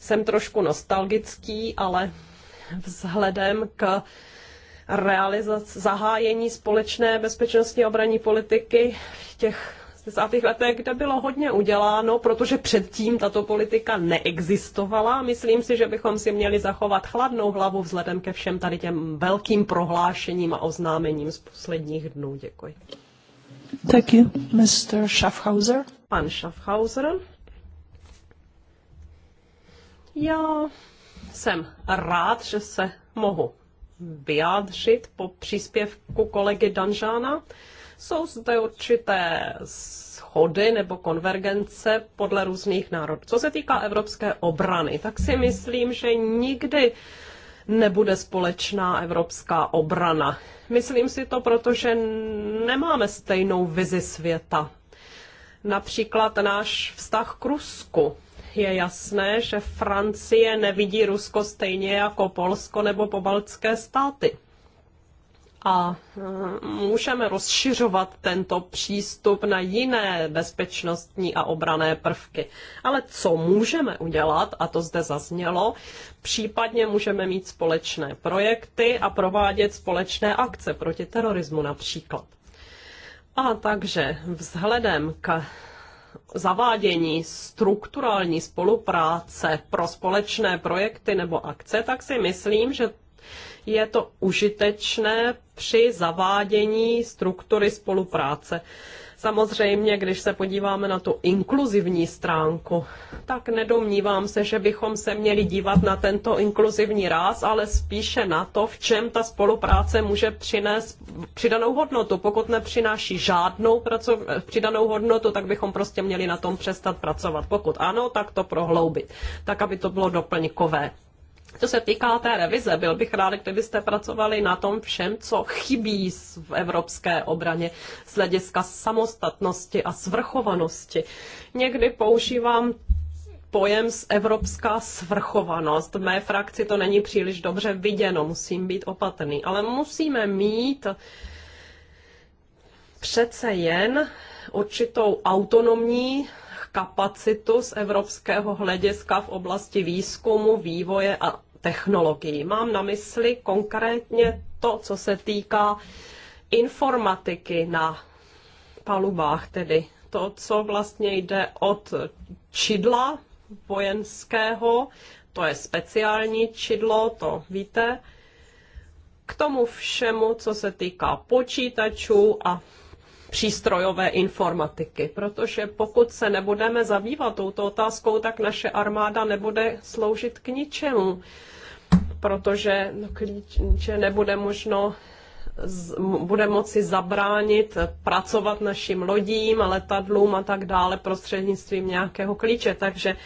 Jsem trošku nostalgický, ale vzhledem k realizaci, zahájení společné bezpečnostní obranní politiky v těch 70. letech, kde bylo hodně uděláno, protože předtím tato politika neexistovala. Myslím si, že bychom si měli zachovat chladnou hlavu vzhledem ke všem tady těm velkým prohlášením a oznámením z posledních dnů. Děkuji. you, Mr. Schaffhauser. Pan Schaffhauser. Já jsem rád, že se mohu vyjádřit po příspěvku kolegy Danžána. Jsou zde určité schody nebo konvergence podle různých národů. Co se týká evropské obrany, tak si myslím, že nikdy nebude společná evropská obrana. Myslím si to, protože nemáme stejnou vizi světa. Například náš vztah k Rusku. Je jasné, že Francie nevidí Rusko stejně jako Polsko nebo pobaltské státy a e, můžeme rozšiřovat tento přístup na jiné bezpečnostní a obrané prvky. Ale co můžeme udělat, a to zde zaznělo, případně můžeme mít společné projekty a provádět společné akce proti terorismu například. A takže vzhledem k zavádění strukturální spolupráce pro společné projekty nebo akce, tak si myslím, že je to užitečné při zavádění struktury spolupráce. Samozřejmě, když se podíváme na tu inkluzivní stránku, tak nedomnívám se, že bychom se měli dívat na tento inkluzivní ráz, ale spíše na to, v čem ta spolupráce může přinést přidanou hodnotu. Pokud nepřináší žádnou pracov- přidanou hodnotu, tak bychom prostě měli na tom přestat pracovat. Pokud ano, tak to prohloubit, tak aby to bylo doplňkové. Co se týká té revize, byl bych rád, kdybyste pracovali na tom všem, co chybí v evropské obraně z hlediska samostatnosti a svrchovanosti. Někdy používám pojem z evropská svrchovanost. V mé frakci to není příliš dobře viděno, musím být opatrný, ale musíme mít přece jen určitou autonomní kapacitu z evropského hlediska v oblasti výzkumu, vývoje a technologií. Mám na mysli konkrétně to, co se týká informatiky na palubách, tedy to, co vlastně jde od čidla vojenského, to je speciální čidlo, to víte, k tomu všemu, co se týká počítačů a přístrojové informatiky, protože pokud se nebudeme zabývat touto otázkou, tak naše armáda nebude sloužit k ničemu protože klíče nebude možno bude moci zabránit pracovat našim lodím a letadlům a tak dále prostřednictvím nějakého klíče. Takže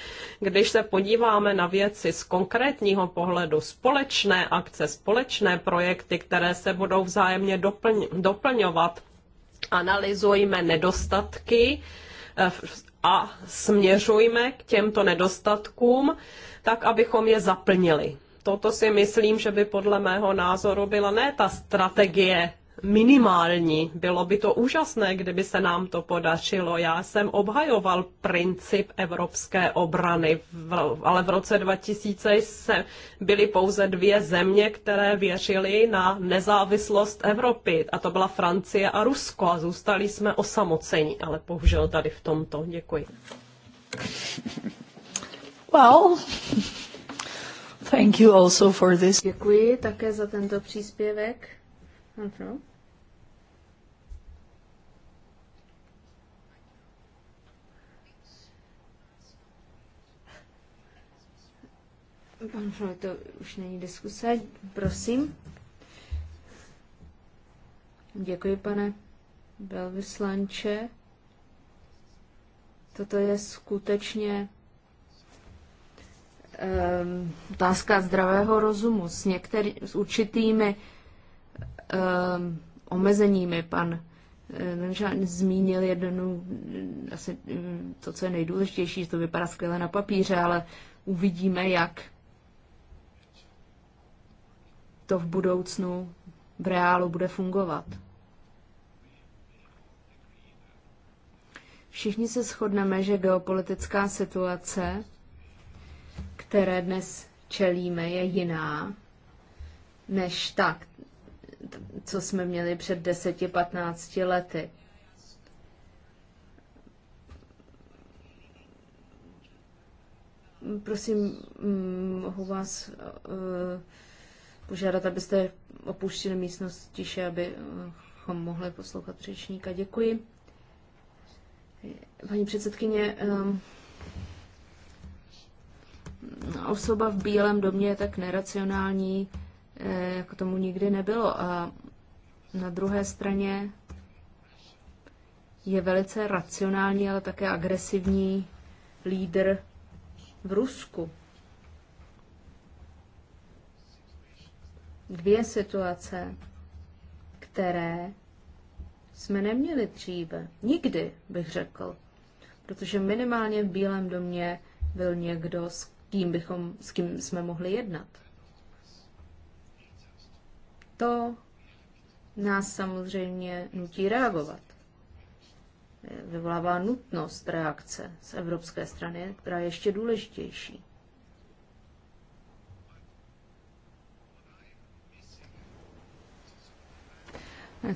když se podíváme na věci z konkrétního pohledu, společné akce, společné projekty, které se budou vzájemně doplň, doplňovat, analyzujme nedostatky eh, a směřujme k těmto nedostatkům, tak abychom je zaplnili toto si myslím, že by podle mého názoru byla ne ta strategie minimální. Bylo by to úžasné, kdyby se nám to podařilo. Já jsem obhajoval princip evropské obrany, ale v roce 2000 se byly pouze dvě země, které věřily na nezávislost Evropy, a to byla Francie a Rusko, a zůstali jsme osamoceni, ale bohužel tady v tomto. Děkuji. Well. Thank you also for this. Děkuji také za tento příspěvek. Ano. Ano, to už není diskuse, prosím. Děkuji, pane velvyslanče. Toto je skutečně Eh, otázka zdravého rozumu s, některý, s určitými um, omezeními. Pan eh, Nenžán zmínil jednu, asi to, co je nejdůležitější, to vypadá skvěle na papíře, ale uvidíme, jak to v budoucnu v reálu bude fungovat. Všichni se shodneme, že geopolitická situace které dnes čelíme, je jiná než tak, co jsme měli před 10-15 lety. Prosím, mm, mohu vás eh, požádat, abyste opuštili místnost tiše, abychom mohli poslouchat řečníka. Děkuji. Paní předsedkyně, eh, osoba v Bílém domě je tak neracionální, eh, jako tomu nikdy nebylo. A na druhé straně je velice racionální, ale také agresivní lídr v Rusku. Dvě situace, které jsme neměli dříve. Nikdy, bych řekl. Protože minimálně v Bílém domě byl někdo s kým bychom, s kým jsme mohli jednat. To nás samozřejmě nutí reagovat. Vyvolává nutnost reakce z evropské strany, která je ještě důležitější.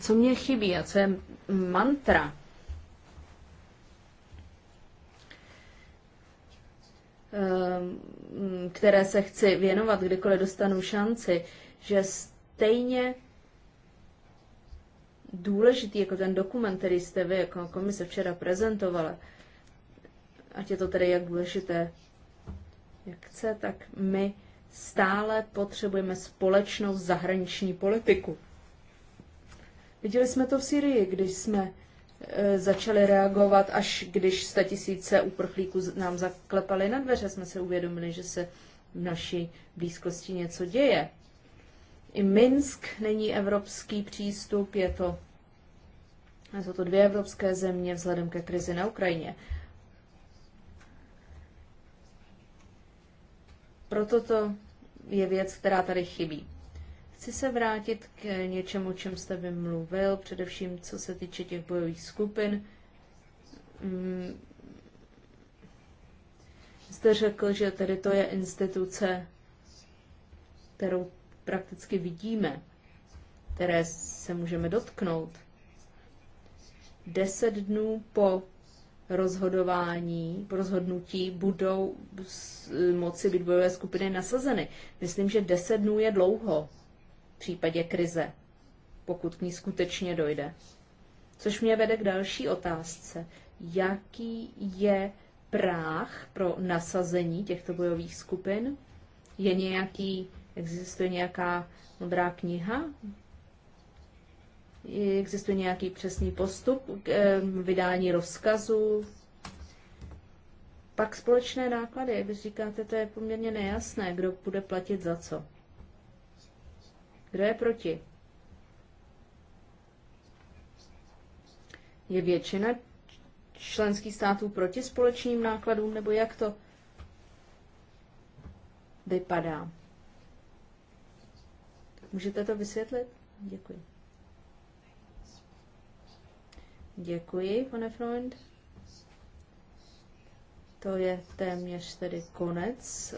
Co mě chybí a co je mantra Ehm, které se chci věnovat, kdykoliv dostanu šanci, že stejně důležitý jako ten dokument, který jste vy jako komise včera prezentovala, ať je to tedy jak důležité, jak chce, tak my stále potřebujeme společnou zahraniční politiku. Viděli jsme to v Syrii, když jsme Eh, začali reagovat, až když tisíce uprchlíků nám zaklepaly na dveře, jsme se uvědomili, že se v naší blízkosti něco děje. I Minsk není evropský přístup, je to, jsou to dvě evropské země vzhledem ke krizi na Ukrajině. Proto to je věc, která tady chybí. Chci se vrátit k něčemu, o čem jste vymluvil, především co se týče těch bojových skupin. Mm. Jste řekl, že tady to je instituce, kterou prakticky vidíme, které se můžeme dotknout. Deset dnů po rozhodování, po rozhodnutí budou moci být bojové skupiny nasazeny. Myslím, že deset dnů je dlouho případě krize, pokud k ní skutečně dojde. Což mě vede k další otázce. Jaký je práh pro nasazení těchto bojových skupin? Je nějaký, existuje nějaká modrá kniha? Existuje nějaký přesný postup k vydání rozkazu? Pak společné náklady, jak říkáte, to je poměrně nejasné, kdo bude platit za co. Kdo je proti? Je většina členských států proti společným nákladům, nebo jak to vypadá? Můžete to vysvětlit? Děkuji. Děkuji, pane Freund. To je téměř tedy konec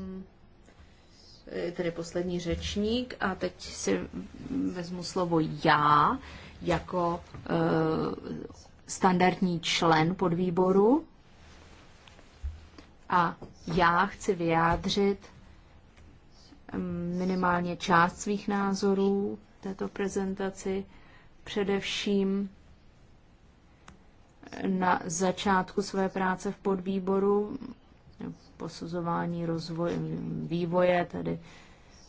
um, tedy poslední řečník a teď si vezmu slovo já jako e, standardní člen podvýboru a já chci vyjádřit mm, minimálně část svých názorů této prezentaci, především na začátku své práce v podvýboru posuzování rozvoje, vývoje, tedy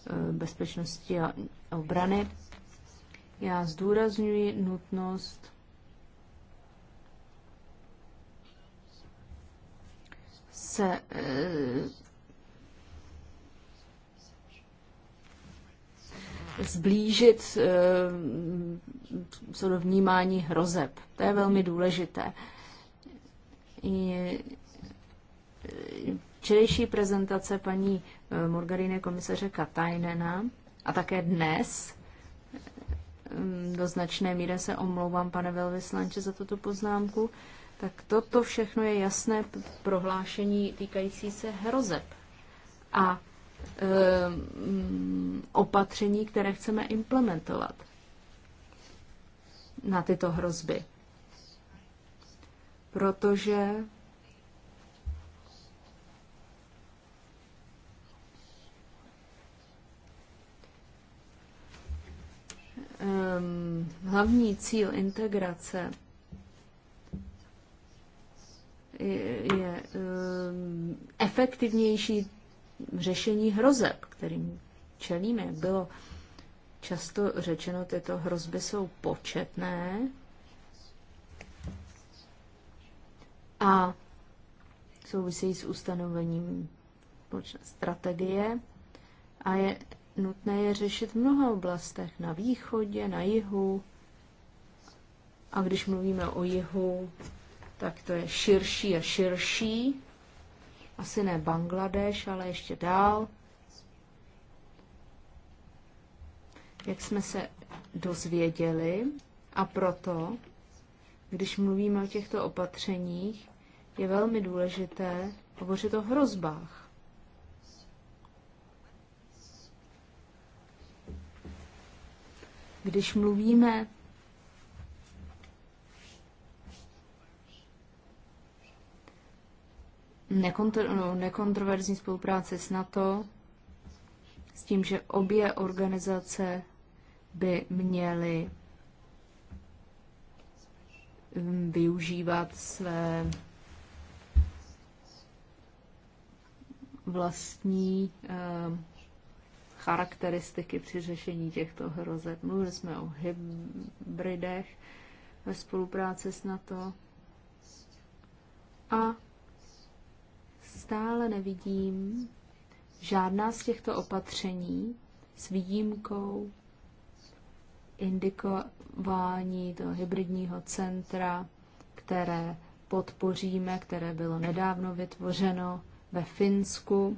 eh, bezpečnosti a obrany. Já zdůrazňuji nutnost se eh, zblížit eh, co do vnímání hrozeb. To je velmi důležité včerejší prezentace paní eh, Morgarine komisaře Katajnena a také dnes mm, do značné míry se omlouvám, pane velvyslanče, za tuto poznámku, tak toto všechno je jasné prohlášení týkající se hrozeb a e, opatření, které chceme implementovat na tyto hrozby. Protože um, hlavní cíl integrace je, je um, efektivnější řešení hrozeb, kterým čelíme. Bylo často řečeno, tyto hrozby jsou početné a souvisejí s ustanovením strategie a je nutné je řešit v mnoha oblastech, na východě, na jihu. A když mluvíme o jihu, tak to je širší a širší. Asi ne Bangladeš, ale ještě dál. Jak jsme se dozvěděli a proto, když mluvíme o těchto opatřeních, je velmi důležité hovořit o hrozbách Když mluvíme no, nekontroverzní spolupráce s NATO, s tím, že obě organizace by měly mm, využívat své vlastní uh, charakteristiky při řešení těchto hrozeb. Mluvili jsme o hybridech ve spolupráci s NATO a stále nevidím žádná z těchto opatření s výjimkou indikování toho hybridního centra, které podpoříme, které bylo nedávno vytvořeno ve Finsku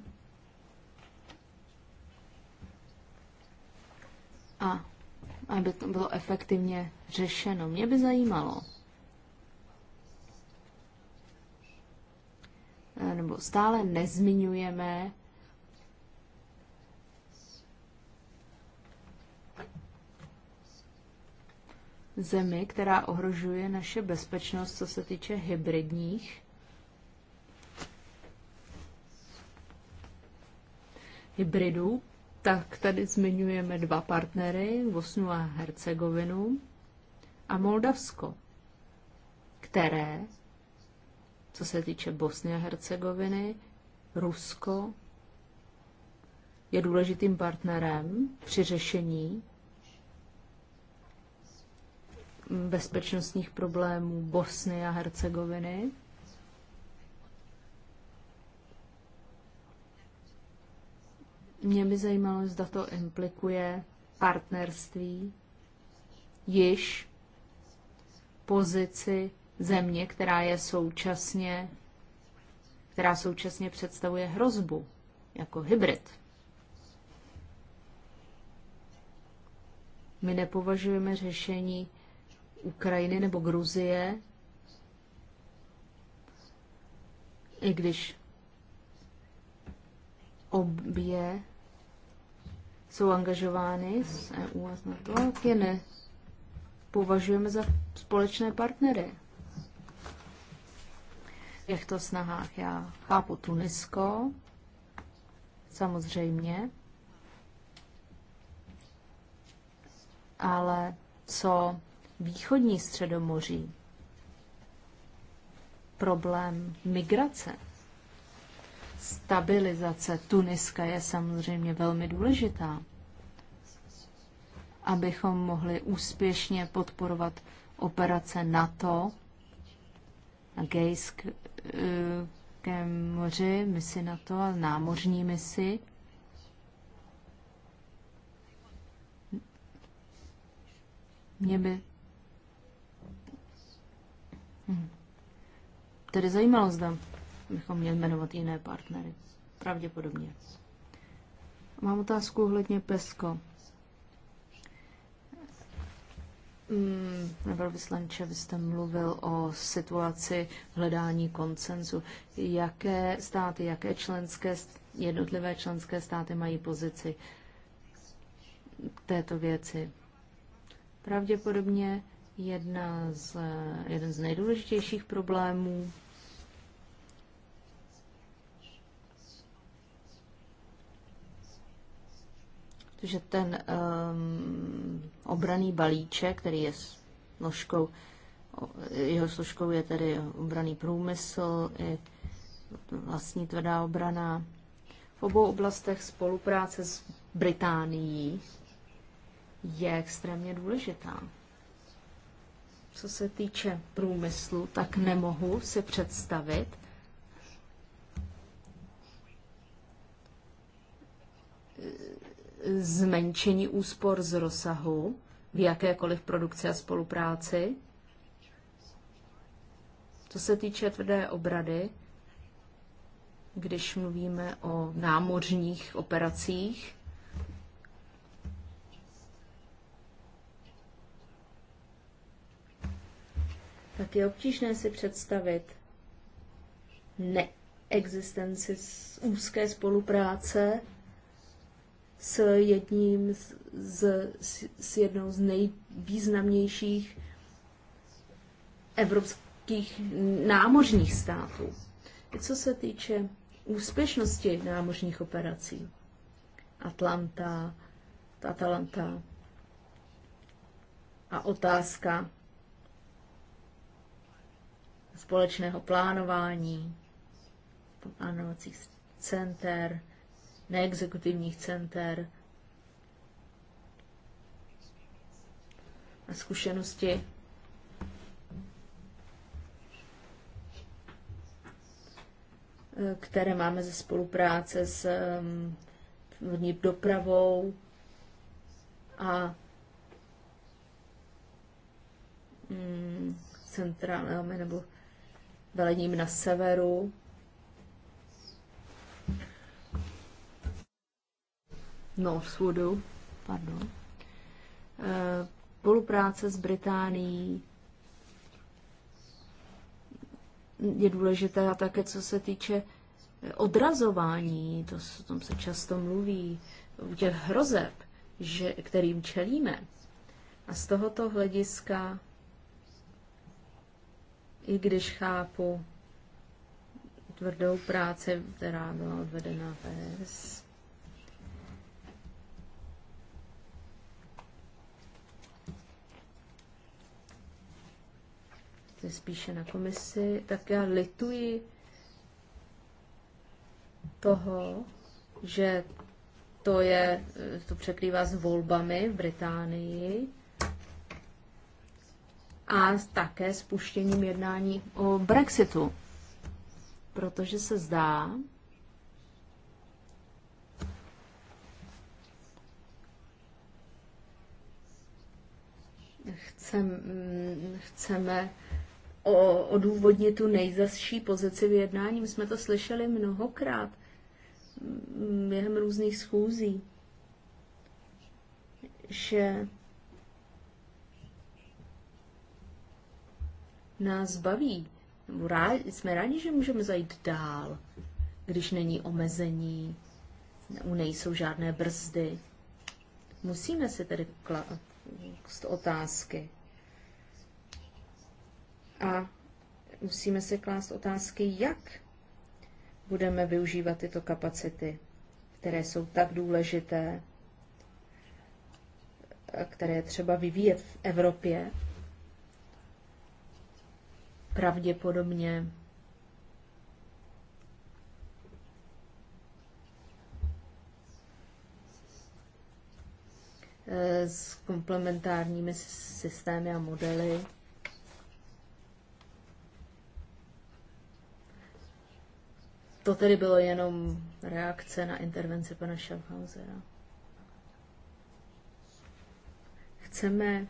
a aby to bylo efektivně řešeno. Mě by zajímalo, nebo stále nezmiňujeme zemi, která ohrožuje naše bezpečnost, co se týče hybridních hybridů tak tady zmiňujeme dva partnery, Bosnu a Hercegovinu a Moldavsko, které, co se týče Bosny a Hercegoviny, Rusko je důležitým partnerem při řešení bezpečnostních problémů Bosny a Hercegoviny. Mě by zajímalo, zda to implikuje partnerství již pozici země, která je současně, která současně představuje hrozbu jako hybrid. My nepovažujeme řešení Ukrajiny nebo Gruzie, i když obě jsou angažovány s EU a s NATO, jak je ne považujeme za společné partnery. V těchto snahách já chápu Tunisko, samozřejmě, ale co východní středomoří, problém migrace, stabilizace Tuniska je samozřejmě velmi důležitá, abychom mohli úspěšně podporovat operace NATO na Gejském moři, misi NATO a námořní misi. Mě by hm. tedy zajímalo, zda bychom měli jmenovat jiné partnery. Pravděpodobně. Mám otázku ohledně PESCO. Hmm, Nebyl vyslanče, vy jste mluvil o situaci hledání koncenzu. Jaké státy, jaké členské, jednotlivé členské státy mají pozici této věci? Pravděpodobně jedna z, jeden z nejdůležitějších problémů že ten um, ehm, obraný balíček, který je složkou, jeho složkou je tedy obraný průmysl i vlastní tvrdá obrana. V obou oblastech spolupráce s Británií je extrémně důležitá. Co se týče průmyslu, tak nemohu si představit, zmenšení úspor z rozsahu v jakékoliv produkci a spolupráci. Co se týče tvrdé obrady, když mluvíme o námořních operacích, tak je obtížné si představit neexistenci úzké spolupráce s jedním z, z, s jednou z nejvýznamnějších evropských námořních států. Co se týče úspěšnosti námořních operací, Atlanta, Atalanta a otázka společného plánování, plánovacích center, neexekutivních center a zkušenosti které máme ze spolupráce s um, vnitř dopravou a mm, centrálem nebo velením na severu. No vodou, pardon, eh, spolupráce s Británií je důležité a také co se týče eh, odrazování, to o tom se často mluví, u těch hrozeb, že, kterým čelíme. A z tohoto hlediska, i když chápu tvrdou práci, která byla odvedena ve asi spíše na komisi, tak já lituji toho, že to je, to překrývá s volbami v Británii a také spuštěním jednání o Brexitu. Protože se zdá, chcem, chceme O odůvodnit tu nejzasší pozici v jednání. My jsme to slyšeli mnohokrát během různých schůzí, že nás baví. Rádi, jsme rádi, že můžeme zajít dál, když není omezení, nejsou žádné brzdy. Musíme si tedy klást otázky. A musíme se klást otázky, jak budeme využívat tyto kapacity, které jsou tak důležité, které třeba vyvíjet v Evropě. Pravděpodobně s komplementárními systémy a modely. To tedy bylo jenom reakce na intervenci pana Schaffhausera. Chceme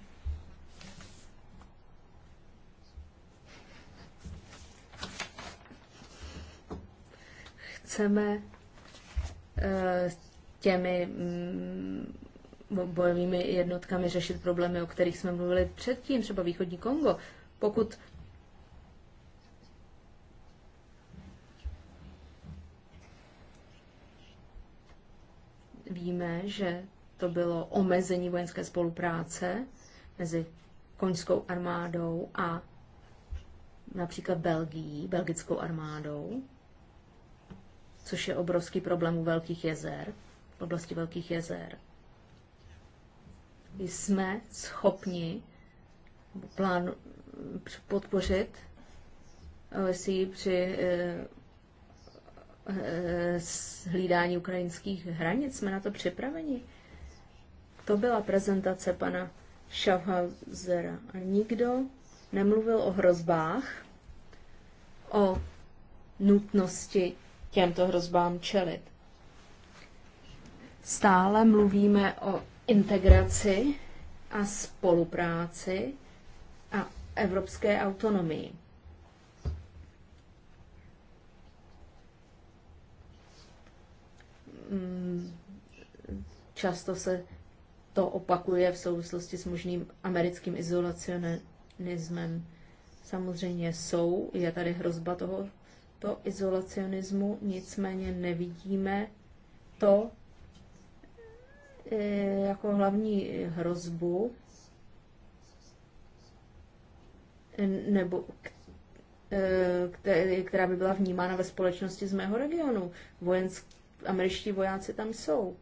chceme eh, těmi mm, bojovými jednotkami řešit problémy, o kterých jsme mluvili předtím, třeba východní Kongo. Pokud Víme, že to bylo omezení vojenské spolupráce mezi koňskou armádou a například Belgií, belgickou armádou, což je obrovský problém u Velkých jezer, v oblasti Velkých jezer. Jsme schopni plán podpořit OSI při eh, Eh, hlídání ukrajinských hranic. Jsme na to připraveni. To byla prezentace pana Schaffhausera. A nikdo nemluvil o hrozbách, o nutnosti těmto hrozbám čelit. Stále mluvíme o integraci a spolupráci a evropské autonomii. Mm, často se to opakuje v souvislosti s možným americkým izolacionismem. Samozřejmě jsou, je tady hrozba toho to izolacionismu, nicméně nevidíme to e, jako hlavní hrozbu, nebo e, která by byla vnímána ve společnosti z mého regionu. Vojenský američtí vojáci tam jsou.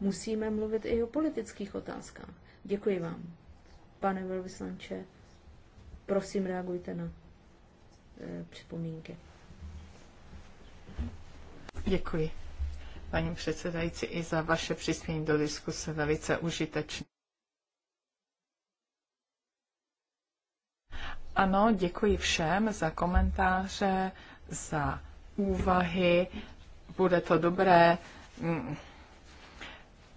Musíme mluvit i o politických otázkách. Děkuji vám. Pane velvyslanče, prosím reagujte na e, připomínky. Děkuji, paní předsedající, i za vaše přispění do diskuse velice užitečné. Ano, děkuji všem za komentáře, za úvahy, bude to dobré, mm,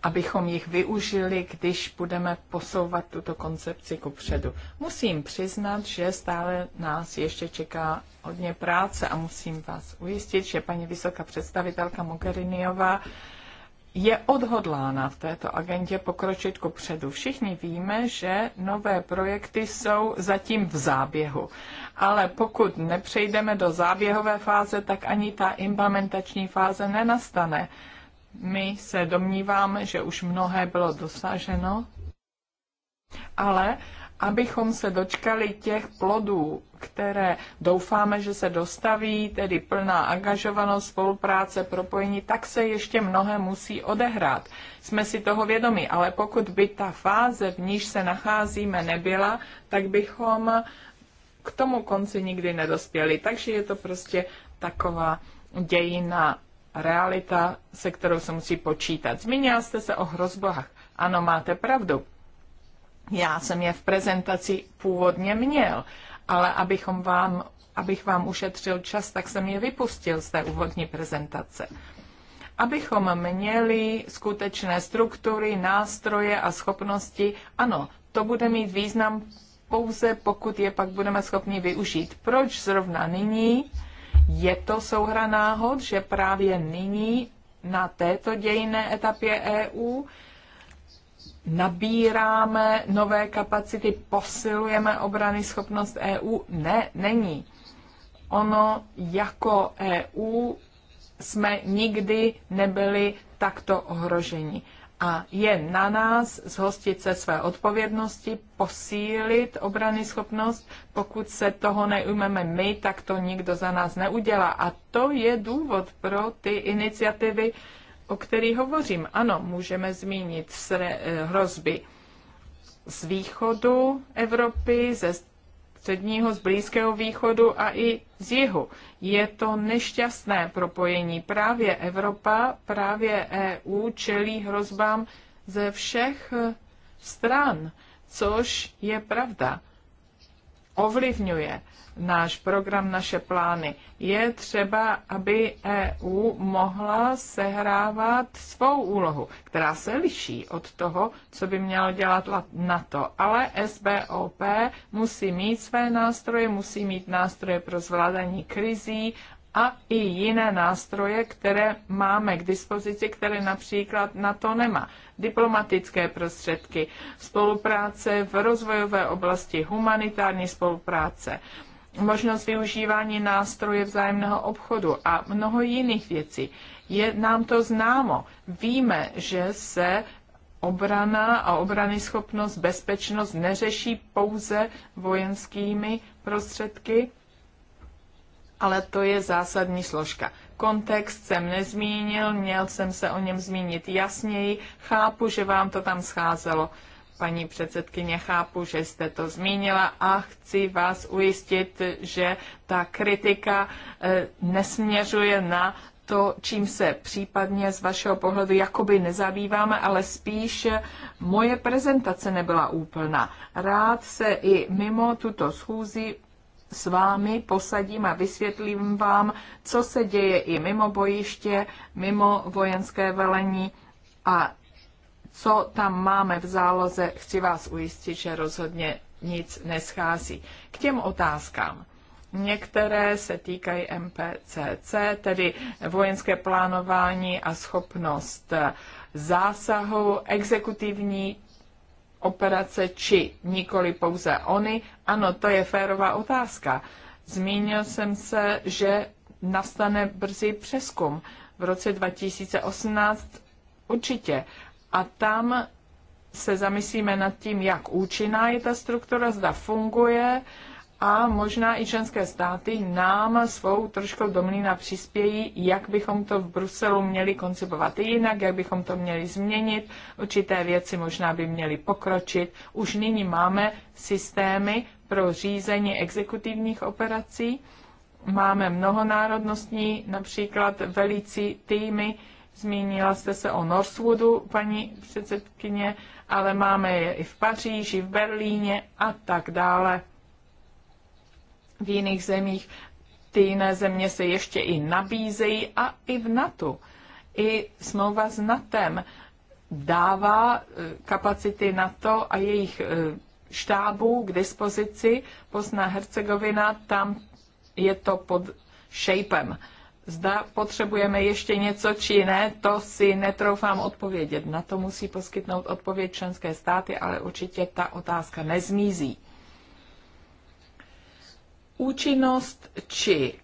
abychom jich využili, když budeme posouvat tuto koncepci ku předu. Musím přiznat, že stále nás ještě čeká hodně práce a musím vás ujistit, že paní vysoká představitelka Mogheriniová je odhodlána v této agendě pokročit ku předu. Všichni víme, že nové projekty jsou zatím v záběhu, ale pokud nepřejdeme do záběhové fáze, tak ani ta implementační fáze nenastane. My se domníváme, že už mnohé bylo dosaženo, ale abychom se dočkali těch plodů, které doufáme, že se dostaví, tedy plná angažovanost, spolupráce, propojení, tak se ještě mnohé musí odehrát. Jsme si toho vědomi, ale pokud by ta fáze, v níž se nacházíme, nebyla, tak bychom k tomu konci nikdy nedospěli. Takže je to prostě taková dějina realita, se kterou se musí počítat. Zmínila jste se o hrozbách. Ano, máte pravdu. Já jsem je v prezentaci původně měl, ale abychom vám, abych vám ušetřil čas, tak jsem je vypustil z té úvodní prezentace. Abychom měli skutečné struktury, nástroje a schopnosti, ano, to bude mít význam pouze, pokud je pak budeme schopni využít. Proč zrovna nyní? Je to souhra náhod, že právě nyní na této dějné etapě EU nabíráme nové kapacity, posilujeme obrany schopnost EU? Ne, není. Ono jako EU jsme nikdy nebyli takto ohroženi. A je na nás zhostit se své odpovědnosti, posílit obrany schopnost. Pokud se toho neumeme my, tak to nikdo za nás neudělá. A to je důvod pro ty iniciativy, o který hovořím. Ano, můžeme zmínit sre, eh, hrozby z východu Evropy, ze středního, z Blízkého východu a i z jihu. Je to nešťastné propojení. Právě Evropa, právě EU čelí hrozbám ze všech eh, stran, což je pravda ovlivňuje náš program, naše plány. Je třeba, aby EU mohla sehrávat svou úlohu, která se liší od toho, co by mělo dělat NATO. Ale SBOP musí mít své nástroje, musí mít nástroje pro zvládání krizí a i jiné nástroje, které máme k dispozici, které například na to nemá. Diplomatické prostředky, spolupráce v rozvojové oblasti, humanitární spolupráce, možnost využívání nástroje vzájemného obchodu a mnoho jiných věcí. Je nám to známo. Víme, že se obrana a obrany schopnost, bezpečnost neřeší pouze vojenskými prostředky, ale to je zásadní složka. Kontext jsem nezmínil, měl jsem se o něm zmínit jasněji. Chápu, že vám to tam scházelo. Paní předsedkyně, chápu, že jste to zmínila a chci vás ujistit, že ta kritika eh, nesměřuje na to, čím se případně z vašeho pohledu jakoby nezabýváme, ale spíš moje prezentace nebyla úplná. Rád se i mimo tuto schůzi s vámi posadím a vysvětlím vám, co se děje i mimo bojiště, mimo vojenské velení a co tam máme v záloze. Chci vás ujistit, že rozhodně nic neschází. K těm otázkám. Některé se týkají MPCC, tedy vojenské plánování a schopnost zásahu, exekutivní operace či nikoli pouze oni? Ano, to je férová otázka. Zmínil jsem se, že nastane brzy přeskum v roce 2018 určitě. A tam se zamyslíme nad tím, jak účinná je ta struktura, zda funguje, uh, a možná i členské státy nám svou troškou do mlína přispějí, jak bychom to v Bruselu měli koncipovat jinak, jak bychom to měli změnit. Určité věci možná by měly pokročit. Už nyní máme systémy pro řízení exekutivních operací. Máme mnohonárodnostní, například velící týmy, Zmínila jste se o Northwoodu, paní předsedkyně, ale máme je i v Paříži, v Berlíně a tak dále v jiných zemích. Ty jiné země se ještě i nabízejí a i v NATO. I smlouva s NATEM dává e, kapacity NATO a jejich e, štábů k dispozici. Bosna Hercegovina, tam je to pod šejpem. Zda potřebujeme ještě něco či ne, to si netroufám odpovědět. Na to musí poskytnout odpověď členské státy, ale určitě ta otázka nezmizí. Účinnost či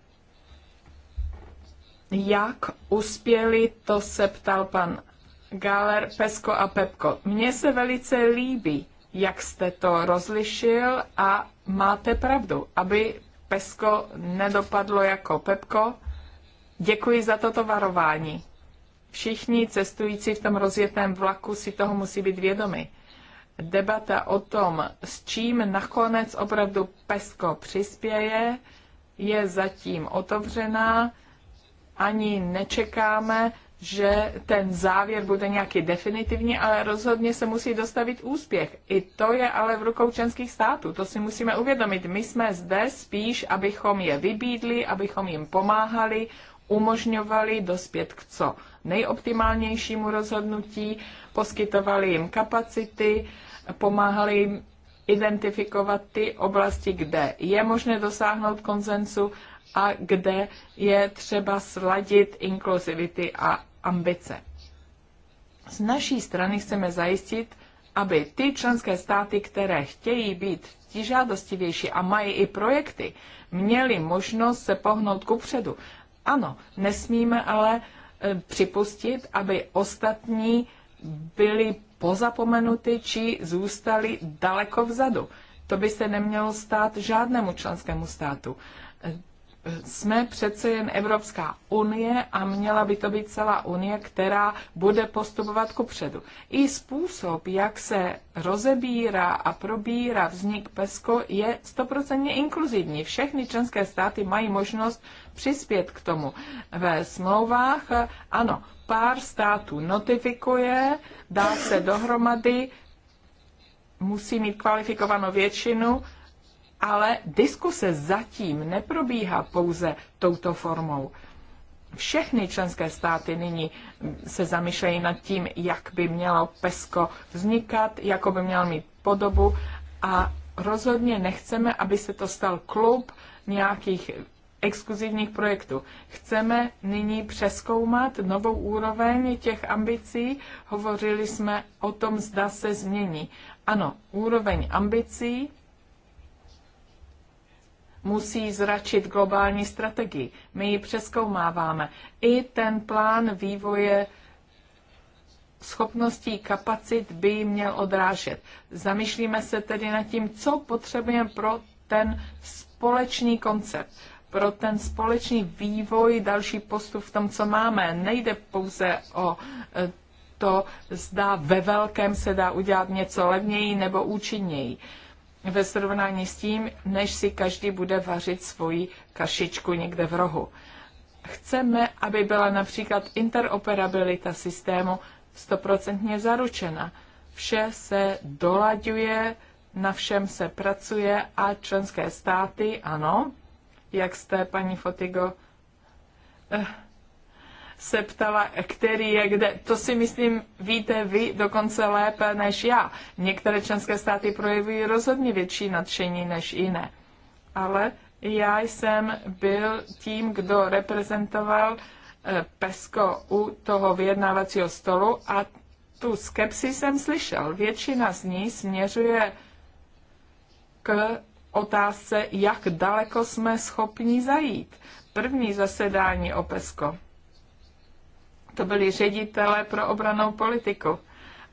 jak uspěli, to se ptal pan Galer, Pesko a Pepko. Mně se velice líbí, jak jste to rozlišil a máte pravdu, aby Pesko nedopadlo jako Pepko. Děkuji za toto varování. Všichni cestující v tom rozjetém vlaku si toho musí být vědomi debata o tom, s čím nakonec opravdu PESCO přispěje, je zatím otevřená. Ani nečekáme, že ten závěr bude nějaký definitivní, ale rozhodně se musí dostavit úspěch. I to je ale v rukou členských států, to si musíme uvědomit. My jsme zde spíš, abychom je vybídli, abychom jim pomáhali, umožňovali dospět k co nejoptimálnějšímu rozhodnutí, poskytovali jim kapacity, pomáhali jim identifikovat ty oblasti, kde je možné dosáhnout konsenzu a kde je třeba sladit inkluzivity a ambice. Z naší strany chceme zajistit, aby ty členské státy, které chtějí být ti žádostivější a mají i projekty, měly možnost se pohnout kupředu. Ano, nesmíme ale eh, připustit, aby ostatní byli pozapomenuty či zůstaly daleko vzadu. To by se nemělo stát žádnému členskému státu jsme přece jen Evropská unie a měla by to být celá unie, která bude postupovat ku předu. I způsob, jak se rozebírá a probírá vznik PESCO, je stoprocentně inkluzivní. Všechny členské státy mají možnost přispět k tomu. Ve smlouvách, ano, pár států notifikuje, dá se dohromady, musí mít kvalifikovanou většinu, ale diskuse zatím neprobíhá pouze touto formou. Všechny členské státy nyní se zamýšlejí nad tím, jak by mělo PESCO vznikat, jako by mělo mít podobu a rozhodně nechceme, aby se to stal klub nějakých exkluzivních projektů. Chceme nyní přeskoumat novou úroveň těch ambicí. Hovořili jsme o tom, zda se změní. Ano, úroveň ambicí musí zračit globální strategii. My ji přeskoumáváme. I ten plán vývoje schopností kapacit by ji měl odrážet. Zamýšlíme se tedy nad tím, co potřebujeme pro ten společný koncept, pro ten společný vývoj, další postup v tom, co máme. Nejde pouze o e, to, zda ve velkém se dá udělat něco levněji nebo účinněji ve srovnání s tím, než si každý bude vařit svoji kašičku někde v rohu. Chceme, aby byla například interoperabilita systému stoprocentně zaručena. Vše se dolaďuje, na všem se pracuje a členské státy, ano, jak jste, paní Fotigo, eh, se ptala, který je kde. To si myslím, víte vy dokonce lépe než já. Některé členské státy projevují rozhodně větší nadšení než jiné. Ale já jsem byl tím, kdo reprezentoval eh, PESCO u toho vyjednávacího stolu a tu skepsi jsem slyšel. Většina z ní směřuje k otázce, jak daleko jsme schopni zajít. První zasedání o PESCO to byli ředitele pro obranou politiku.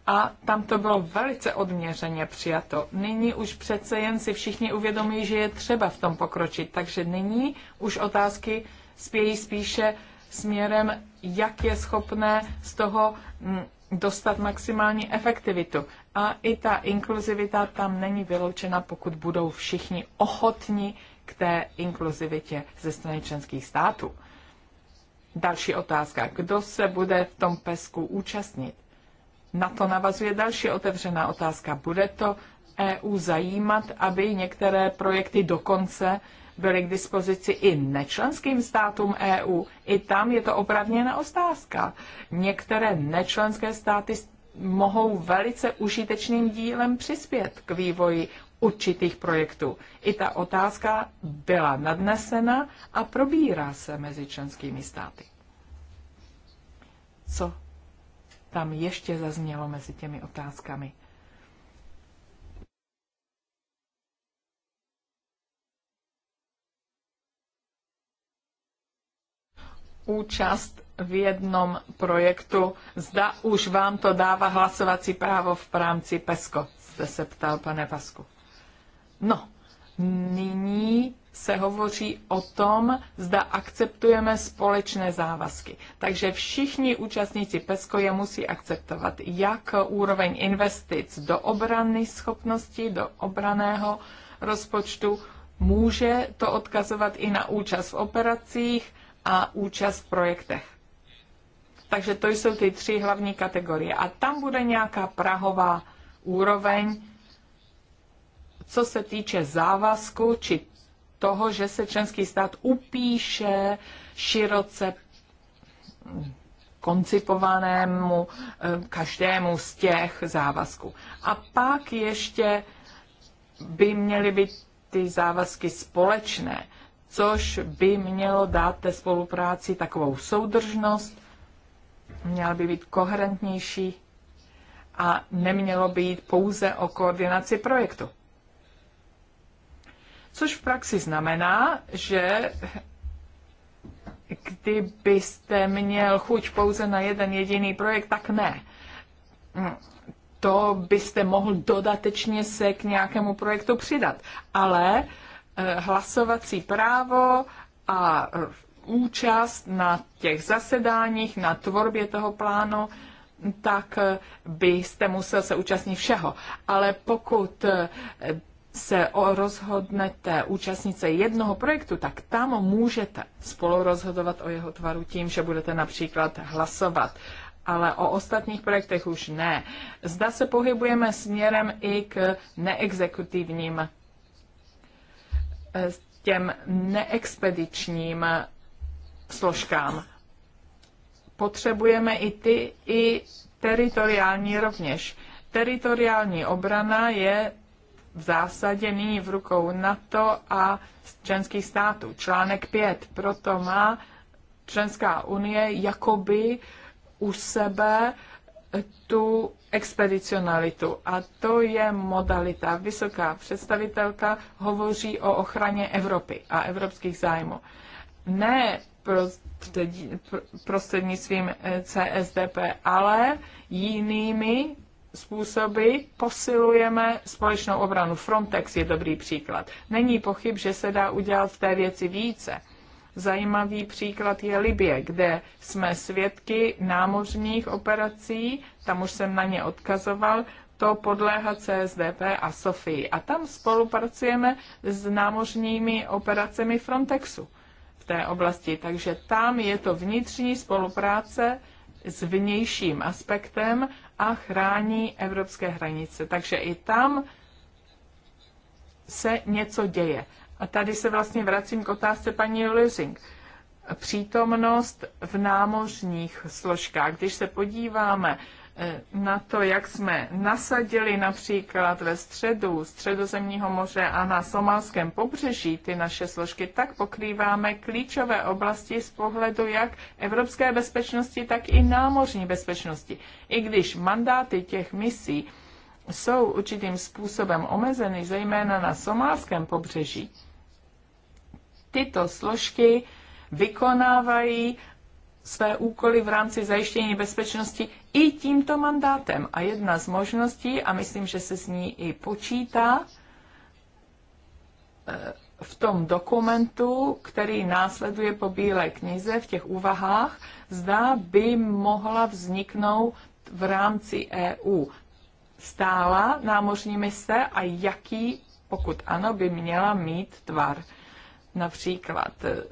A tam to bylo velice odměřeně přijato. Nyní už přece jen si všichni uvědomí, že je třeba v tom pokročit. Takže nyní už otázky spějí spíše směrem, jak je schopné z toho mm, dostat maximální efektivitu. A i ta inkluzivita tam není vyloučena, pokud budou všichni ochotní k té inkluzivitě ze strany členských států. Další otázka. Kdo se bude v tom pesku účastnit? Na to navazuje další otevřená otázka. Bude to EU zajímat, aby některé projekty dokonce byly k dispozici i nečlenským státům EU. I tam je to opravněná otázka. Některé nečlenské státy mohou velice užitečným dílem přispět k vývoji určitých projektů. I ta otázka byla nadnesena a probírá se mezi členskými státy. Co tam ještě zaznělo mezi těmi otázkami? účast v jednom projektu. Zda už vám to dává hlasovací právo v rámci PESCO, jste se ptal, pane Pasku. No, nyní se hovoří o tom, zda akceptujeme společné závazky. Takže všichni účastníci PESCO je musí akceptovat, jak úroveň investic do obrany schopnosti, do obraného rozpočtu, může to odkazovat i na účast v operacích a účast v projektech. Takže to jsou ty tři hlavní kategorie. A tam bude nějaká prahová úroveň, co se týče závazku či toho, že se členský stát upíše široce koncipovanému eh, každému z těch závazků. A pak ještě by měly být ty závazky společné, což by mělo dát té spolupráci takovou soudržnost, měla by být koherentnější a nemělo by jít pouze o koordinaci projektu. Což v praxi znamená, že kdybyste měl chuť pouze na jeden jediný projekt, tak ne. To byste mohl dodatečně se k nějakému projektu přidat. Ale eh, hlasovací právo a eh, účast na těch zasedáních, na tvorbě toho plánu, tak eh, byste musel se účastnit všeho. Ale pokud se rozhodnete účastnit se jednoho projektu, tak tam můžete spolu rozhodovat o jeho tvaru tím, že budete například hlasovat. Ale o ostatních projektech už ne. Zda se pohybujeme směrem i k neexekutivním, eh, těm neexpedičním složkám. Potřebujeme i ty, i teritoriální rovněž. Teritoriální obrana je v zásadě nyní v rukou NATO a členských států. Článek 5 proto má členská unie jakoby u sebe tu expedicionalitu. A to je modalita. Vysoká představitelka hovoří o ochraně Evropy a evropských zájmů. Ne prostřednictvím eh, CSDP, ale jinými způsoby posilujeme společnou obranu. Frontex je dobrý příklad. Není pochyb, že se dá udělat v té věci více. Zajímavý příklad je Libie, kde jsme svědky námořních operací, tam už jsem na ně odkazoval, to podléhá CSDP a Sofii. A tam spolupracujeme s námořními operacemi Frontexu v té oblasti. Takže tam je to vnitřní spolupráce s vnějším aspektem a chrání evropské hranice. Takže i tam se něco děje. A tady se vlastně vracím k otázce paní Lizing. Přítomnost v námořních složkách. Když se podíváme Eh, na to, jak jsme nasadili například ve středu Středozemního moře a na somalském pobřeží ty naše složky, tak pokrýváme klíčové oblasti z pohledu jak evropské bezpečnosti, tak i námořní bezpečnosti. I když mandáty těch misí jsou určitým způsobem omezeny, zejména na somálském pobřeží, tyto složky vykonávají své úkoly v rámci zajištění bezpečnosti i tímto mandátem. A jedna z možností, a myslím, že se s ní i počítá, e, v tom dokumentu, který následuje po Bílé knize, v těch úvahách, zda by mohla vzniknout v rámci EU stála námořní mise a jaký, pokud ano, by měla mít tvar. Například e,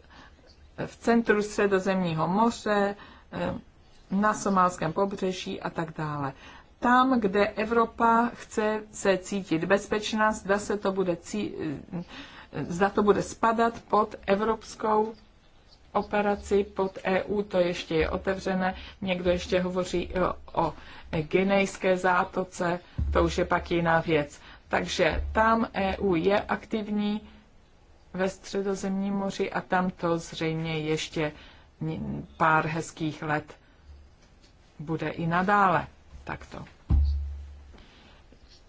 v centru Středozemního moře, eh, na somálském pobřeží a tak dále. Tam, kde Evropa chce se cítit bezpečná, zda, se to bude cítit, eh, zda to bude spadat pod evropskou operaci pod EU, to ještě je otevřené. Někdo ještě hovoří eh, o, o Ginejské zátoce, to už je pak jiná věc. Takže tam EU je aktivní, ve středozemním moři a tam to zřejmě ještě pár hezkých let bude i nadále takto.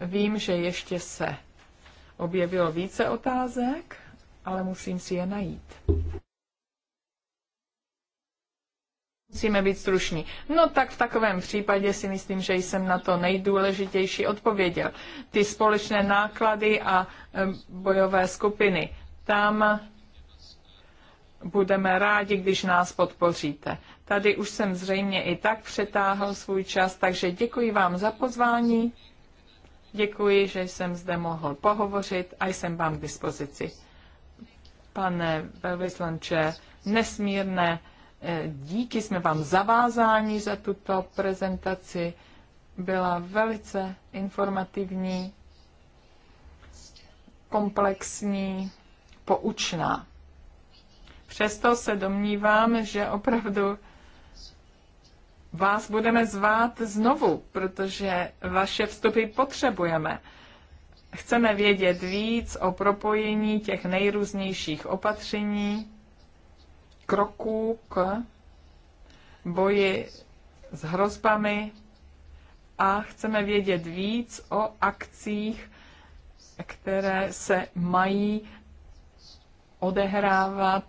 Vím, že ještě se objevilo více otázek, ale musím si je najít. Musíme být struční. No tak v takovém případě si myslím, že jsem na to nejdůležitější odpověděl. Ty společné náklady a eh, bojové skupiny. Tam budeme rádi, když nás podpoříte. Tady už jsem zřejmě i tak přetáhl svůj čas, takže děkuji vám za pozvání. Děkuji, že jsem zde mohl pohovořit a jsem vám k dispozici. Pane velvyslanče, nesmírné eh, díky jsme vám zavázáni za tuto prezentaci. Byla velice informativní, komplexní poučná. Přesto se domnívám, že opravdu vás budeme zvát znovu, protože vaše vstupy potřebujeme. Chceme vědět víc o propojení těch nejrůznějších opatření, kroků k boji s hrozbami a chceme vědět víc o akcích, které se mají odehrávat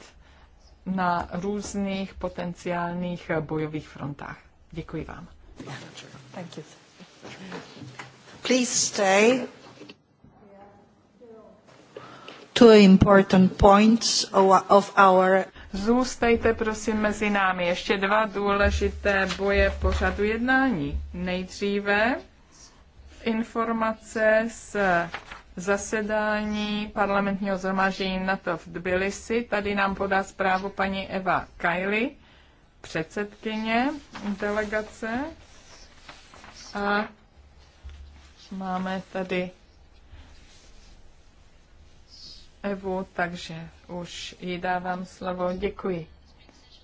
na různých potenciálních bojových frontách. Děkuji vám. Please stay. Two important points of our Zůstejte prosím mezi námi. Ještě dva důležité boje pořadu jednání. Nejdříve informace z zasedání parlamentního zhromáždění NATO v Tbilisi. Tady nám podá zprávu paní Eva Kajli, předsedkyně delegace. A máme tady Evu, takže už jí dávám slovo. Děkuji.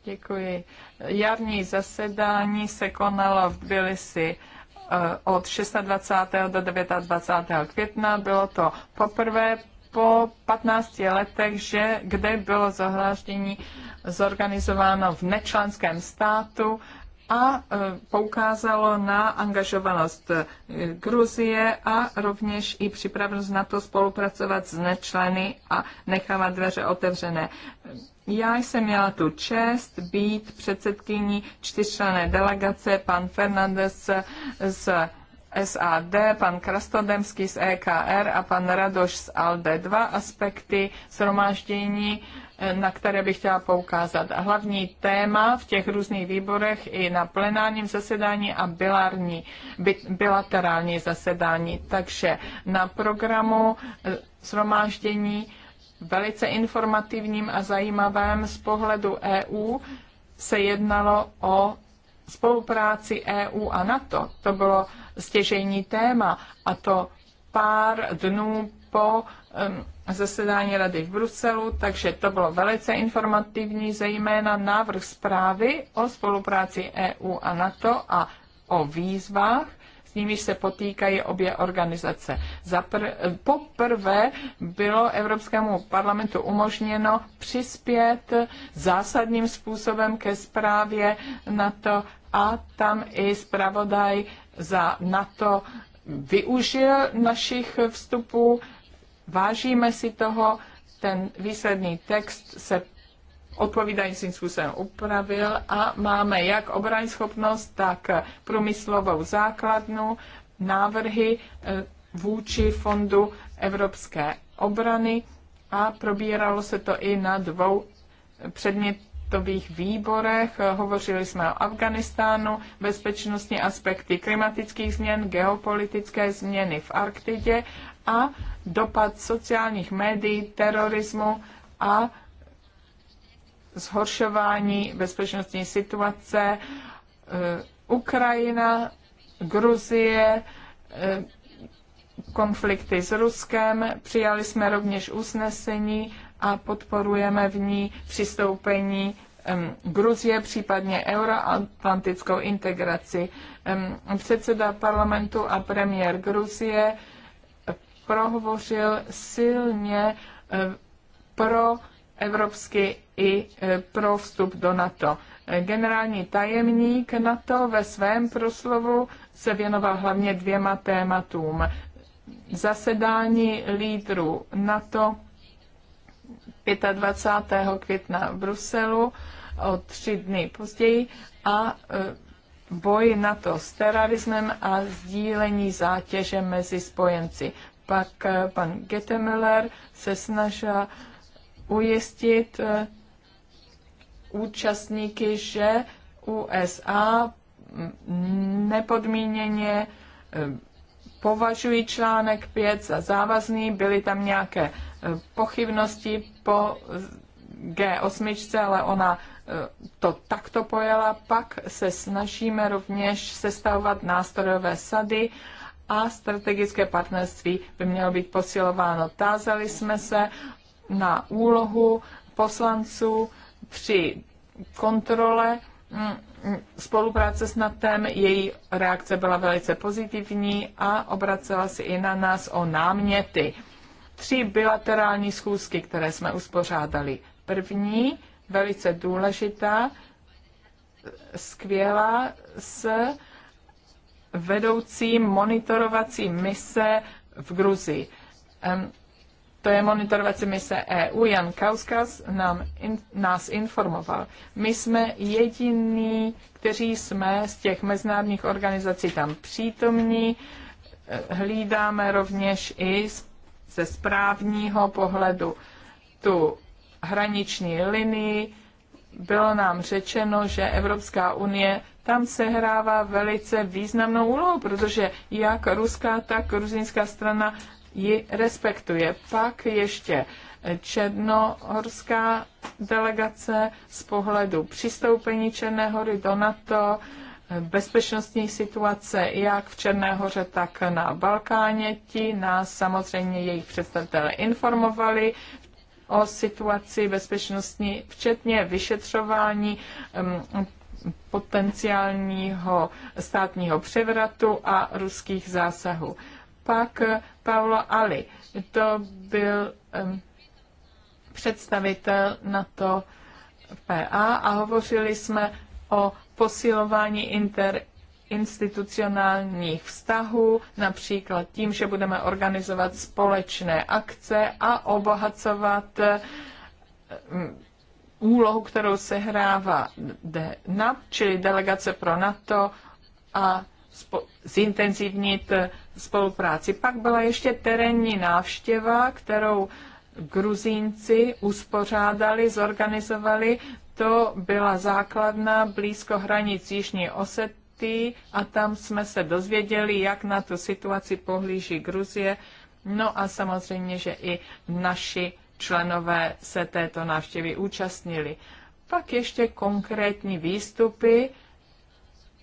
Děkuji. Jarní zasedání se konalo v Tbilisi Eh, od 26. do 29. května. Bylo to poprvé po 15 letech, že kde bylo zahlášení zorganizováno v nečlenském státu a eh, poukázalo na angažovanost eh, Gruzie a rovněž i připravenost na to spolupracovat s nečleny a nechávat dveře otevřené. Já jsem měla tu čest být předsedkyní čtyřčlené delegace, pan Fernandez z SAD, pan Krastodemský z EKR a pan Radoš z ALDE. Dva aspekty shromáždění, na které bych chtěla poukázat. Hlavní téma v těch různých výborech i na plenárním zasedání a bilární, bilaterální zasedání. Takže na programu eh, shromáždění velice informativním a zajímavém z pohledu EU se jednalo o spolupráci EU a NATO. To bylo stěžejní téma a to pár dnů po um, zasedání rady v Bruselu, takže to bylo velice informativní, zejména návrh zprávy o spolupráci EU a NATO a o výzvách, s nimiž se potýkají obě organizace. Zapr- poprvé bylo Evropskému parlamentu umožněno přispět zásadním způsobem ke zprávě NATO a tam i zpravodaj za NATO využil našich vstupů. Vážíme si toho, ten výsledný text se odpovídajícím způsobem upravil a máme jak obraň schopnost, tak průmyslovou základnu, návrhy e, vůči fondu Evropské obrany a probíralo se to i na dvou předmětových výborech. Hovořili jsme o Afganistánu, bezpečnostní aspekty klimatických změn, geopolitické změny v Arktidě a dopad sociálních médií, terorismu a zhoršování bezpečnostní situace, e, Ukrajina, Gruzie, e, konflikty s Ruskem. Přijali jsme rovněž usnesení a podporujeme v ní přistoupení Gruzie, případně euroatlantickou integraci. Předseda parlamentu a premiér Gruzie prohovořil silně e, pro evropsky i e, pro vstup do NATO. E, generální tajemník NATO ve svém proslovu se věnoval hlavně dvěma tématům. Zasedání lídrů NATO 25. května v Bruselu o tři dny později a e, boj NATO s terorismem a sdílení zátěže mezi spojenci. Pak pan Getemeller se snažil ujistit eh, účastníky, že USA nepodmíněně eh, považují článek 5 za závazný, byly tam nějaké eh, pochybnosti po G8, ale ona to takto pojela, pak se snažíme rovněž sestavovat nástrojové sady a strategické partnerství by mělo být posilováno. Tázali jsme se na úlohu poslanců při kontrole mm, spolupráce s NATEM, její reakce byla velice pozitivní a obracela se i na nás o náměty. Tři bilaterální schůzky, které jsme uspořádali. První, velice důležitá, skvělá s vedoucím monitorovací mise v Gruzii to je monitorovací mise EU, Jan Kauskas nám, in, nás informoval. My jsme jediní, kteří jsme z těch mezinárodních organizací tam přítomní, eh, hlídáme rovněž i ze správního pohledu tu hraniční linii. Bylo nám řečeno, že Evropská unie tam sehrává velice významnou úlohu, protože jak ruská, tak gruzínská strana ji respektuje. Pak ještě černohorská delegace z pohledu přistoupení Černé hory do NATO, bezpečnostní situace jak v Černé hoře, tak na Balkáně. Ti nás samozřejmě jejich představitelé informovali o situaci bezpečnostní, včetně vyšetřování potenciálního státního převratu a ruských zásahů. Pak eh, Paulo Ali, to byl představitel na to PA a hovořili jsme o posilování inter institucionálních vztahů, například tím, že budeme organizovat společné akce a obohacovat úlohu, kterou se hrává DNAP, čili delegace pro NATO a zintenzivnit spolupráci. Pak byla ještě terénní návštěva, kterou Gruzínci uspořádali, zorganizovali. To byla základna blízko hranic Jižní Osety a tam jsme se dozvěděli, jak na tu situaci pohlíží Gruzie. No a samozřejmě, že i naši členové se této návštěvy účastnili. Pak ještě konkrétní výstupy,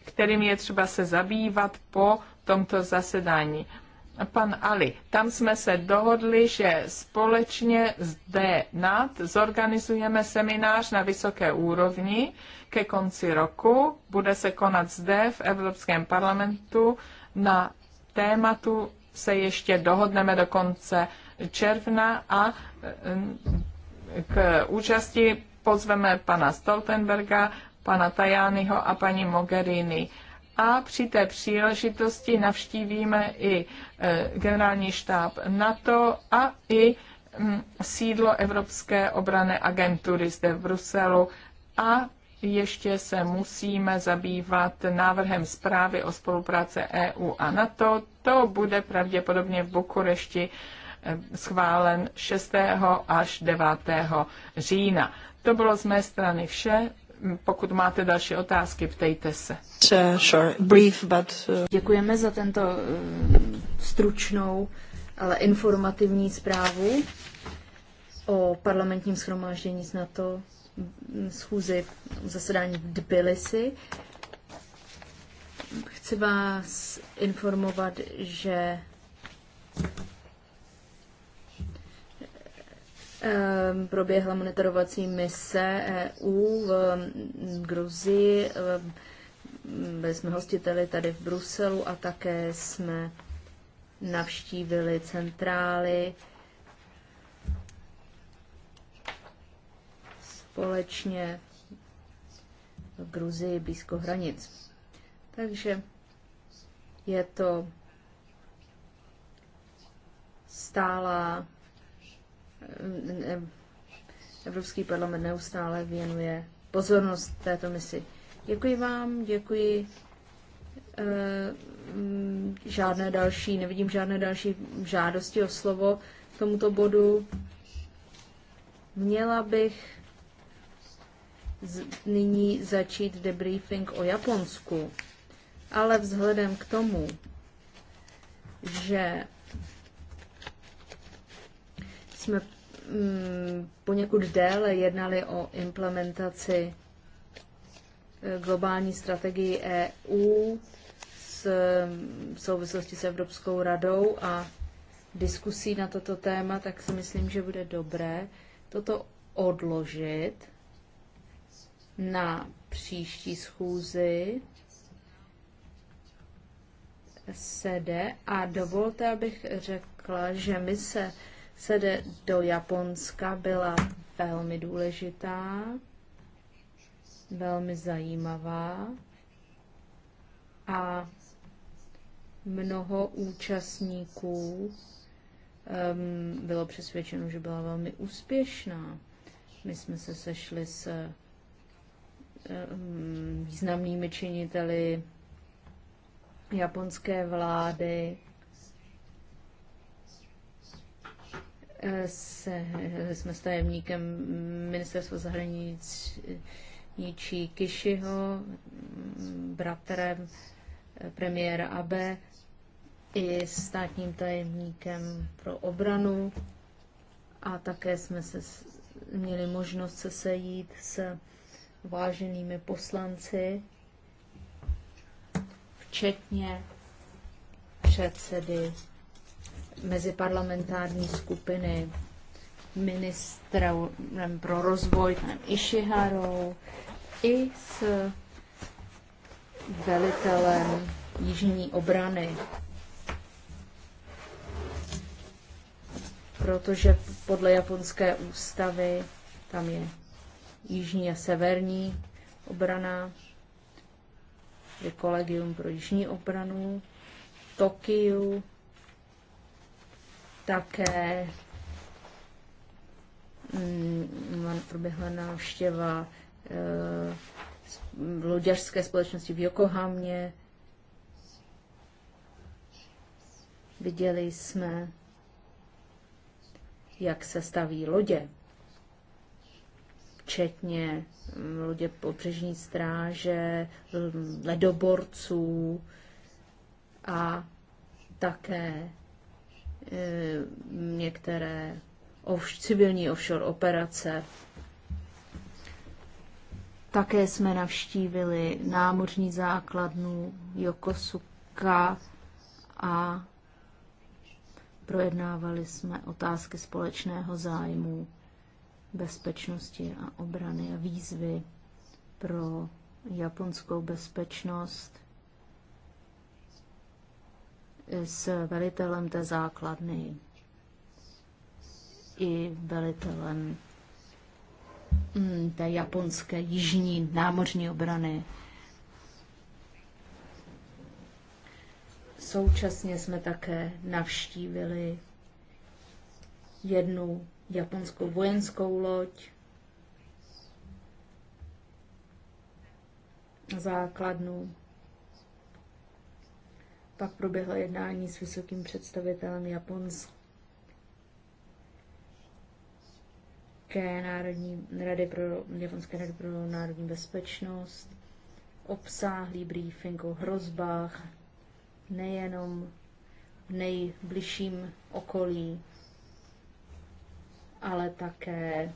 kterým je třeba se zabývat po tomto zasedání. Pan Ali, tam jsme se dohodli, že společně zde nad zorganizujeme seminář na vysoké úrovni ke konci roku. Bude se konat zde v Evropském parlamentu na tématu se ještě dohodneme do konce června a k účasti pozveme pana Stoltenberga, pana Tajányho a paní Mogherini a při té příležitosti navštívíme i e, generální štáb NATO a i mm, sídlo Evropské obrané agentury zde v Bruselu a ještě se musíme zabývat návrhem zprávy o spolupráce EU a NATO. To bude pravděpodobně v Bukurešti e, schválen 6. až 9. října. To bylo z mé strany vše pokud máte další otázky, ptejte se. Sure, brief, but... Uh, Děkujeme za tento uh, stručnou, ale informativní zprávu o parlamentním schromáždění z NATO mm, schůzi zasedání v Tbilisi. Chci vás informovat, že Ehm, proběhla monitorovací mise EU v mm, Gruzii. Ehm, byli jsme hostiteli tady v Bruselu a také jsme navštívili centrály společně v Gruzii blízko hranic. Takže je to stála. Evropský parlament neustále věnuje pozornost této misi. Děkuji vám, děkuji. Eh, žádné další, nevidím žádné další žádosti o slovo k tomuto bodu. Měla bych nyní začít debriefing o Japonsku, ale vzhledem k tomu, že jsme mm, poněkud déle jednali o implementaci eh, globální strategii EU s, mm, v souvislosti s Evropskou radou a diskusí na toto téma, tak si myslím, že bude dobré toto odložit na příští schůzi sede a dovolte, abych řekla, že my se se jde do Japonska byla velmi důležitá, velmi zajímavá a mnoho účastníků um, bylo přesvědčeno, že byla velmi úspěšná. My jsme se sešli s um, významnými činiteli japonské vlády, se, jsme s tajemníkem ministerstva zahraničí Kishiho, bratrem premiéra Abe i státním tajemníkem pro obranu a také jsme se měli možnost se sejít s váženými poslanci, včetně předsedy meziparlamentární skupiny ministrem pro rozvoj, panem Ishiharou, i s velitelem jižní obrany. Protože podle japonské ústavy tam je jižní a severní obrana, je kolegium pro jižní obranu, Tokiu, také mm, proběhla návštěva eh, loďařské společnosti v Jokohamě. Viděli jsme, jak se staví lodě, včetně mm, lodě pobřežní stráže, ledoborců a také Eh, některé civilní offshore operace. Také jsme navštívili námořní základnu Yokosuka a projednávali jsme otázky společného zájmu, bezpečnosti a obrany a výzvy pro japonskou bezpečnost – s velitelem té základny i velitelem mm, té japonské jižní námořní obrany. Současně jsme také navštívili jednu japonskou vojenskou loď, základnu pak proběhla jednání s vysokým představitelem Japonska. Národní rady pro, Japonské rady pro národní bezpečnost, obsáhlý briefing o hrozbách, nejenom v nejbližším okolí, ale také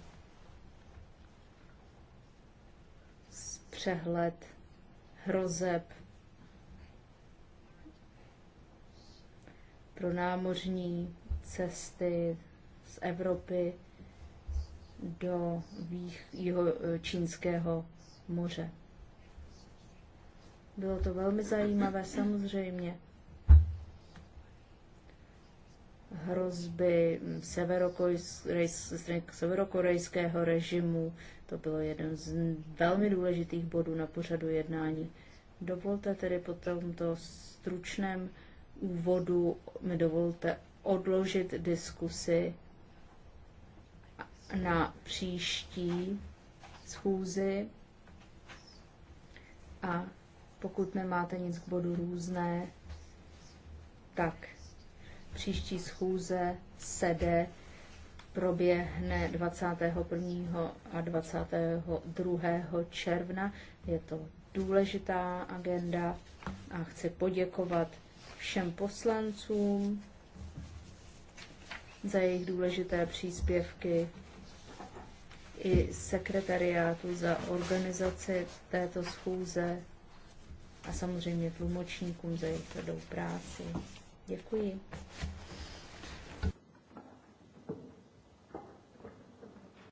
přehled hrozeb pro námořní cesty z Evropy do jeho e, čínského moře. Bylo to velmi zajímavé, samozřejmě. Hrozby severokorejského režimu, to bylo jeden z velmi důležitých bodů na pořadu jednání. Dovolte tedy po tomto stručném úvodu mi dovolte odložit diskusi na příští schůzi a pokud nemáte nic k bodu různé, tak příští schůze sede proběhne 21. a 22. června. Je to důležitá agenda a chci poděkovat všem poslancům za jejich důležité příspěvky i sekretariátu za organizaci této schůze a samozřejmě tlumočníkům za jejich tvrdou práci. Děkuji.